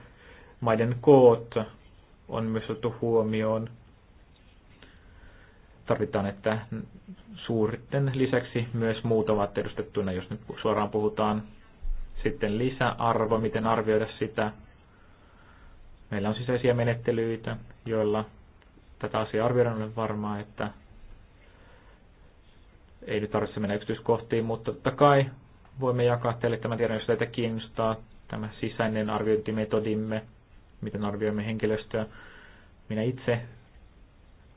maiden koot on myös otettu huomioon. Tarvitaan, että suurten lisäksi myös muut ovat edustettuina, jos nyt suoraan puhutaan sitten lisäarvo, miten arvioida sitä. Meillä on sisäisiä menettelyitä, joilla tätä asiaa arvioidaan. Olen varmaa, että ei nyt tarvitse mennä yksityiskohtiin, mutta totta kai voimme jakaa teille tämän tiedon, jos teitä kiinnostaa tämä sisäinen arviointimetodimme, miten arvioimme henkilöstöä. Minä itse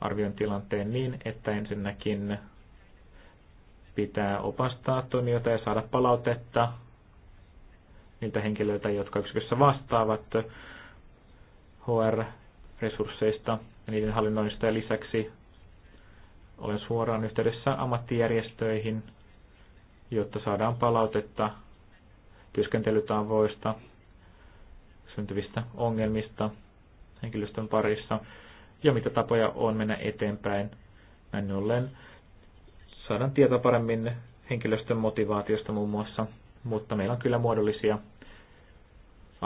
arvioin tilanteen niin, että ensinnäkin pitää opastaa toimijoita ja saada palautetta niitä henkilöitä, jotka yksikössä vastaavat HR-resursseista ja niiden hallinnoinnista. Ja lisäksi olen suoraan yhteydessä ammattijärjestöihin, jotta saadaan palautetta työskentelytavoista, syntyvistä ongelmista henkilöstön parissa ja mitä tapoja on mennä eteenpäin. Näin ollen saadaan tietoa paremmin henkilöstön motivaatiosta muun muassa, mutta meillä on kyllä muodollisia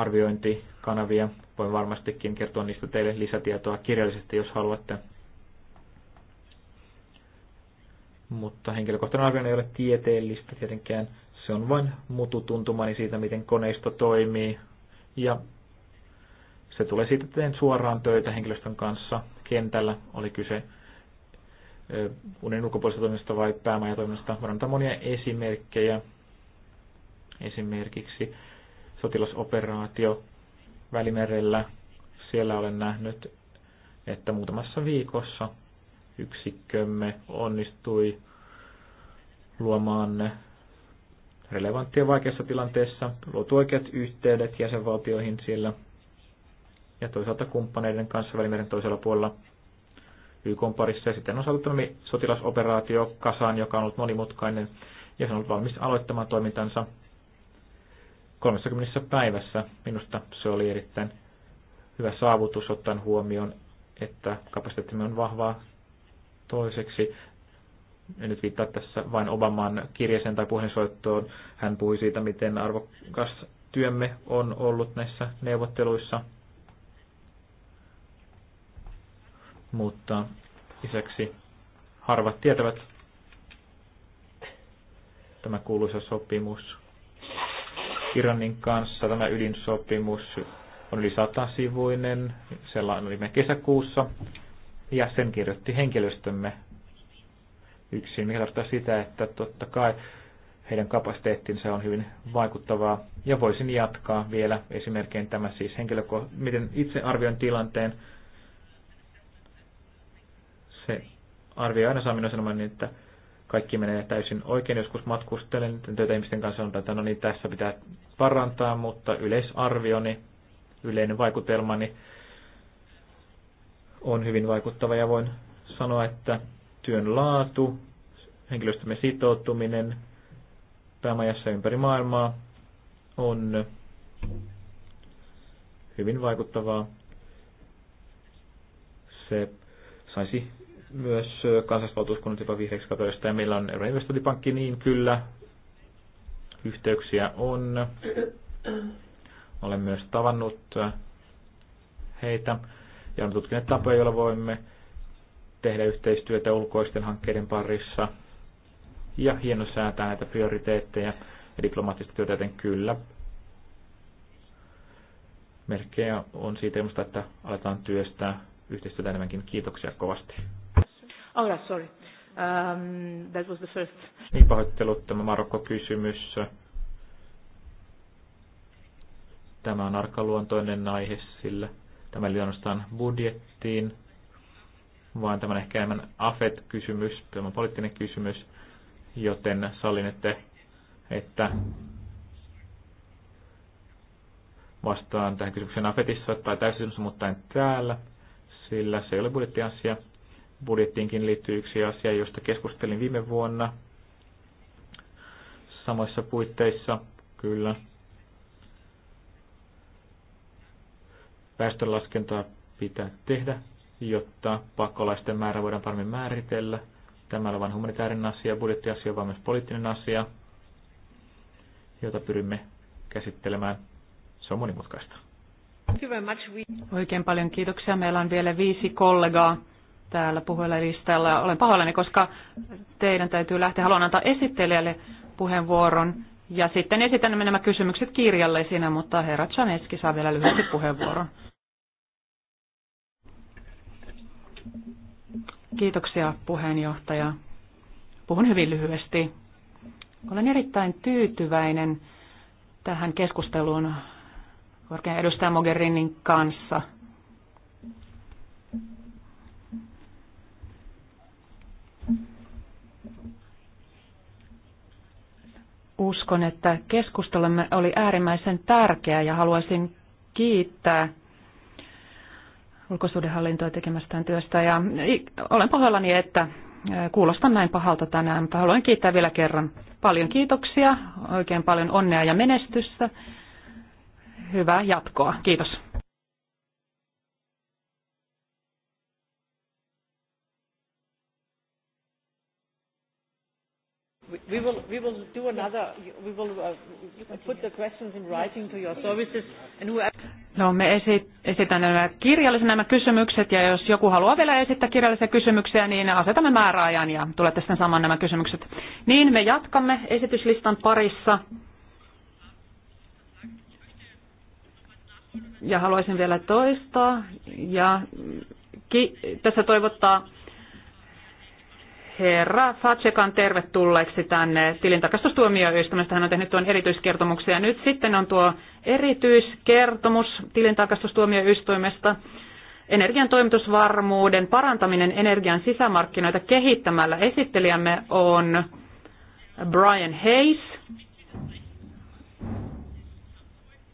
arviointikanavia. Voin varmastikin kertoa niistä teille lisätietoa kirjallisesti, jos haluatte. Mutta henkilökohtainen arviointi ei ole tieteellistä tietenkään. Se on vain mututuntumani siitä, miten koneisto toimii. Ja se tulee siitä, että teen suoraan töitä henkilöstön kanssa kentällä, oli kyse unen ulkopuolisesta toiminnasta vai päämajatoiminnasta. Voidaan antaa monia esimerkkejä. Esimerkiksi sotilasoperaatio Välimerellä. Siellä olen nähnyt, että muutamassa viikossa yksikkömme onnistui luomaan relevanttia vaikeassa tilanteessa, luotu oikeat yhteydet jäsenvaltioihin siellä ja toisaalta kumppaneiden kanssa Välimeren toisella puolella YK parissa. Ja sitten on osallistunut sotilasoperaatio Kasaan, joka on ollut monimutkainen ja se on ollut valmis aloittamaan toimintansa 30 päivässä. Minusta se oli erittäin hyvä saavutus ottaen huomioon, että kapasiteettimme on vahvaa toiseksi. En nyt viittaa tässä vain Obaman kirjeeseen tai puhelinsoittoon. Hän puhui siitä, miten arvokas työmme on ollut näissä neuvotteluissa. Mutta lisäksi harvat tietävät tämä kuuluisa sopimus Iranin kanssa. Tämä ydinsopimus on yli satasivuinen, sellainen me kesäkuussa, ja sen kirjoitti henkilöstömme yksin, mikä tarkoittaa sitä, että totta kai heidän kapasiteettinsa on hyvin vaikuttavaa. Ja voisin jatkaa vielä esimerkkein tämä siis henkilöko- miten itse arvioin tilanteen. Se arvioi aina saa minua sanomaan niin, että kaikki menee täysin oikein. Joskus matkustelen töitä ihmisten kanssa, sanotaan, että no niin, tässä pitää parantaa, mutta yleisarvioni, yleinen vaikutelmani on hyvin vaikuttava ja voin sanoa, että työn laatu, henkilöstömme sitoutuminen päämajassa ympäri maailmaa on hyvin vaikuttavaa. Se saisi myös kansallisvaltuuskunnat, jopa vihreäksi katsojasta, ja meillä on Euroopan investointipankki, niin kyllä yhteyksiä on. Olen myös tavannut heitä ja on tutkinut tapoja, joilla voimme tehdä yhteistyötä ulkoisten hankkeiden parissa ja hieno säätää näitä prioriteetteja ja diplomaattista työtä, joten kyllä merkkejä on siitä että aletaan työstää yhteistyötä enemmänkin. Kiitoksia kovasti. Oh, yeah, sorry. Um, that was the first. Niin pahoittelut tämä Marokko-kysymys. Tämä on arkaluontoinen aihe, sillä tämä ei ainoastaan budjettiin, vaan tämä on ehkä enemmän AFET-kysymys, tämä on poliittinen kysymys, joten sallin, että, että vastaan tähän kysymykseen AFETissa tai täysin, mutta en täällä, sillä se ei ole budjettiasia budjettiinkin liittyy yksi asia, josta keskustelin viime vuonna samoissa puitteissa, kyllä. Päästölaskentaa pitää tehdä, jotta pakolaisten määrä voidaan paremmin määritellä. Tämä on vain humanitaarinen asia, budjettiasia, vaan myös poliittinen asia, jota pyrimme käsittelemään. Se on monimutkaista. Oikein paljon kiitoksia. Meillä on vielä viisi kollegaa täällä puhujalistalla. Olen pahoillani, koska teidän täytyy lähteä. Haluan antaa esittelijälle puheenvuoron. Ja sitten esitän nämä kysymykset kirjalle siinä, mutta herra Chaneski saa vielä lyhyesti puheenvuoron. Kiitoksia puheenjohtaja. Puhun hyvin lyhyesti. Olen erittäin tyytyväinen tähän keskusteluun korkean edustaja Mogherinin kanssa – uskon, että keskustelumme oli äärimmäisen tärkeä ja haluaisin kiittää ulkosuudenhallintoa tekemästään työstä. Ja olen pahoillani, että kuulostan näin pahalta tänään, mutta haluan kiittää vielä kerran. Paljon kiitoksia, oikein paljon onnea ja menestystä. Hyvää jatkoa. Kiitos. We will, we will do another, we will uh, put the questions in writing to your services and No me esitän nämä kirjalliset nämä kysymykset ja jos joku haluaa vielä esittää kirjallisia kysymyksiä, niin asetamme määräajan ja tulette sitten saman nämä kysymykset. Niin me jatkamme esityslistan parissa. Ja haluaisin vielä toistaa ja ki- tässä toivottaa herra Fatsekan tervetulleeksi tänne tilintarkastustuomioistuimesta. Hän on tehnyt tuon erityiskertomuksen. nyt sitten on tuo erityiskertomus tilintarkastustuomioistuimesta. Energian toimitusvarmuuden parantaminen energian sisämarkkinoita kehittämällä. Esittelijämme on Brian Hayes.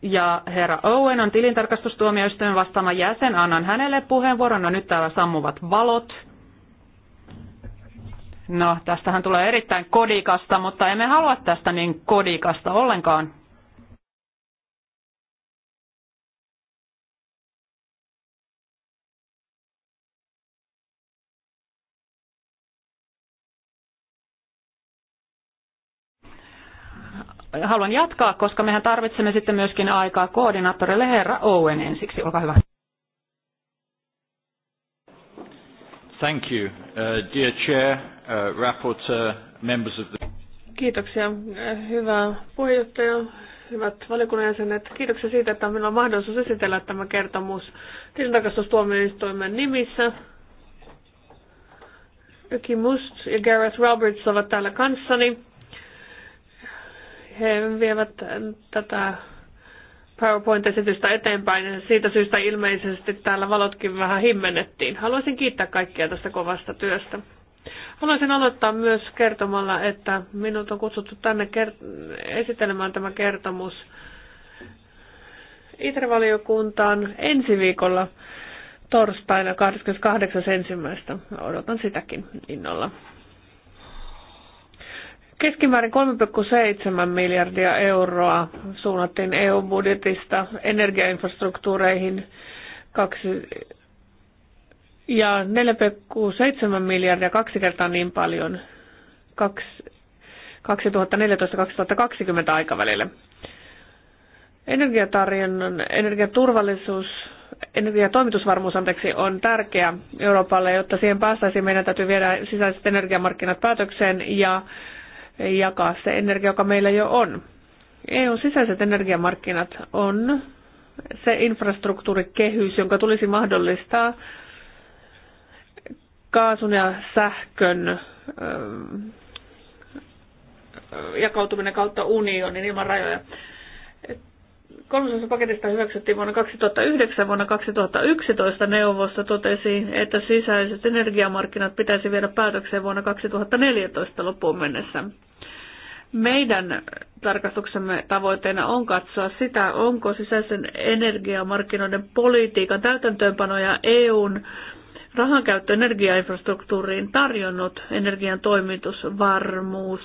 Ja herra Owen on tilintarkastustuomioistuimen vastaama jäsen. Annan hänelle puheenvuoron. No nyt täällä sammuvat valot. No, tästähän tulee erittäin kodikasta, mutta emme halua tästä niin kodikasta ollenkaan. haluan jatkaa, koska mehän tarvitsemme sitten myöskin aikaa koordinaattorille herra Owen ensiksi. Olkaa hyvä. Thank you. Uh, dear Chair, uh, Rapporteur, members of the... Kiitoksia, hyvä puheenjohtaja, hyvät valiokunnan jäsenet. Kiitoksia siitä, että minulla on mahdollisuus esitellä tämä kertomus tilintarkastustuomioistuimen nimissä. Yki Must ja Gareth Roberts ovat täällä kanssani. He vievät tätä PowerPoint-esitystä eteenpäin ja siitä syystä ilmeisesti täällä valotkin vähän himmennettiin. Haluaisin kiittää kaikkia tästä kovasta työstä. Haluaisin aloittaa myös kertomalla, että minut on kutsuttu tänne esittelemään tämä kertomus Itävaliokuntaan ensi viikolla torstaina 28.1. Odotan sitäkin innolla. Keskimäärin 3,7 miljardia euroa suunnattiin EU-budjetista energiainfrastruktuureihin kaksi, ja 4,7 miljardia, kaksi kertaa niin paljon, 2014-2020 aikavälillä. Energiatarjonnan, energiaturvallisuus, energiatoimitusvarmuus anteeksi, on tärkeä Euroopalle, jotta siihen päästäisiin. Meidän täytyy viedä sisäiset energiamarkkinat päätökseen ja jakaa se energia, joka meillä jo on. EUn sisäiset energiamarkkinat on se infrastruktuurikehys, jonka tulisi mahdollistaa kaasun ja sähkön jakautuminen kautta unionin ilman rajoja kolmasessa paketista hyväksyttiin vuonna 2009. Vuonna 2011 neuvosto totesi, että sisäiset energiamarkkinat pitäisi viedä päätökseen vuonna 2014 loppuun mennessä. Meidän tarkastuksemme tavoitteena on katsoa sitä, onko sisäisen energiamarkkinoiden politiikan täytäntöönpanoja EUn rahankäyttö energiainfrastruktuuriin tarjonnut energian toimitusvarmuus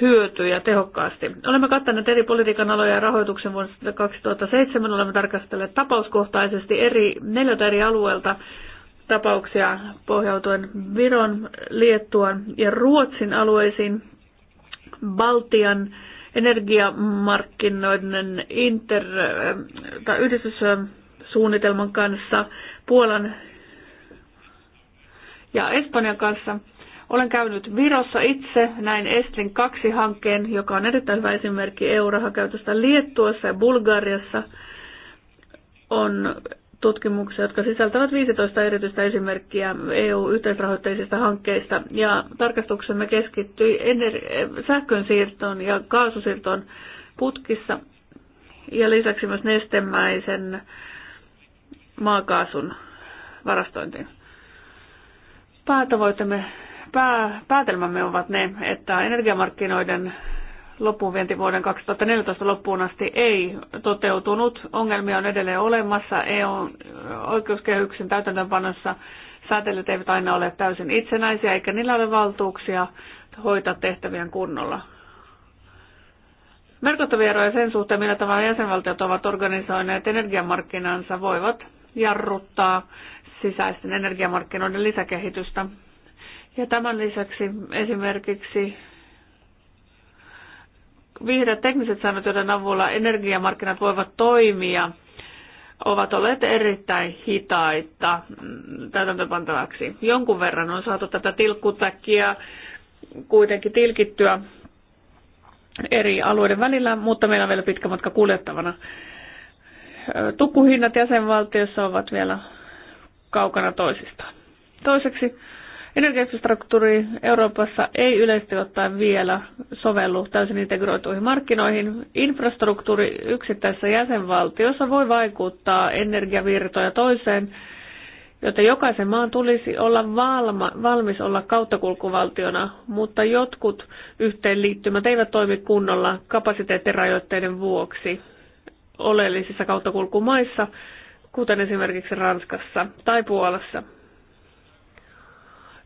hyötyjä tehokkaasti. Olemme kattaneet eri politiikan aloja ja rahoituksen vuonna 2007. Olemme tarkastelleet tapauskohtaisesti eri, neljältä eri alueelta tapauksia pohjautuen Viron, Liettuan ja Ruotsin alueisiin, Baltian energiamarkkinoiden inter, tai yhdistyssuunnitelman kanssa, Puolan ja Espanjan kanssa – olen käynyt Virossa itse, näin Estlin kaksi hankkeen joka on erittäin hyvä esimerkki eurorahakäytöstä Liettuassa ja Bulgariassa. On tutkimuksia, jotka sisältävät 15 erityistä esimerkkiä EU-yhteisrahoitteisista hankkeista. Ja tarkastuksemme keskittyi sähkön siirtoon ja kaasusiirtoon putkissa ja lisäksi myös nestemäisen maakaasun varastointiin. Päätavoitamme pää, päätelmämme ovat ne, että energiamarkkinoiden loppuvienti vuoden 2014 loppuun asti ei toteutunut. Ongelmia on edelleen olemassa. EU-oikeuskehyksen täytäntöönpanossa säätelyt eivät aina ole täysin itsenäisiä, eikä niillä ole valtuuksia hoitaa tehtävien kunnolla. Merkittäviä eroja sen suhteen, millä tavalla jäsenvaltiot ovat organisoineet energiamarkkinansa, voivat jarruttaa sisäisten energiamarkkinoiden lisäkehitystä. Ja tämän lisäksi esimerkiksi vihreät tekniset säännöt, joiden avulla energiamarkkinat voivat toimia, ovat olleet erittäin hitaita täytäntöpantavaksi. Jonkun verran on saatu tätä tilkkutäkkiä kuitenkin tilkittyä eri alueiden välillä, mutta meillä on vielä pitkä matka kuljettavana. Tukkuhinnat jäsenvaltiossa ovat vielä kaukana toisistaan. Toiseksi Energiastruktuuri Euroopassa ei yleisesti ottaen vielä sovellu täysin integroituihin markkinoihin. Infrastruktuuri yksittäisessä jäsenvaltiossa voi vaikuttaa energiavirtoja toiseen, joten jokaisen maan tulisi olla valma, valmis olla kauttakulkuvaltiona, mutta jotkut yhteenliittymät eivät toimi kunnolla kapasiteettirajoitteiden vuoksi oleellisissa kauttakulkumaissa, kuten esimerkiksi Ranskassa tai Puolassa –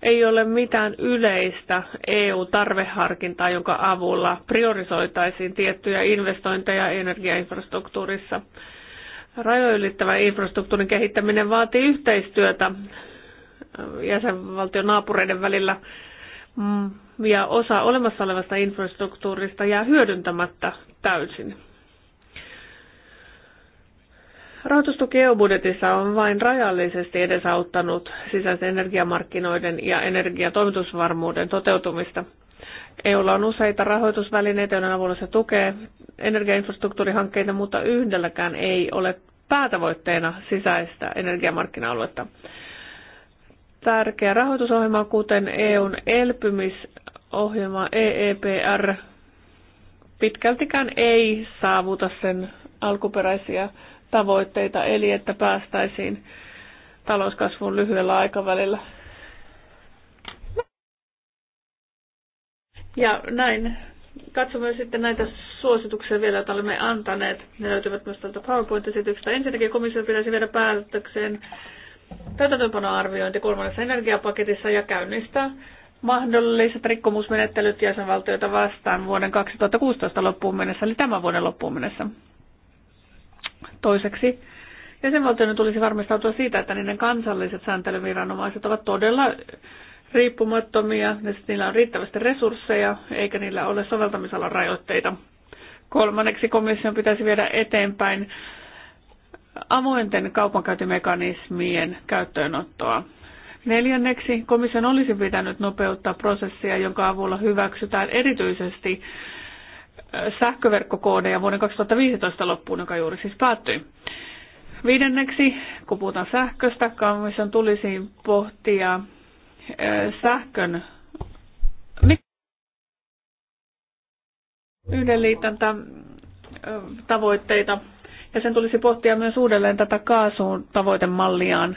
ei ole mitään yleistä EU-tarveharkintaa, jonka avulla priorisoitaisiin tiettyjä investointeja energiainfrastruktuurissa. Rajoylittävän infrastruktuurin kehittäminen vaatii yhteistyötä jäsenvaltion naapureiden välillä mm, ja osa olemassa olevasta infrastruktuurista jää hyödyntämättä täysin. Rahoitustuki EU-budjetissa on vain rajallisesti edesauttanut sisäisen energiamarkkinoiden ja energiatoimitusvarmuuden toteutumista. EUlla on useita rahoitusvälineitä, joiden avulla se tukee energiainfrastruktuurihankkeita, mutta yhdelläkään ei ole päätavoitteena sisäistä energiamarkkina-aluetta. Tärkeä rahoitusohjelma, kuten EUn elpymisohjelma EEPR, pitkältikään ei saavuta sen alkuperäisiä tavoitteita, eli että päästäisiin talouskasvuun lyhyellä aikavälillä. Ja näin. Katsomme sitten näitä suosituksia vielä, joita olemme antaneet. Ne löytyvät myös tältä PowerPoint-esityksestä. Ensinnäkin komissio pitäisi viedä päätökseen täytäntöönpanoarviointi kolmannessa energiapaketissa ja käynnistää mahdolliset rikkomusmenettelyt jäsenvaltioita vastaan vuoden 2016 loppuun mennessä, eli tämän vuoden loppuun mennessä. Toiseksi jäsenvaltioiden tulisi varmistautua siitä, että niiden kansalliset sääntelyviranomaiset ovat todella riippumattomia, niillä on riittävästi resursseja eikä niillä ole soveltamisalan rajoitteita. Kolmanneksi komission pitäisi viedä eteenpäin avointen kaupankäyntimekanismien käyttöönottoa. Neljänneksi komission olisi pitänyt nopeuttaa prosessia, jonka avulla hyväksytään erityisesti sähköverkkokoodeja vuoden 2015 loppuun, joka juuri siis päättyi. Viidenneksi, kun puhutaan sähköstä, komission tulisi pohtia eh, sähkön yhdenliitäntä eh, tavoitteita ja sen tulisi pohtia myös uudelleen tätä kaasuun tavoitemalliaan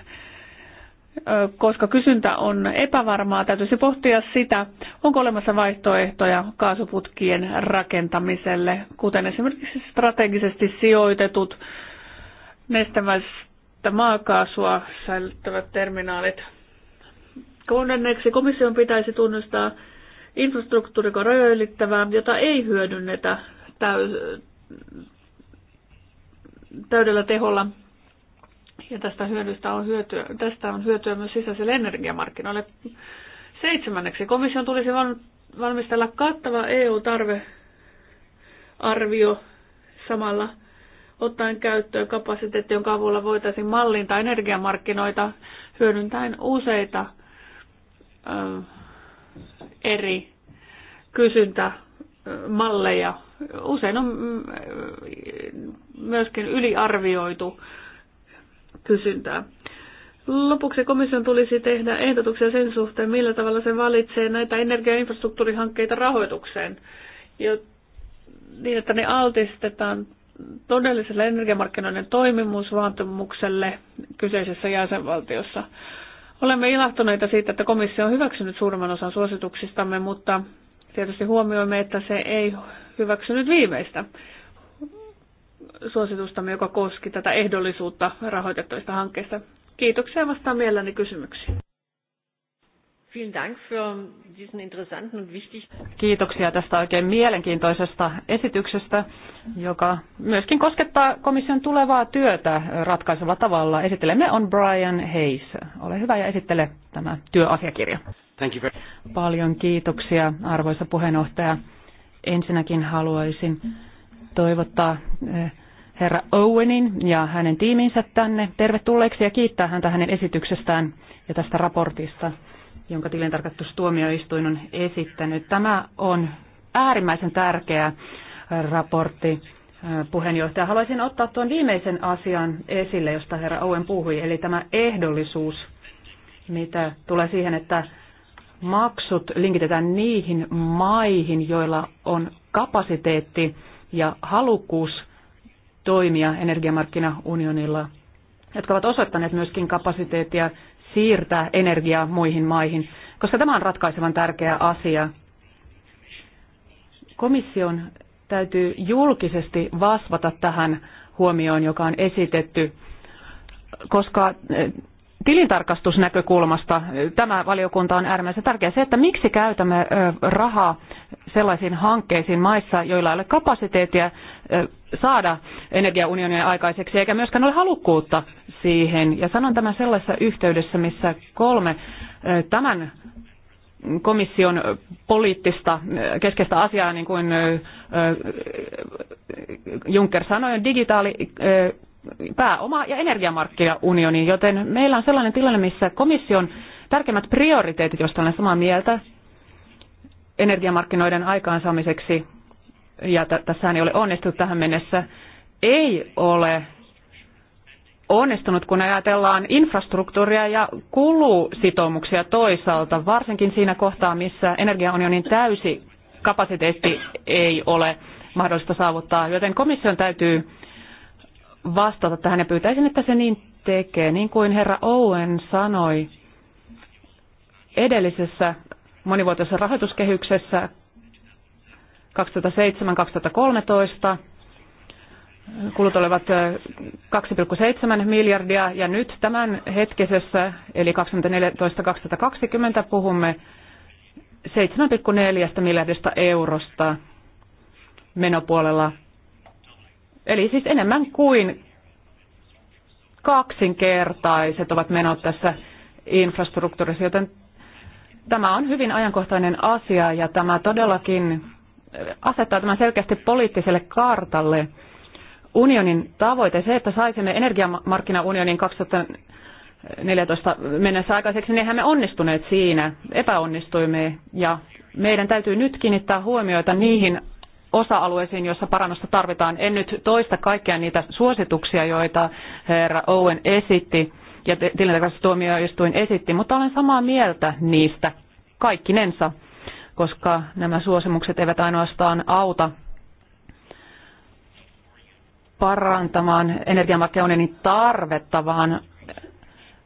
koska kysyntä on epävarmaa, täytyisi pohtia sitä, onko olemassa vaihtoehtoja kaasuputkien rakentamiselle, kuten esimerkiksi strategisesti sijoitetut nestemäistä maakaasua säilyttävät terminaalit. Kolmanneksi komission pitäisi tunnustaa infrastruktuuriko rajoilittävää, jota ei hyödynnetä täydellä teholla ja tästä, hyödystä on hyötyä, tästä on hyötyä myös sisäiselle energiamarkkinoille. Seitsemänneksi komission tulisi valmistella kattava EU-tarvearvio samalla ottaen käyttöön kapasiteetti, jonka avulla voitaisiin mallintaa energiamarkkinoita hyödyntäen useita ö, eri kysyntämalleja. Usein on myöskin yliarvioitu kysyntää. Lopuksi komission tulisi tehdä ehdotuksia sen suhteen, millä tavalla se valitsee näitä energiainfrastruktuurihankkeita rahoitukseen, jo, niin että ne altistetaan todelliselle energiamarkkinoiden toimimusvaatimukselle kyseisessä jäsenvaltiossa. Olemme ilahtuneita siitä, että komissio on hyväksynyt suurimman osan suosituksistamme, mutta tietysti huomioimme, että se ei hyväksynyt viimeistä suositustamme, joka koski tätä ehdollisuutta rahoitettuista hankkeista. Kiitoksia ja vastaan mielelläni kysymyksiin. Kiitoksia tästä oikein mielenkiintoisesta esityksestä, joka myöskin koskettaa komission tulevaa työtä ratkaisevalla tavalla. Esittelemme on Brian Hayes. Ole hyvä ja esittele tämä työasiakirja. Thank you very... Paljon kiitoksia, arvoisa puheenjohtaja. Ensinnäkin haluaisin toivottaa eh, herra Owenin ja hänen tiiminsä tänne tervetulleeksi ja kiittää häntä hänen esityksestään ja tästä raportista, jonka tilintarkastustuomioistuin on esittänyt. Tämä on äärimmäisen tärkeä äh, raportti. Äh, puheenjohtaja, haluaisin ottaa tuon viimeisen asian esille, josta herra Owen puhui, eli tämä ehdollisuus, mitä tulee siihen, että maksut linkitetään niihin maihin, joilla on kapasiteetti ja halukkuus toimia energiamarkkinaunionilla, jotka ovat osoittaneet myöskin kapasiteettia siirtää energiaa muihin maihin, koska tämä on ratkaisevan tärkeä asia. Komission täytyy julkisesti vasvata tähän huomioon, joka on esitetty, koska eh, tilintarkastusnäkökulmasta eh, tämä valiokunta on äärimmäisen tärkeä. Se, että miksi käytämme eh, rahaa sellaisiin hankkeisiin maissa, joilla ei ole kapasiteettia saada energiaunionia aikaiseksi, eikä myöskään ole halukkuutta siihen. Ja sanon tämän sellaisessa yhteydessä, missä kolme tämän komission poliittista keskeistä asiaa, niin kuin Juncker sanoi, digitaali pääoma- ja energiamarkkinaunioni, joten meillä on sellainen tilanne, missä komission tärkeimmät prioriteetit, joista olen samaa mieltä, energiamarkkinoiden aikaansaamiseksi ja tässä ei ole onnistunut tähän mennessä, ei ole onnistunut, kun ajatellaan infrastruktuuria ja kulusitoumuksia toisaalta, varsinkin siinä kohtaa, missä energiaunionin täysi kapasiteetti ei ole mahdollista saavuttaa, joten komission täytyy vastata tähän ja pyytäisin, että se niin tekee. Niin kuin herra Owen sanoi edellisessä monivuotoisessa rahoituskehyksessä, 2007-2013 kulut olivat 2,7 miljardia ja nyt tämän hetkisessä eli 2014-2020 puhumme 7,4 miljardista eurosta menopuolella. Eli siis enemmän kuin kaksinkertaiset ovat menot tässä infrastruktuurissa, joten tämä on hyvin ajankohtainen asia ja tämä todellakin asettaa tämän selkeästi poliittiselle kartalle. Unionin tavoite, se, että saisimme energiamarkkinaunionin 2014 mennessä aikaiseksi, niin eihän me onnistuneet siinä, epäonnistuimme ja meidän täytyy nyt kiinnittää huomioita niihin osa-alueisiin, joissa parannusta tarvitaan. En nyt toista kaikkia niitä suosituksia, joita herra Owen esitti ja tilintarkastustuomioistuin esitti, mutta olen samaa mieltä niistä kaikkinensa koska nämä suosimukset eivät ainoastaan auta parantamaan energiamarkkinoinnin tarvetta, vaan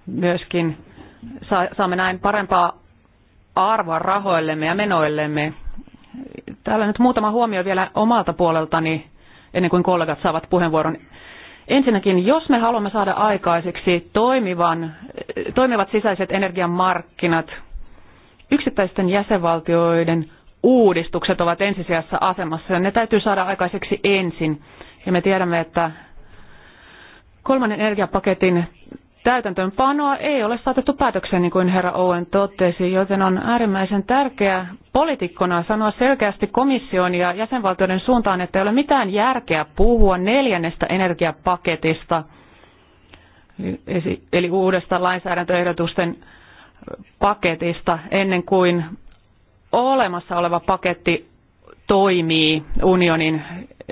myöskin saamme näin parempaa arvoa rahoillemme ja menoillemme. Täällä nyt muutama huomio vielä omalta puoleltani, ennen kuin kollegat saavat puheenvuoron. Ensinnäkin, jos me haluamme saada aikaiseksi toimivan, toimivat sisäiset energiamarkkinat, Yksittäisten jäsenvaltioiden uudistukset ovat ensisijassa asemassa ja ne täytyy saada aikaiseksi ensin. Ja me tiedämme, että kolmannen energiapaketin täytäntöönpanoa ei ole saatettu päätökseen, niin kuin herra Owen totesi, joten on äärimmäisen tärkeää poliitikkona sanoa selkeästi komission ja jäsenvaltioiden suuntaan, että ei ole mitään järkeä puhua neljännestä energiapaketista, eli uudesta lainsäädäntöehdotusten paketista ennen kuin olemassa oleva paketti toimii unionin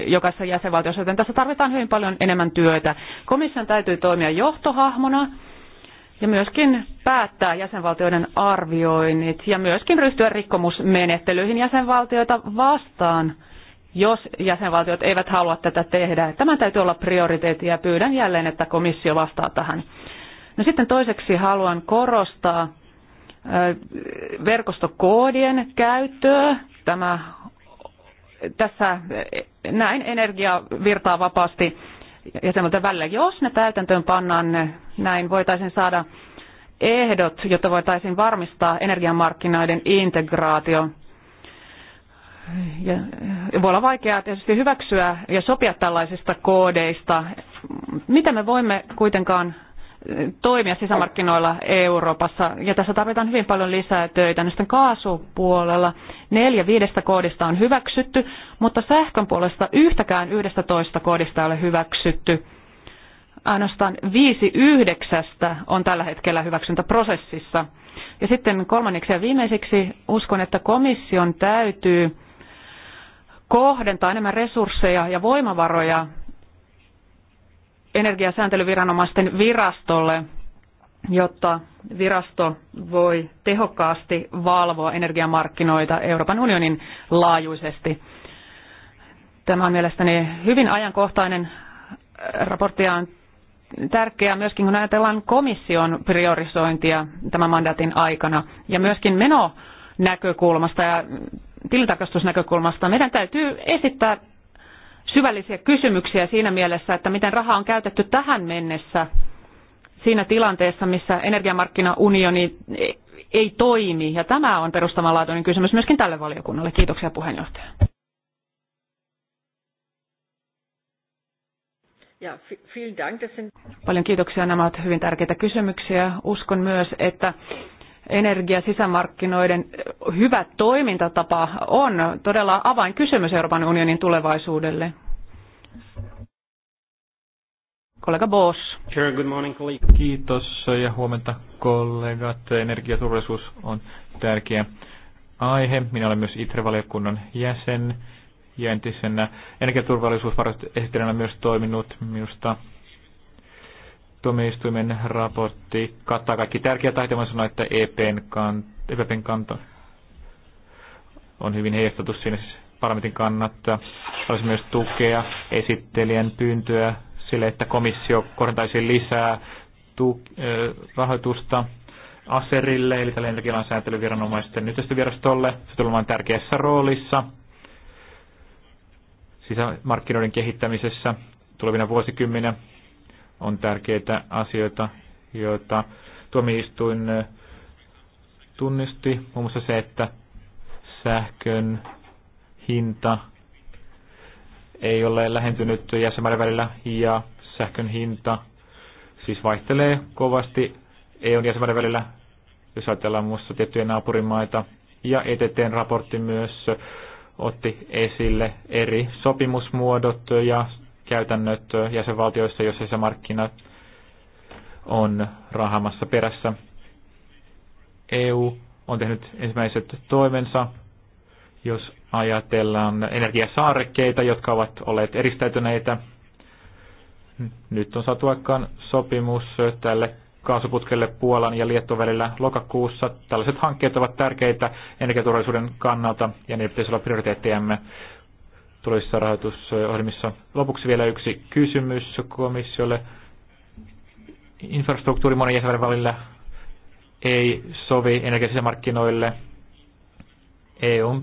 jokaisessa jäsenvaltiossa, joten tässä tarvitaan hyvin paljon enemmän työtä. Komission täytyy toimia johtohahmona ja myöskin päättää jäsenvaltioiden arvioinnit ja myöskin ryhtyä rikkomusmenettelyihin jäsenvaltioita vastaan, jos jäsenvaltiot eivät halua tätä tehdä. Tämä täytyy olla prioriteetti ja pyydän jälleen, että komissio vastaa tähän. No sitten toiseksi haluan korostaa, verkostokoodien käyttöä. Tämä, tässä e, näin energia virtaa vapaasti jäsenvaltioiden välillä. Jos ne täytäntöön pannaan, näin voitaisiin saada ehdot, jotta voitaisiin varmistaa energiamarkkinoiden integraatio. Ja voi olla vaikeaa tietysti hyväksyä ja sopia tällaisista koodeista. Mitä me voimme kuitenkaan toimia sisämarkkinoilla Euroopassa. Ja tässä tarvitaan hyvin paljon lisää töitä. No kaasupuolella neljä viidestä koodista on hyväksytty, mutta sähkön puolesta yhtäkään yhdestä toista koodista ei ole hyväksytty. Ainoastaan viisi yhdeksästä on tällä hetkellä hyväksyntäprosessissa. Ja sitten kolmanneksi ja viimeiseksi uskon, että komission täytyy kohdentaa enemmän resursseja ja voimavaroja energiasääntelyviranomaisten virastolle, jotta virasto voi tehokkaasti valvoa energiamarkkinoita Euroopan unionin laajuisesti. Tämä on mielestäni hyvin ajankohtainen äh, raportti ja on tärkeää myöskin, kun ajatellaan komission priorisointia tämän mandaatin aikana ja myöskin menonäkökulmasta ja tilintarkastusnäkökulmasta. Meidän täytyy esittää syvällisiä kysymyksiä siinä mielessä, että miten rahaa on käytetty tähän mennessä siinä tilanteessa, missä energiamarkkinaunioni ei toimi. Ja tämä on perustavanlaatuinen kysymys myöskin tälle valiokunnalle. Kiitoksia puheenjohtaja. Ja, vielen Dank. Paljon kiitoksia. Nämä ovat hyvin tärkeitä kysymyksiä. Uskon myös, että energiasisämarkkinoiden hyvä toimintatapa on todella avainkysymys Euroopan unionin tulevaisuudelle. Kollega Boss. Sure, good morning, Kiitos ja huomenta kollegat. Energiaturvallisuus on tärkeä aihe. Minä olen myös ITRE-valiokunnan jäsen ja entisenä energiaturvallisuusvaroitusesittelijänä myös toiminut. Minusta tuomioistuimen raportti kattaa kaikki tärkeät aiheet. Voin sanoa, että EPn, kant, EPn kanta on hyvin heijastettu siinä siis parlamentin kannatta. Olisi myös tukea esittelijän pyyntöä sille, että komissio kohdentaisi lisää tuk- äh, rahoitusta ASERille, eli tälle energialan sääntelyviranomaisten yhteistyövirastolle. Se tulee olemaan tärkeässä roolissa sisämarkkinoiden kehittämisessä tulevina vuosikymmeninä on tärkeitä asioita, joita tuomioistuin eh, tunnisti, muun muassa se, että sähkön hinta ei ole lähentynyt jäsenmaiden välillä ja sähkön hinta siis vaihtelee kovasti EUn jäsenmaiden välillä, jos ajatellaan muussa tiettyjä naapurimaita. Ja ETTn raportti myös otti esille eri sopimusmuodot ja käytännöt jäsenvaltioissa, se markkina on rahamassa perässä. EU on tehnyt ensimmäiset toimensa, jos ajatellaan energiasaarekkeita, jotka ovat olleet eristäytyneitä. Nyt on saatu aikaan sopimus tälle kaasuputkelle Puolan ja Liettuan välillä lokakuussa. Tällaiset hankkeet ovat tärkeitä energiaturvallisuuden kannalta ja ne pitäisi olla prioriteettiamme tulevissa rahoitusohjelmissa. Lopuksi vielä yksi kysymys komissiolle. Infrastruktuuri monen jäsenen välillä ei sovi energiasisämarkkinoille. EU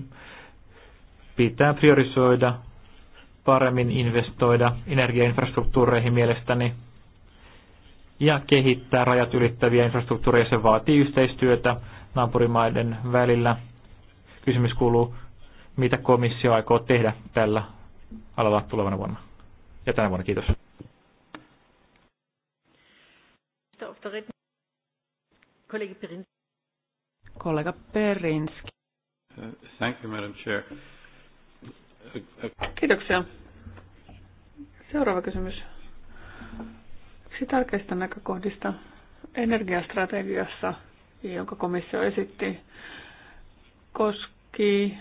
pitää priorisoida paremmin investoida energiainfrastruktuureihin mielestäni ja kehittää rajat ylittäviä infrastruktuureja. Se vaatii yhteistyötä naapurimaiden välillä. Kysymys kuuluu, mitä komissio aikoo tehdä tällä alalla tulevana vuonna ja tänä vuonna. Kiitos. Kollega Perinski. Thank you, Madam Chair. Kiitoksia. Seuraava kysymys. Yksi tärkeistä näkökohdista energiastrategiassa, jonka komissio esitti, koski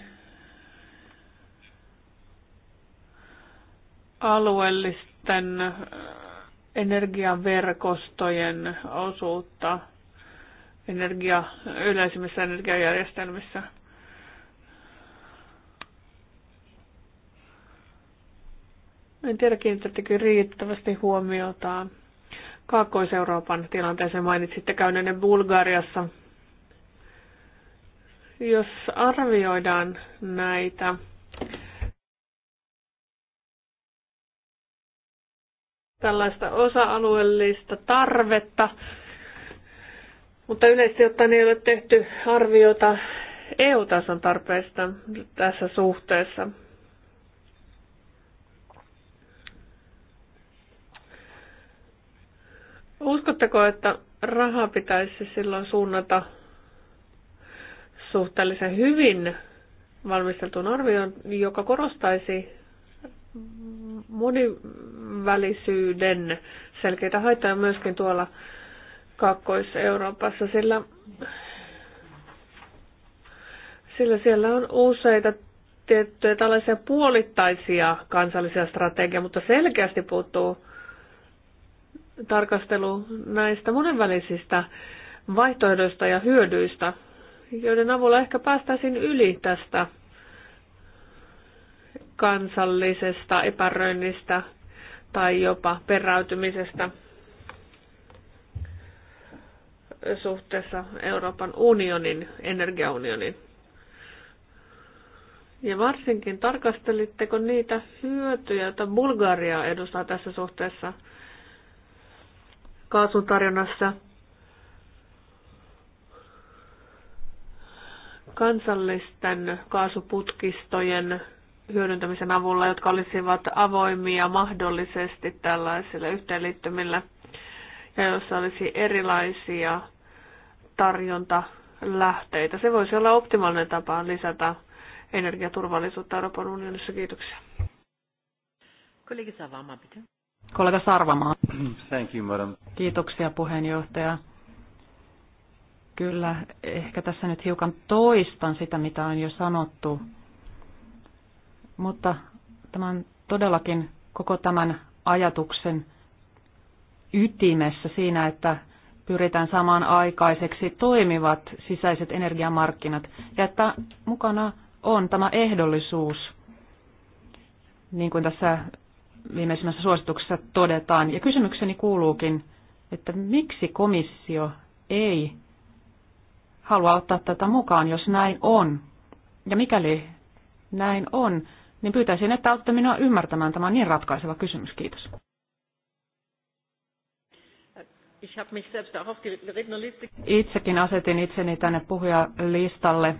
alueellisten energiaverkostojen osuutta energia, yleisimmissä energiajärjestelmissä. En tiedä, kiinnitettekö riittävästi huomiota Kaakkois-Euroopan tilanteeseen. Mainitsitte käyneenne Bulgariassa. Jos arvioidaan näitä tällaista osa-alueellista tarvetta, mutta yleisesti ottaen ei ole tehty arviota EU-tason tarpeista tässä suhteessa. Uskotteko, että raha pitäisi silloin suunnata suhteellisen hyvin valmisteltuun arvioon, joka korostaisi monivälisyyden selkeitä haittoja myöskin tuolla Kaakkois-Euroopassa, sillä, sillä siellä on useita tiettyjä tällaisia puolittaisia kansallisia strategioita, mutta selkeästi puuttuu tarkastelu näistä monenvälisistä vaihtoehdoista ja hyödyistä, joiden avulla ehkä päästäisiin yli tästä kansallisesta epäröinnistä tai jopa peräytymisestä suhteessa Euroopan unionin, energiaunionin. Ja varsinkin tarkastelitteko niitä hyötyjä, joita Bulgaria edustaa tässä suhteessa kaasun tarjonnassa kansallisten kaasuputkistojen hyödyntämisen avulla, jotka olisivat avoimia mahdollisesti tällaisille yhteenliittymille ja jossa olisi erilaisia tarjontalähteitä. Se voisi olla optimaalinen tapa lisätä energiaturvallisuutta Euroopan unionissa. Kiitoksia. Kollega Sarvamaa, pitää. Kollega Sarvamaa. Thank you, madam. Kiitoksia puheenjohtaja. Kyllä, ehkä tässä nyt hiukan toistan sitä, mitä on jo sanottu mutta tämän todellakin koko tämän ajatuksen ytimessä siinä, että pyritään saamaan aikaiseksi toimivat sisäiset energiamarkkinat ja että mukana on tämä ehdollisuus, niin kuin tässä viimeisimmässä suosituksessa todetaan. Ja kysymykseni kuuluukin, että miksi komissio ei halua ottaa tätä mukaan, jos näin on? Ja mikäli näin on, niin pyytäisin, että autatte minua ymmärtämään tämä niin ratkaiseva kysymys. Kiitos. Itsekin asetin itseni tänne puhujalistalle.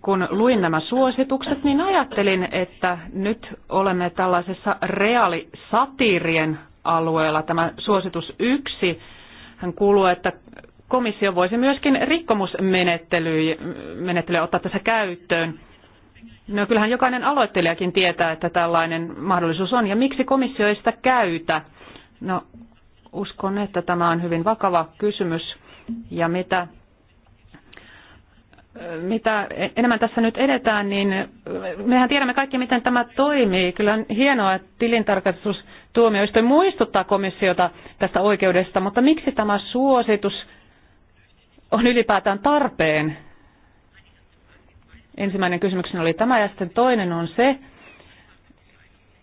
Kun luin nämä suositukset, niin ajattelin, että nyt olemme tällaisessa reaalisatiirien alueella. Tämä suositus yksi, hän kuuluu, että komissio voisi myöskin rikkomusmenettelyä ottaa tässä käyttöön. No kyllähän jokainen aloittelijakin tietää, että tällainen mahdollisuus on. Ja miksi komissio ei sitä käytä? No uskon, että tämä on hyvin vakava kysymys. Ja mitä, mitä enemmän tässä nyt edetään, niin mehän tiedämme kaikki, miten tämä toimii. Kyllä on hienoa, että tilintarkastustuomioistuin muistuttaa komissiota tästä oikeudesta, mutta miksi tämä suositus on ylipäätään tarpeen? Ensimmäinen kysymys oli tämä ja sitten toinen on se,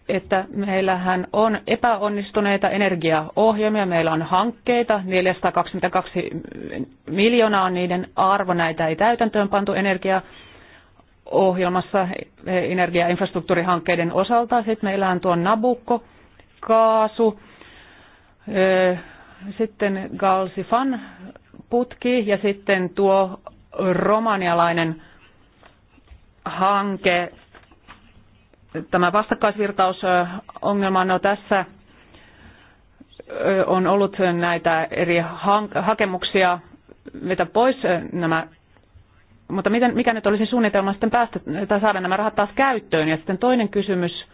että meillähän on epäonnistuneita energiaohjelmia, meillä on hankkeita, 422 miljoonaa niiden arvo, näitä ei täytäntöön pantu energiaohjelmassa energiainfrastruktuurihankkeiden osalta. Sitten meillä on tuo Nabukko, kaasu, sitten Galsifan putki ja sitten tuo romanialainen hanke, tämä vastakkaisvirtausongelma, no tässä on ollut näitä eri hakemuksia vetä pois nämä, mutta miten, mikä nyt olisi suunnitelma sitten päästä, tai saada nämä rahat taas käyttöön? Ja sitten toinen kysymys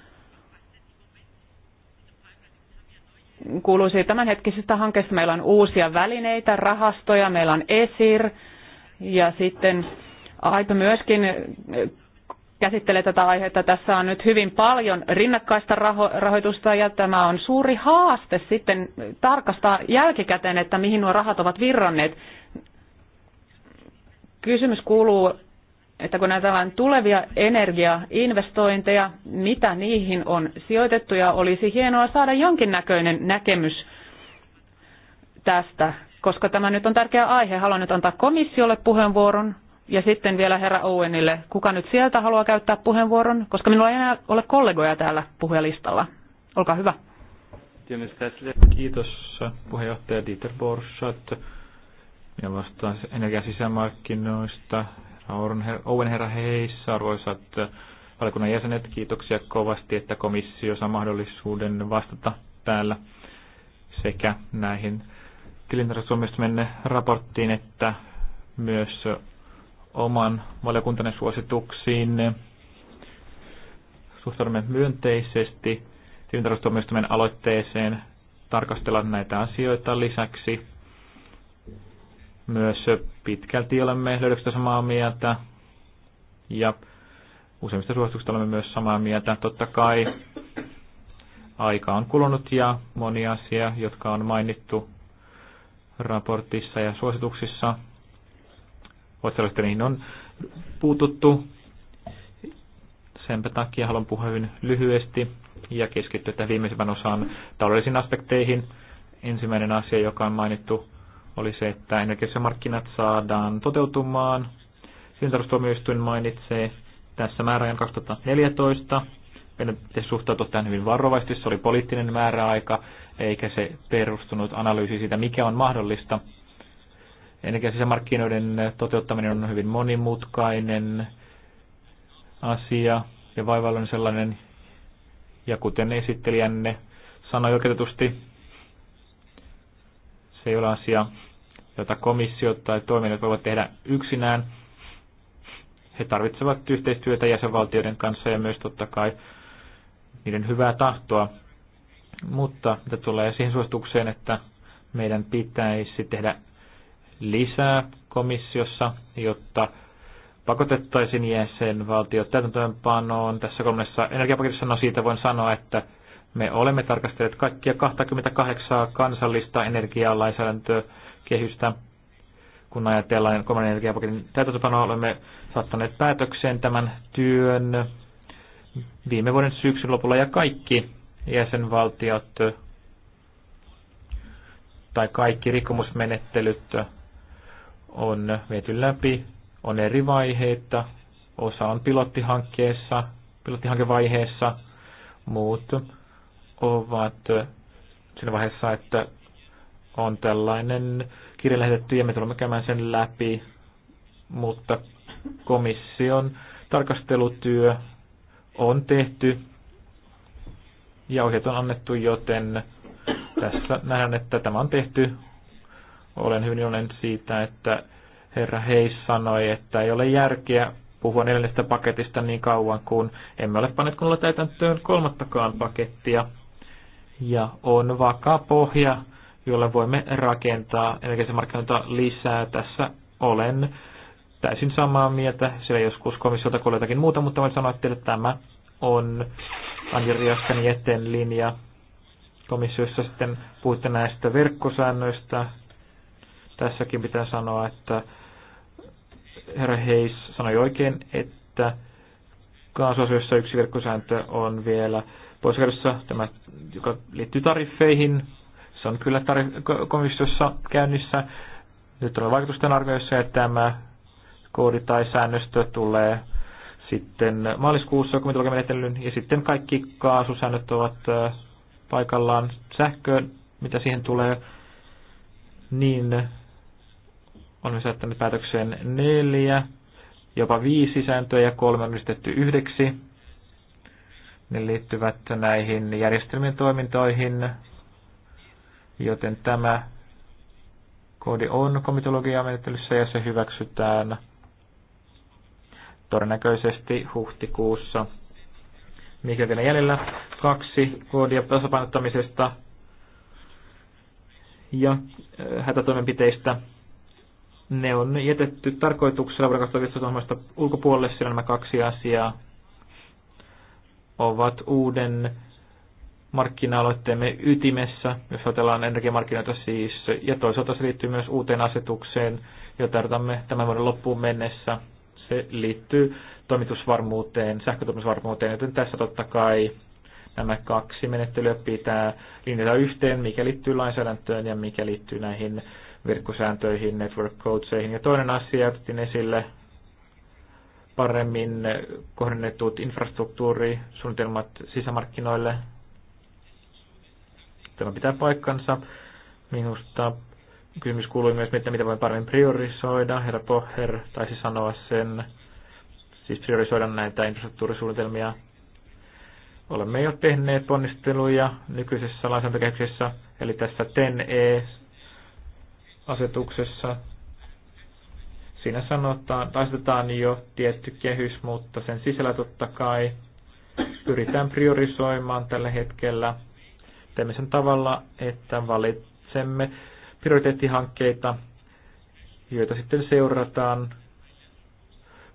kuuluisi tämänhetkisistä hankkeista. Meillä on uusia välineitä, rahastoja, meillä on ESIR ja sitten AIPA myöskin käsittelee tätä aihetta. Tässä on nyt hyvin paljon rinnakkaista raho- rahoitusta ja tämä on suuri haaste sitten tarkastaa jälkikäteen, että mihin nuo rahat ovat virranneet. Kysymys kuuluu, että kun näitä tulevia energiainvestointeja, mitä niihin on sijoitettu ja olisi hienoa saada jonkinnäköinen näkemys tästä, koska tämä nyt on tärkeä aihe. Haluan nyt antaa komissiolle puheenvuoron ja sitten vielä herra Owenille, kuka nyt sieltä haluaa käyttää puheenvuoron, koska minulla ei enää ole kollegoja täällä puhujalistalla. Olkaa hyvä. Kiitos puheenjohtaja Dieter Borsat. Minä vastaan energian sisämarkkinoista. Owen herra Heissa, arvoisat äh, valiokunnan jäsenet, kiitoksia kovasti, että komissio saa mahdollisuuden vastata täällä sekä näihin tilintarkastustuomioistuimen raporttiin että myös oman valiokuntanne suosituksiin. Suhtaudumme myönteisesti tilintarkastustuomioistuimen aloitteeseen tarkastella näitä asioita lisäksi. Myös pitkälti olemme löydöksistä samaa mieltä ja useimmista suosituksista olemme myös samaa mieltä. Totta kai aika on kulunut ja moni asia, jotka on mainittu raportissa ja suosituksissa, voitteluista niihin on puututtu. Senpä takia haluan puhua hyvin lyhyesti ja keskittyä tähän viimeisimmän osaan taloudellisiin aspekteihin. Ensimmäinen asia, joka on mainittu, oli se, että energiamarkkinat saadaan toteutumaan. Sintarustuomioistuin mainitsee tässä määräajan 2014. Meidän pitäisi suhtautua tähän hyvin varovaisesti. Se oli poliittinen määräaika, eikä se perustunut analyysi siitä, mikä on mahdollista energiasisämarkkinoiden toteuttaminen on hyvin monimutkainen asia ja vaivallinen sellainen. Ja kuten esittelijänne sanoi oikeutetusti, se ei ole asia, jota komissio tai toimijat voivat tehdä yksinään. He tarvitsevat yhteistyötä jäsenvaltioiden kanssa ja myös totta kai niiden hyvää tahtoa. Mutta mitä tulee siihen suositukseen, että meidän pitäisi tehdä lisää komissiossa, jotta pakotettaisiin jäsenvaltiot täytäntöönpanoon tässä kolmessa energiapaketissa. No siitä voin sanoa, että me olemme tarkastelleet kaikkia 28 kansallista energialainsäädäntökehystä. Kun ajatellaan kolmannen energiapaketin täytäntöönpanoa, olemme saattaneet päätökseen tämän työn viime vuoden syksyn lopulla ja kaikki jäsenvaltiot tai kaikki rikkomusmenettelyt on viety läpi, on eri vaiheita, osa on pilottihankkeessa, pilottihankevaiheessa, muut ovat siinä vaiheessa, että on tällainen kirja lähetetty ja me tulemme käymään sen läpi, mutta komission tarkastelutyö on tehty ja ohjeet on annettu, joten tässä nähdään, että tämä on tehty olen hyvin iloinen siitä, että herra Heis sanoi, että ei ole järkeä puhua neljännestä paketista niin kauan, kun emme ole panneet kunnolla täytäntöön kolmattakaan pakettia. Ja on vakaa pohja, jolla voimme rakentaa markkinoita lisää. Tässä olen täysin samaa mieltä, sillä joskus komissiolta kuulee jotakin muuta, mutta voin sanoa teille, että tämä on Andriaskan jätteen linja. Komissiossa sitten puhutte näistä verkkosäännöistä, Tässäkin pitää sanoa, että herra Heis sanoi oikein, että kaasuasioissa yksi verkkosääntö on vielä poiskäydessä, tämä, joka liittyy tariffeihin. Se on kyllä tarif- komissiossa käynnissä. Nyt on vaikutusten arvioissa, että tämä koodi tai säännöstö tulee sitten maaliskuussa komitologiamenettelyn ja sitten kaikki kaasusäännöt ovat paikallaan sähköön, mitä siihen tulee, niin on saattaneet päätökseen neljä, jopa viisi sääntöä ja kolme on yhdistetty yhdeksi. Ne liittyvät näihin järjestelmien toimintoihin, joten tämä koodi on komitologiamenettelyssä ja se hyväksytään todennäköisesti huhtikuussa. Mikä vielä jäljellä? Kaksi koodia tasapainottamisesta ja äh, hätätoimenpiteistä ne on jätetty tarkoituksella vuoden 2015 ulkopuolelle, sillä nämä kaksi asiaa ovat uuden markkina-aloitteemme ytimessä, jos ajatellaan energiamarkkinoita siis, ja toisaalta se liittyy myös uuteen asetukseen, jota tarvitamme tämän vuoden loppuun mennessä. Se liittyy toimitusvarmuuteen, sähkötoimitusvarmuuteen, joten tässä totta kai nämä kaksi menettelyä pitää linjata yhteen, mikä liittyy lainsäädäntöön ja mikä liittyy näihin verkkosääntöihin, network codeseihin. Ja toinen asia otettiin esille paremmin kohdennetut infrastruktuurisuunnitelmat sisämarkkinoille. Tämä pitää paikkansa. Minusta kysymys kuului myös, että mitä voin paremmin priorisoida. Herra Poher taisi sanoa sen, siis priorisoida näitä infrastruktuurisuunnitelmia. Olemme jo tehneet ponnisteluja nykyisessä lainsäädäntökehyksessä, eli tässä TEN-E asetuksessa. Siinä sanotaan, taistetaan jo tietty kehys, mutta sen sisällä totta kai pyritään priorisoimaan tällä hetkellä. Teemme sen tavalla, että valitsemme prioriteettihankkeita, joita sitten seurataan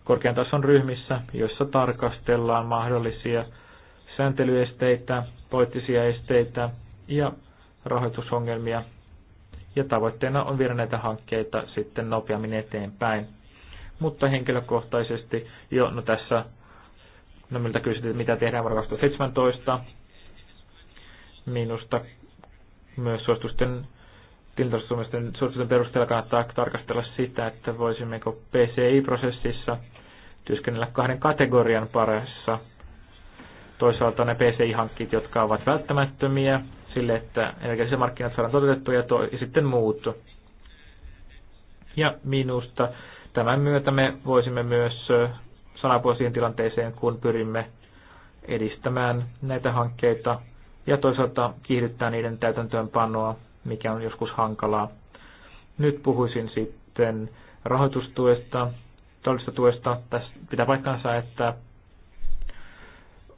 korkean tason ryhmissä, joissa tarkastellaan mahdollisia sääntelyesteitä, poliittisia esteitä ja rahoitusongelmia ja tavoitteena on viedä näitä hankkeita sitten nopeammin eteenpäin. Mutta henkilökohtaisesti jo no tässä, no miltä kysyttiin, mitä tehdään vuonna 2017, minusta myös suositusten tilintarkastusten suositusten perusteella kannattaa tarkastella sitä, että voisimmeko PCI-prosessissa työskennellä kahden kategorian parissa. Toisaalta ne PCI-hankkeet, jotka ovat välttämättömiä sille, että energiaiset markkinat saadaan toteutettua ja, to, ja sitten muut. Ja minusta tämän myötä me voisimme myös sanapua siihen tilanteeseen, kun pyrimme edistämään näitä hankkeita ja toisaalta kiihdyttää niiden täytäntöönpanoa, mikä on joskus hankalaa. Nyt puhuisin sitten rahoitustuesta, taloudellisesta tuesta. Tässä pitää paikkansa, että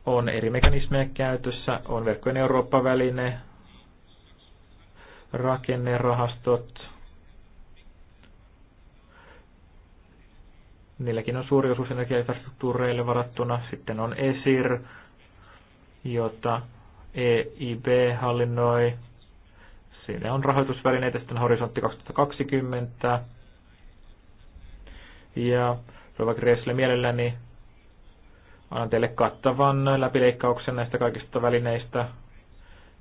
on eri mekanismeja käytössä, on verkkojen Eurooppa-väline, rakennerahastot, niilläkin on suuri osuus energiainfrastruktuureille varattuna. Sitten on ESIR, jota EIB hallinnoi. Siinä on rahoitusvälineitä, sitten Horisontti 2020. Ja Rova Gressle mielelläni annan teille kattavan läpileikkauksen näistä kaikista välineistä,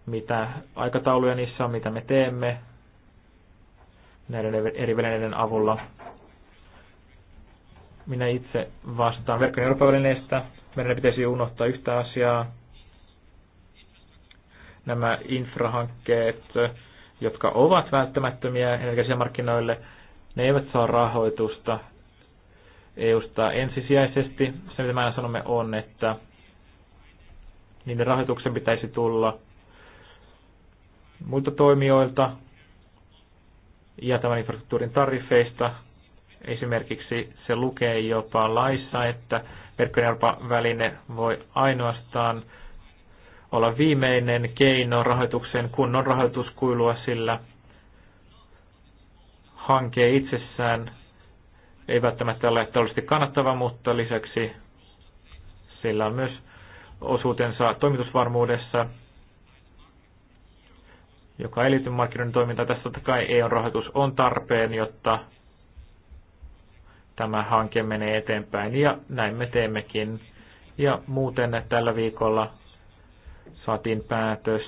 mitä aikatauluja niissä on, mitä me teemme näiden eri välineiden avulla. Minä itse vastaan verkkojen Eurooppa-välineistä. Meidän pitäisi unohtaa yhtä asiaa. Nämä infrahankkeet, jotka ovat välttämättömiä energiamarkkinoille, ne eivät saa rahoitusta EUsta ensisijaisesti. Se, mitä mä aina sanomme, on, että niiden rahoituksen pitäisi tulla muilta toimijoilta ja tämän infrastruktuurin tarifeista. Esimerkiksi se lukee jopa laissa, että verkkojen väline voi ainoastaan olla viimeinen keino rahoitukseen, kun rahoituskuilua, sillä hanke itsessään ei välttämättä ole taloudellisesti kannattava, mutta lisäksi sillä on myös osuutensa toimitusvarmuudessa, joka ei liity markkinoiden toimintaan. Tässä totta kai EU-rahoitus on tarpeen, jotta tämä hanke menee eteenpäin ja näin me teemmekin. Ja muuten tällä viikolla saatiin päätös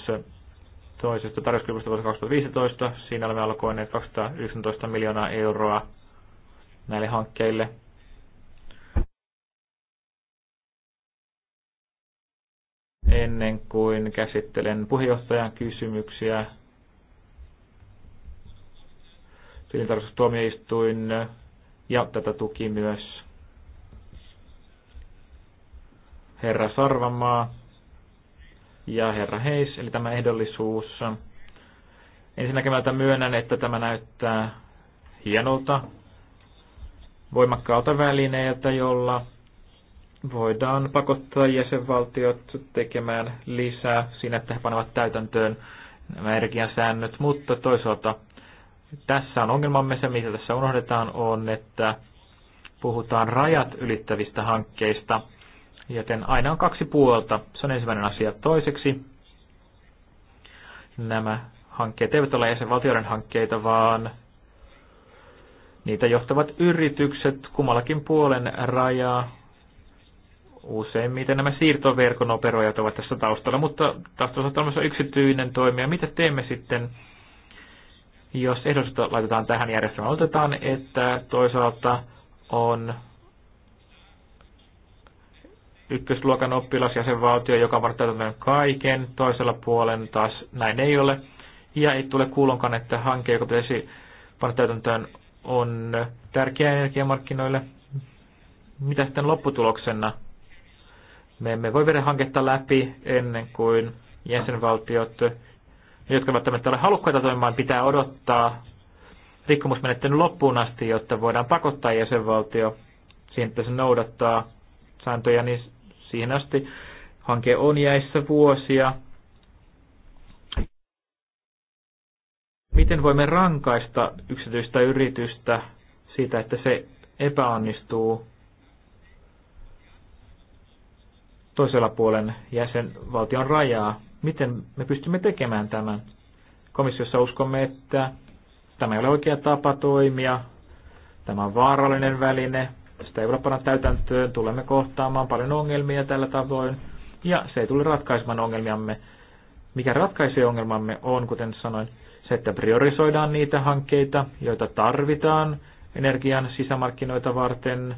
toisesta tarjouskilpailusta vuonna 2015. Siinä olemme alkoineet 219 miljoonaa euroa näille hankkeille. Ennen kuin käsittelen puheenjohtajan kysymyksiä, tilintarkastustuomioistuin ja tätä tuki myös herra Sarvamaa ja herra Heis, eli tämä ehdollisuus. Ensinnäkin mä myönnän, että tämä näyttää hienolta voimakkaalta välineeltä, jolla voidaan pakottaa jäsenvaltiot tekemään lisää siinä, että he panevat täytäntöön nämä mutta toisaalta tässä on ongelmamme se, mitä tässä unohdetaan, on, että puhutaan rajat ylittävistä hankkeista, joten aina on kaksi puolta. Se on ensimmäinen asia. Toiseksi nämä hankkeet eivät ole jäsenvaltioiden hankkeita, vaan Niitä johtavat yritykset kummallakin puolen rajaa. Useimmiten nämä siirtoverkon operoijat ovat tässä taustalla, mutta taustalla on tämmöisen yksityinen toimija. Mitä teemme sitten, jos ehdotusta laitetaan tähän järjestelmään? Otetaan, että toisaalta on ykkösluokan oppilas jäsenvaltio, joka varttaa varten kaiken, toisella puolen taas näin ei ole. Ja ei tule kuulonkaan, että hanke, joka pitäisi panna täytäntöön on tärkeää energiamarkkinoille. Mitä sitten lopputuloksena? Me emme voi viedä hanketta läpi ennen kuin jäsenvaltiot, jotka välttämättä ole halukkaita toimimaan, pitää odottaa rikkomusmenettelyn loppuun asti, jotta voidaan pakottaa jäsenvaltio siihen, että se noudattaa sääntöjä, niin siihen asti hanke on jäissä vuosia. Miten voimme rankaista yksityistä yritystä siitä, että se epäonnistuu toisella puolen jäsenvaltion rajaa? Miten me pystymme tekemään tämän? Komissiossa uskomme, että tämä ei ole oikea tapa toimia, tämä on vaarallinen väline, sitä ei voida panna täytäntöön, tulemme kohtaamaan paljon ongelmia tällä tavoin, ja se ei tule ratkaisemaan ongelmiamme. Mikä ratkaisee ongelmamme on, kuten sanoin, se, että priorisoidaan niitä hankkeita, joita tarvitaan energian sisämarkkinoita varten,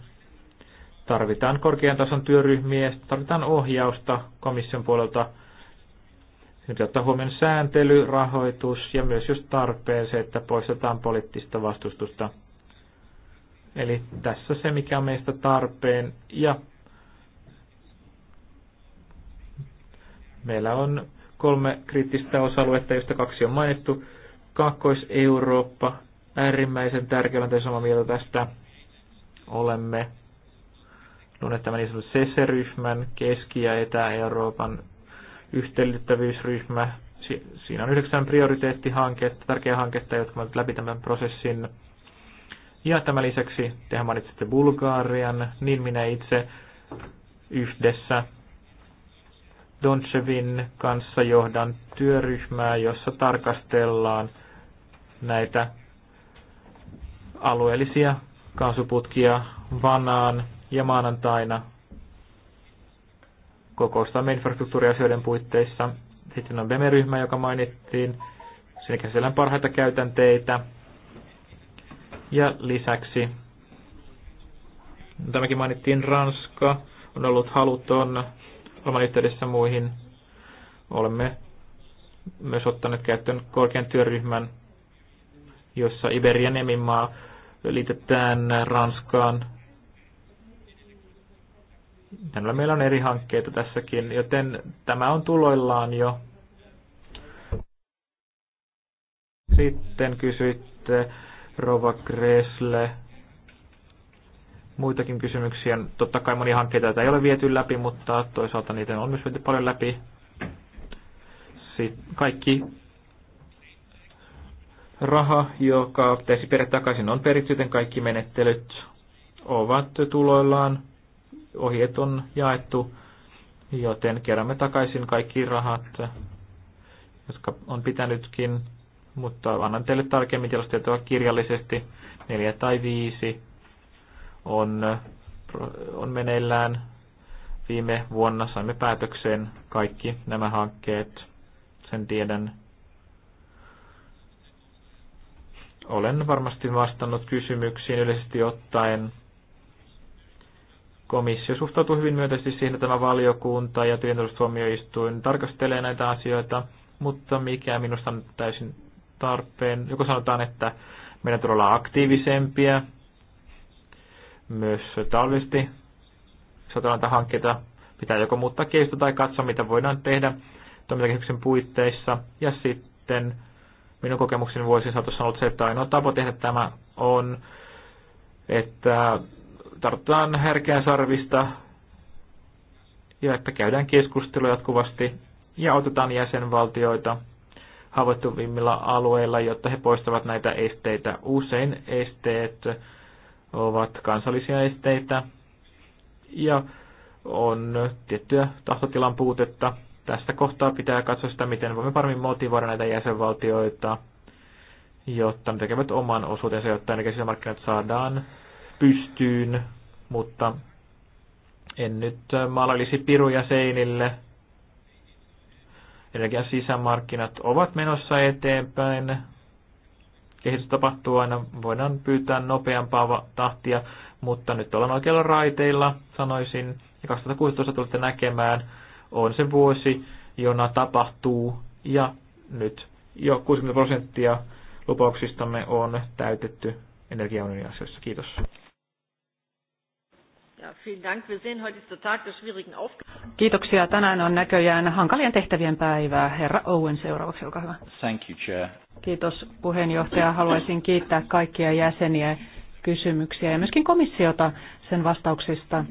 tarvitaan korkean tason työryhmiä, tarvitaan ohjausta komission puolelta, nyt ottaa huomioon sääntely, rahoitus ja myös jos tarpeen se, että poistetaan poliittista vastustusta. Eli tässä se, mikä on meistä tarpeen ja meillä on kolme kriittistä osa-aluetta, joista kaksi on mainittu. Kaakkois-Eurooppa, äärimmäisen tärkeä, olen samaa mieltä tästä. Olemme luoneet tämän niin sanotun CESE-ryhmän, Keski- ja Etä-Euroopan yhteenliittävyysryhmä. Si- siinä on yhdeksän prioriteettihanketta, tärkeää hanketta, jotka ovat läpi tämän prosessin. Ja tämän lisäksi tehän mainitsitte Bulgarian, niin minä itse yhdessä Donchevin kanssa johdan työryhmää, jossa tarkastellaan – näitä alueellisia kaasuputkia Vanaan ja maanantaina kokoustamme infrastruktuuriasioiden puitteissa. Sitten on BEME-ryhmä, joka mainittiin. Siinä käsitellään parhaita käytänteitä. Ja lisäksi, tämäkin mainittiin Ranska, on ollut haluton oman yhteydessä muihin. Olemme myös ottaneet käyttöön korkean työryhmän jossa Iberian niminmaa liitetään Ranskaan. Tällä meillä on eri hankkeita tässäkin, joten tämä on tuloillaan jo. Sitten kysyitte Rova Gressle muitakin kysymyksiä. Totta kai monia hankkeita joita ei ole viety läpi, mutta toisaalta niitä on myös viety paljon läpi. Sitten kaikki Raha, joka pitäisi perä takaisin, on peritty, joten kaikki menettelyt ovat tuloillaan. Ohjeet on jaettu, joten keräämme takaisin kaikki rahat, jotka on pitänytkin, mutta annan teille tarkemmin tilastotietoa kirjallisesti. Neljä tai viisi on, on meneillään. Viime vuonna saimme päätökseen kaikki nämä hankkeet, sen tiedän Olen varmasti vastannut kysymyksiin yleisesti ottaen. Komissio suhtautuu hyvin myönteisesti siihen, että tämä valiokunta ja työntöstuomioistuin tarkastelee näitä asioita, mutta mikä minusta on täysin tarpeen, joko sanotaan, että meidän tulee olla aktiivisempia, myös taloudellisesti sotilaita hankkeita pitää joko muuttaa kehystä tai katsoa, mitä voidaan tehdä toimintakehityksen puitteissa, ja sitten minun kokemukseni vuosien saatossa on ollut se, että ainoa tapa tehdä tämä on, että tartutaan härkään sarvista ja että käydään keskustelua jatkuvasti ja otetaan jäsenvaltioita haavoittuvimmilla alueilla, jotta he poistavat näitä esteitä. Usein esteet ovat kansallisia esteitä ja on tiettyä tahtotilan puutetta Tästä kohtaa pitää katsoa sitä, miten voimme paremmin motivoida näitä jäsenvaltioita, jotta ne tekevät oman osuutensa, jotta ne sisämarkkinat saadaan pystyyn, mutta en nyt äh, maalailisi piruja seinille. Energian sisämarkkinat ovat menossa eteenpäin. Kehitys tapahtuu aina, voidaan pyytää nopeampaa tahtia, mutta nyt ollaan oikealla raiteilla, sanoisin. Ja 2016 tulette näkemään on se vuosi, jona tapahtuu ja nyt jo 60 prosenttia lupauksistamme on täytetty energiaunionin asioissa. Kiitos. Kiitoksia. Tänään on näköjään hankalien tehtävien päivää. Herra Owen seuraavaksi, olkaa hyvä. Thank you, Chair. Kiitos puheenjohtaja. Haluaisin kiittää kaikkia jäseniä kysymyksiä ja myöskin komissiota sen vastauksista.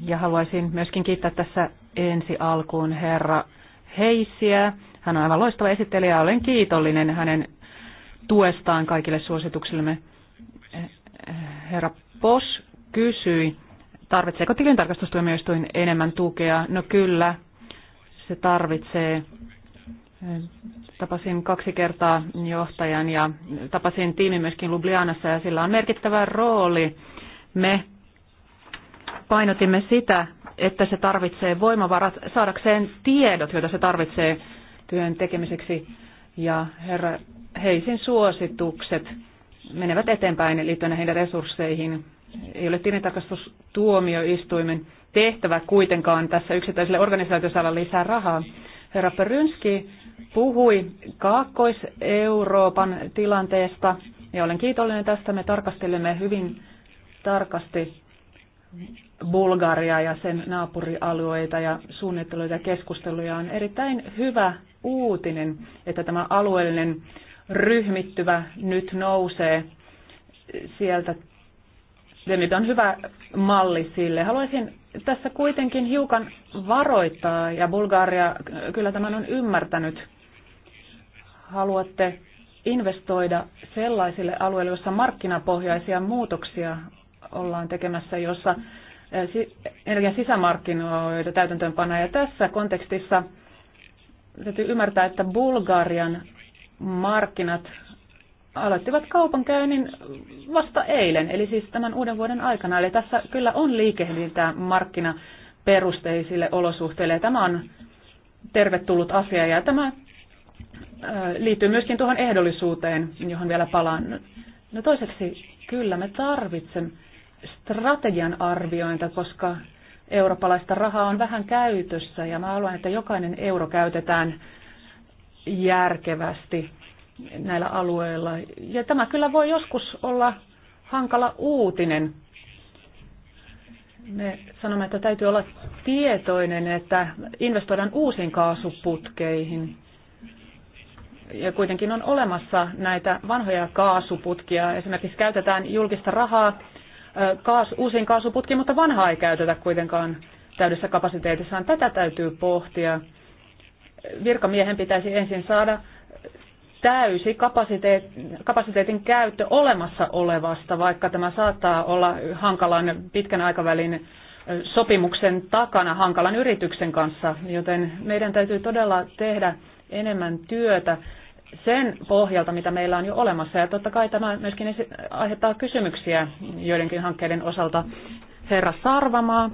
Ja haluaisin myöskin kiittää tässä ensi alkuun herra Heissiä. Hän on aivan loistava esittelijä ja olen kiitollinen hänen tuestaan kaikille suosituksillemme. Herra Pos kysyi, tarvitseeko tilintarkastustuomioistuin enemmän tukea? No kyllä, se tarvitsee. Tapasin kaksi kertaa johtajan ja tapasin tiimi myöskin Ljubljanassa ja sillä on merkittävä rooli. Me painotimme sitä, että se tarvitsee voimavarat saadakseen tiedot, joita se tarvitsee työn tekemiseksi. Ja herra Heisin suositukset menevät eteenpäin liittyen näihin resursseihin. Ei ole tilintarkastustuomioistuimen tehtävä kuitenkaan tässä yksittäiselle organisaatio saada lisää rahaa. Herra Perynski puhui Kaakkois-Euroopan tilanteesta ja olen kiitollinen tästä. Me tarkastelemme hyvin tarkasti Bulgaria ja sen naapurialueita ja suunnitteluita ja keskusteluja on erittäin hyvä uutinen, että tämä alueellinen ryhmittyvä nyt nousee sieltä. Se nyt on hyvä malli sille. Haluaisin tässä kuitenkin hiukan varoittaa, ja Bulgaria kyllä tämän on ymmärtänyt. Haluatte investoida sellaisille alueille, joissa markkinapohjaisia muutoksia ollaan tekemässä, jossa eh, energian sisämarkkinoita täytäntöönpanoja. Ja tässä kontekstissa täytyy ymmärtää, että Bulgarian markkinat aloittivat kaupankäynnin vasta eilen, eli siis tämän uuden vuoden aikana. Eli tässä kyllä on liikehdintää markkinaperusteisille olosuhteille, ja tämä on tervetullut asia, ja tämä eh, liittyy myöskin tuohon ehdollisuuteen, johon vielä palaan. No toiseksi, kyllä me tarvitsemme strategian arviointa, koska eurooppalaista rahaa on vähän käytössä ja mä haluan, että jokainen euro käytetään järkevästi näillä alueilla. Ja tämä kyllä voi joskus olla hankala uutinen. Me sanomme, että täytyy olla tietoinen, että investoidaan uusiin kaasuputkeihin. Ja kuitenkin on olemassa näitä vanhoja kaasuputkia. Esimerkiksi käytetään julkista rahaa kaas, uusiin kaasuputkiin, mutta vanhaa ei käytetä kuitenkaan täydessä kapasiteetissaan. Tätä täytyy pohtia. Virkamiehen pitäisi ensin saada täysi kapasiteet, kapasiteetin käyttö olemassa olevasta, vaikka tämä saattaa olla hankalan pitkän aikavälin sopimuksen takana hankalan yrityksen kanssa, joten meidän täytyy todella tehdä enemmän työtä sen pohjalta, mitä meillä on jo olemassa. Ja totta kai tämä myöskin aiheuttaa kysymyksiä joidenkin hankkeiden osalta. Herra Sarvamaa,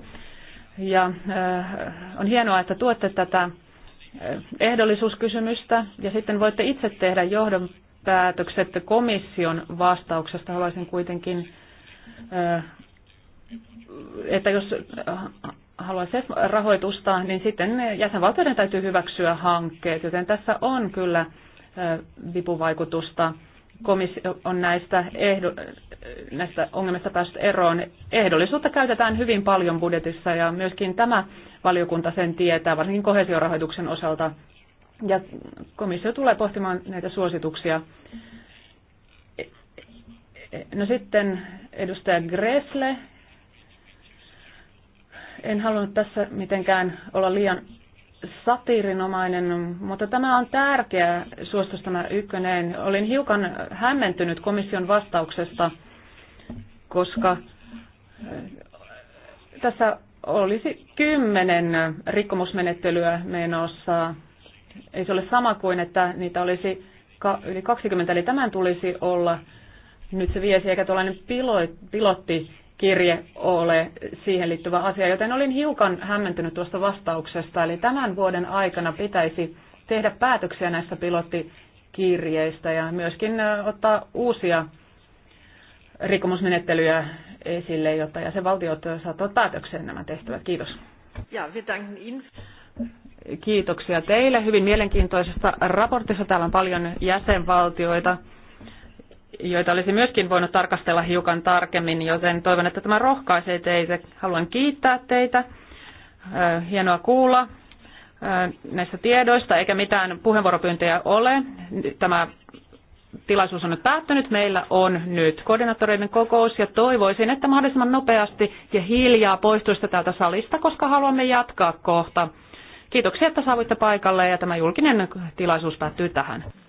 ja äh, on hienoa, että tuette tätä äh, ehdollisuuskysymystä ja sitten voitte itse tehdä johdonpäätökset komission vastauksesta. Haluaisin kuitenkin, äh, että jos haluaa se rahoitusta, niin sitten jäsenvaltioiden täytyy hyväksyä hankkeet, joten tässä on kyllä vipuvaikutusta. Komissio on näistä, ehdo, näistä ongelmista päässyt eroon. Ehdollisuutta käytetään hyvin paljon budjetissa ja myöskin tämä valiokunta sen tietää, varsinkin kohesiorahoituksen osalta. Ja komissio tulee pohtimaan näitä suosituksia. No sitten edustaja Gresle. En halunnut tässä mitenkään olla liian satiirinomainen, mutta tämä on tärkeä suostus tämä ykkönen. Olin hiukan hämmentynyt komission vastauksesta, koska tässä olisi kymmenen rikkomusmenettelyä menossa. Ei se ole sama kuin, että niitä olisi yli 20, eli tämän tulisi olla nyt se viesi, eikä tuollainen pilotti kirje ole siihen liittyvä asia, joten olin hiukan hämmentynyt tuosta vastauksesta. Eli tämän vuoden aikana pitäisi tehdä päätöksiä näistä pilottikirjeistä ja myöskin ottaa uusia rikkomusmenettelyjä esille, jotta jäsenvaltiot saattavat päätökseen nämä tehtävät. Kiitos. Ja, Kiitoksia teille hyvin mielenkiintoisesta raportista. Täällä on paljon jäsenvaltioita joita olisi myöskin voinut tarkastella hiukan tarkemmin, joten toivon, että tämä rohkaisee teitä. Haluan kiittää teitä. Hienoa kuulla näistä tiedoista, eikä mitään puheenvuoropyyntöjä ole. Tämä tilaisuus on nyt päättynyt. Meillä on nyt koordinaattoreiden kokous ja toivoisin, että mahdollisimman nopeasti ja hiljaa poistuista täältä salista, koska haluamme jatkaa kohta. Kiitoksia, että saavuitte paikalle ja tämä julkinen tilaisuus päättyy tähän.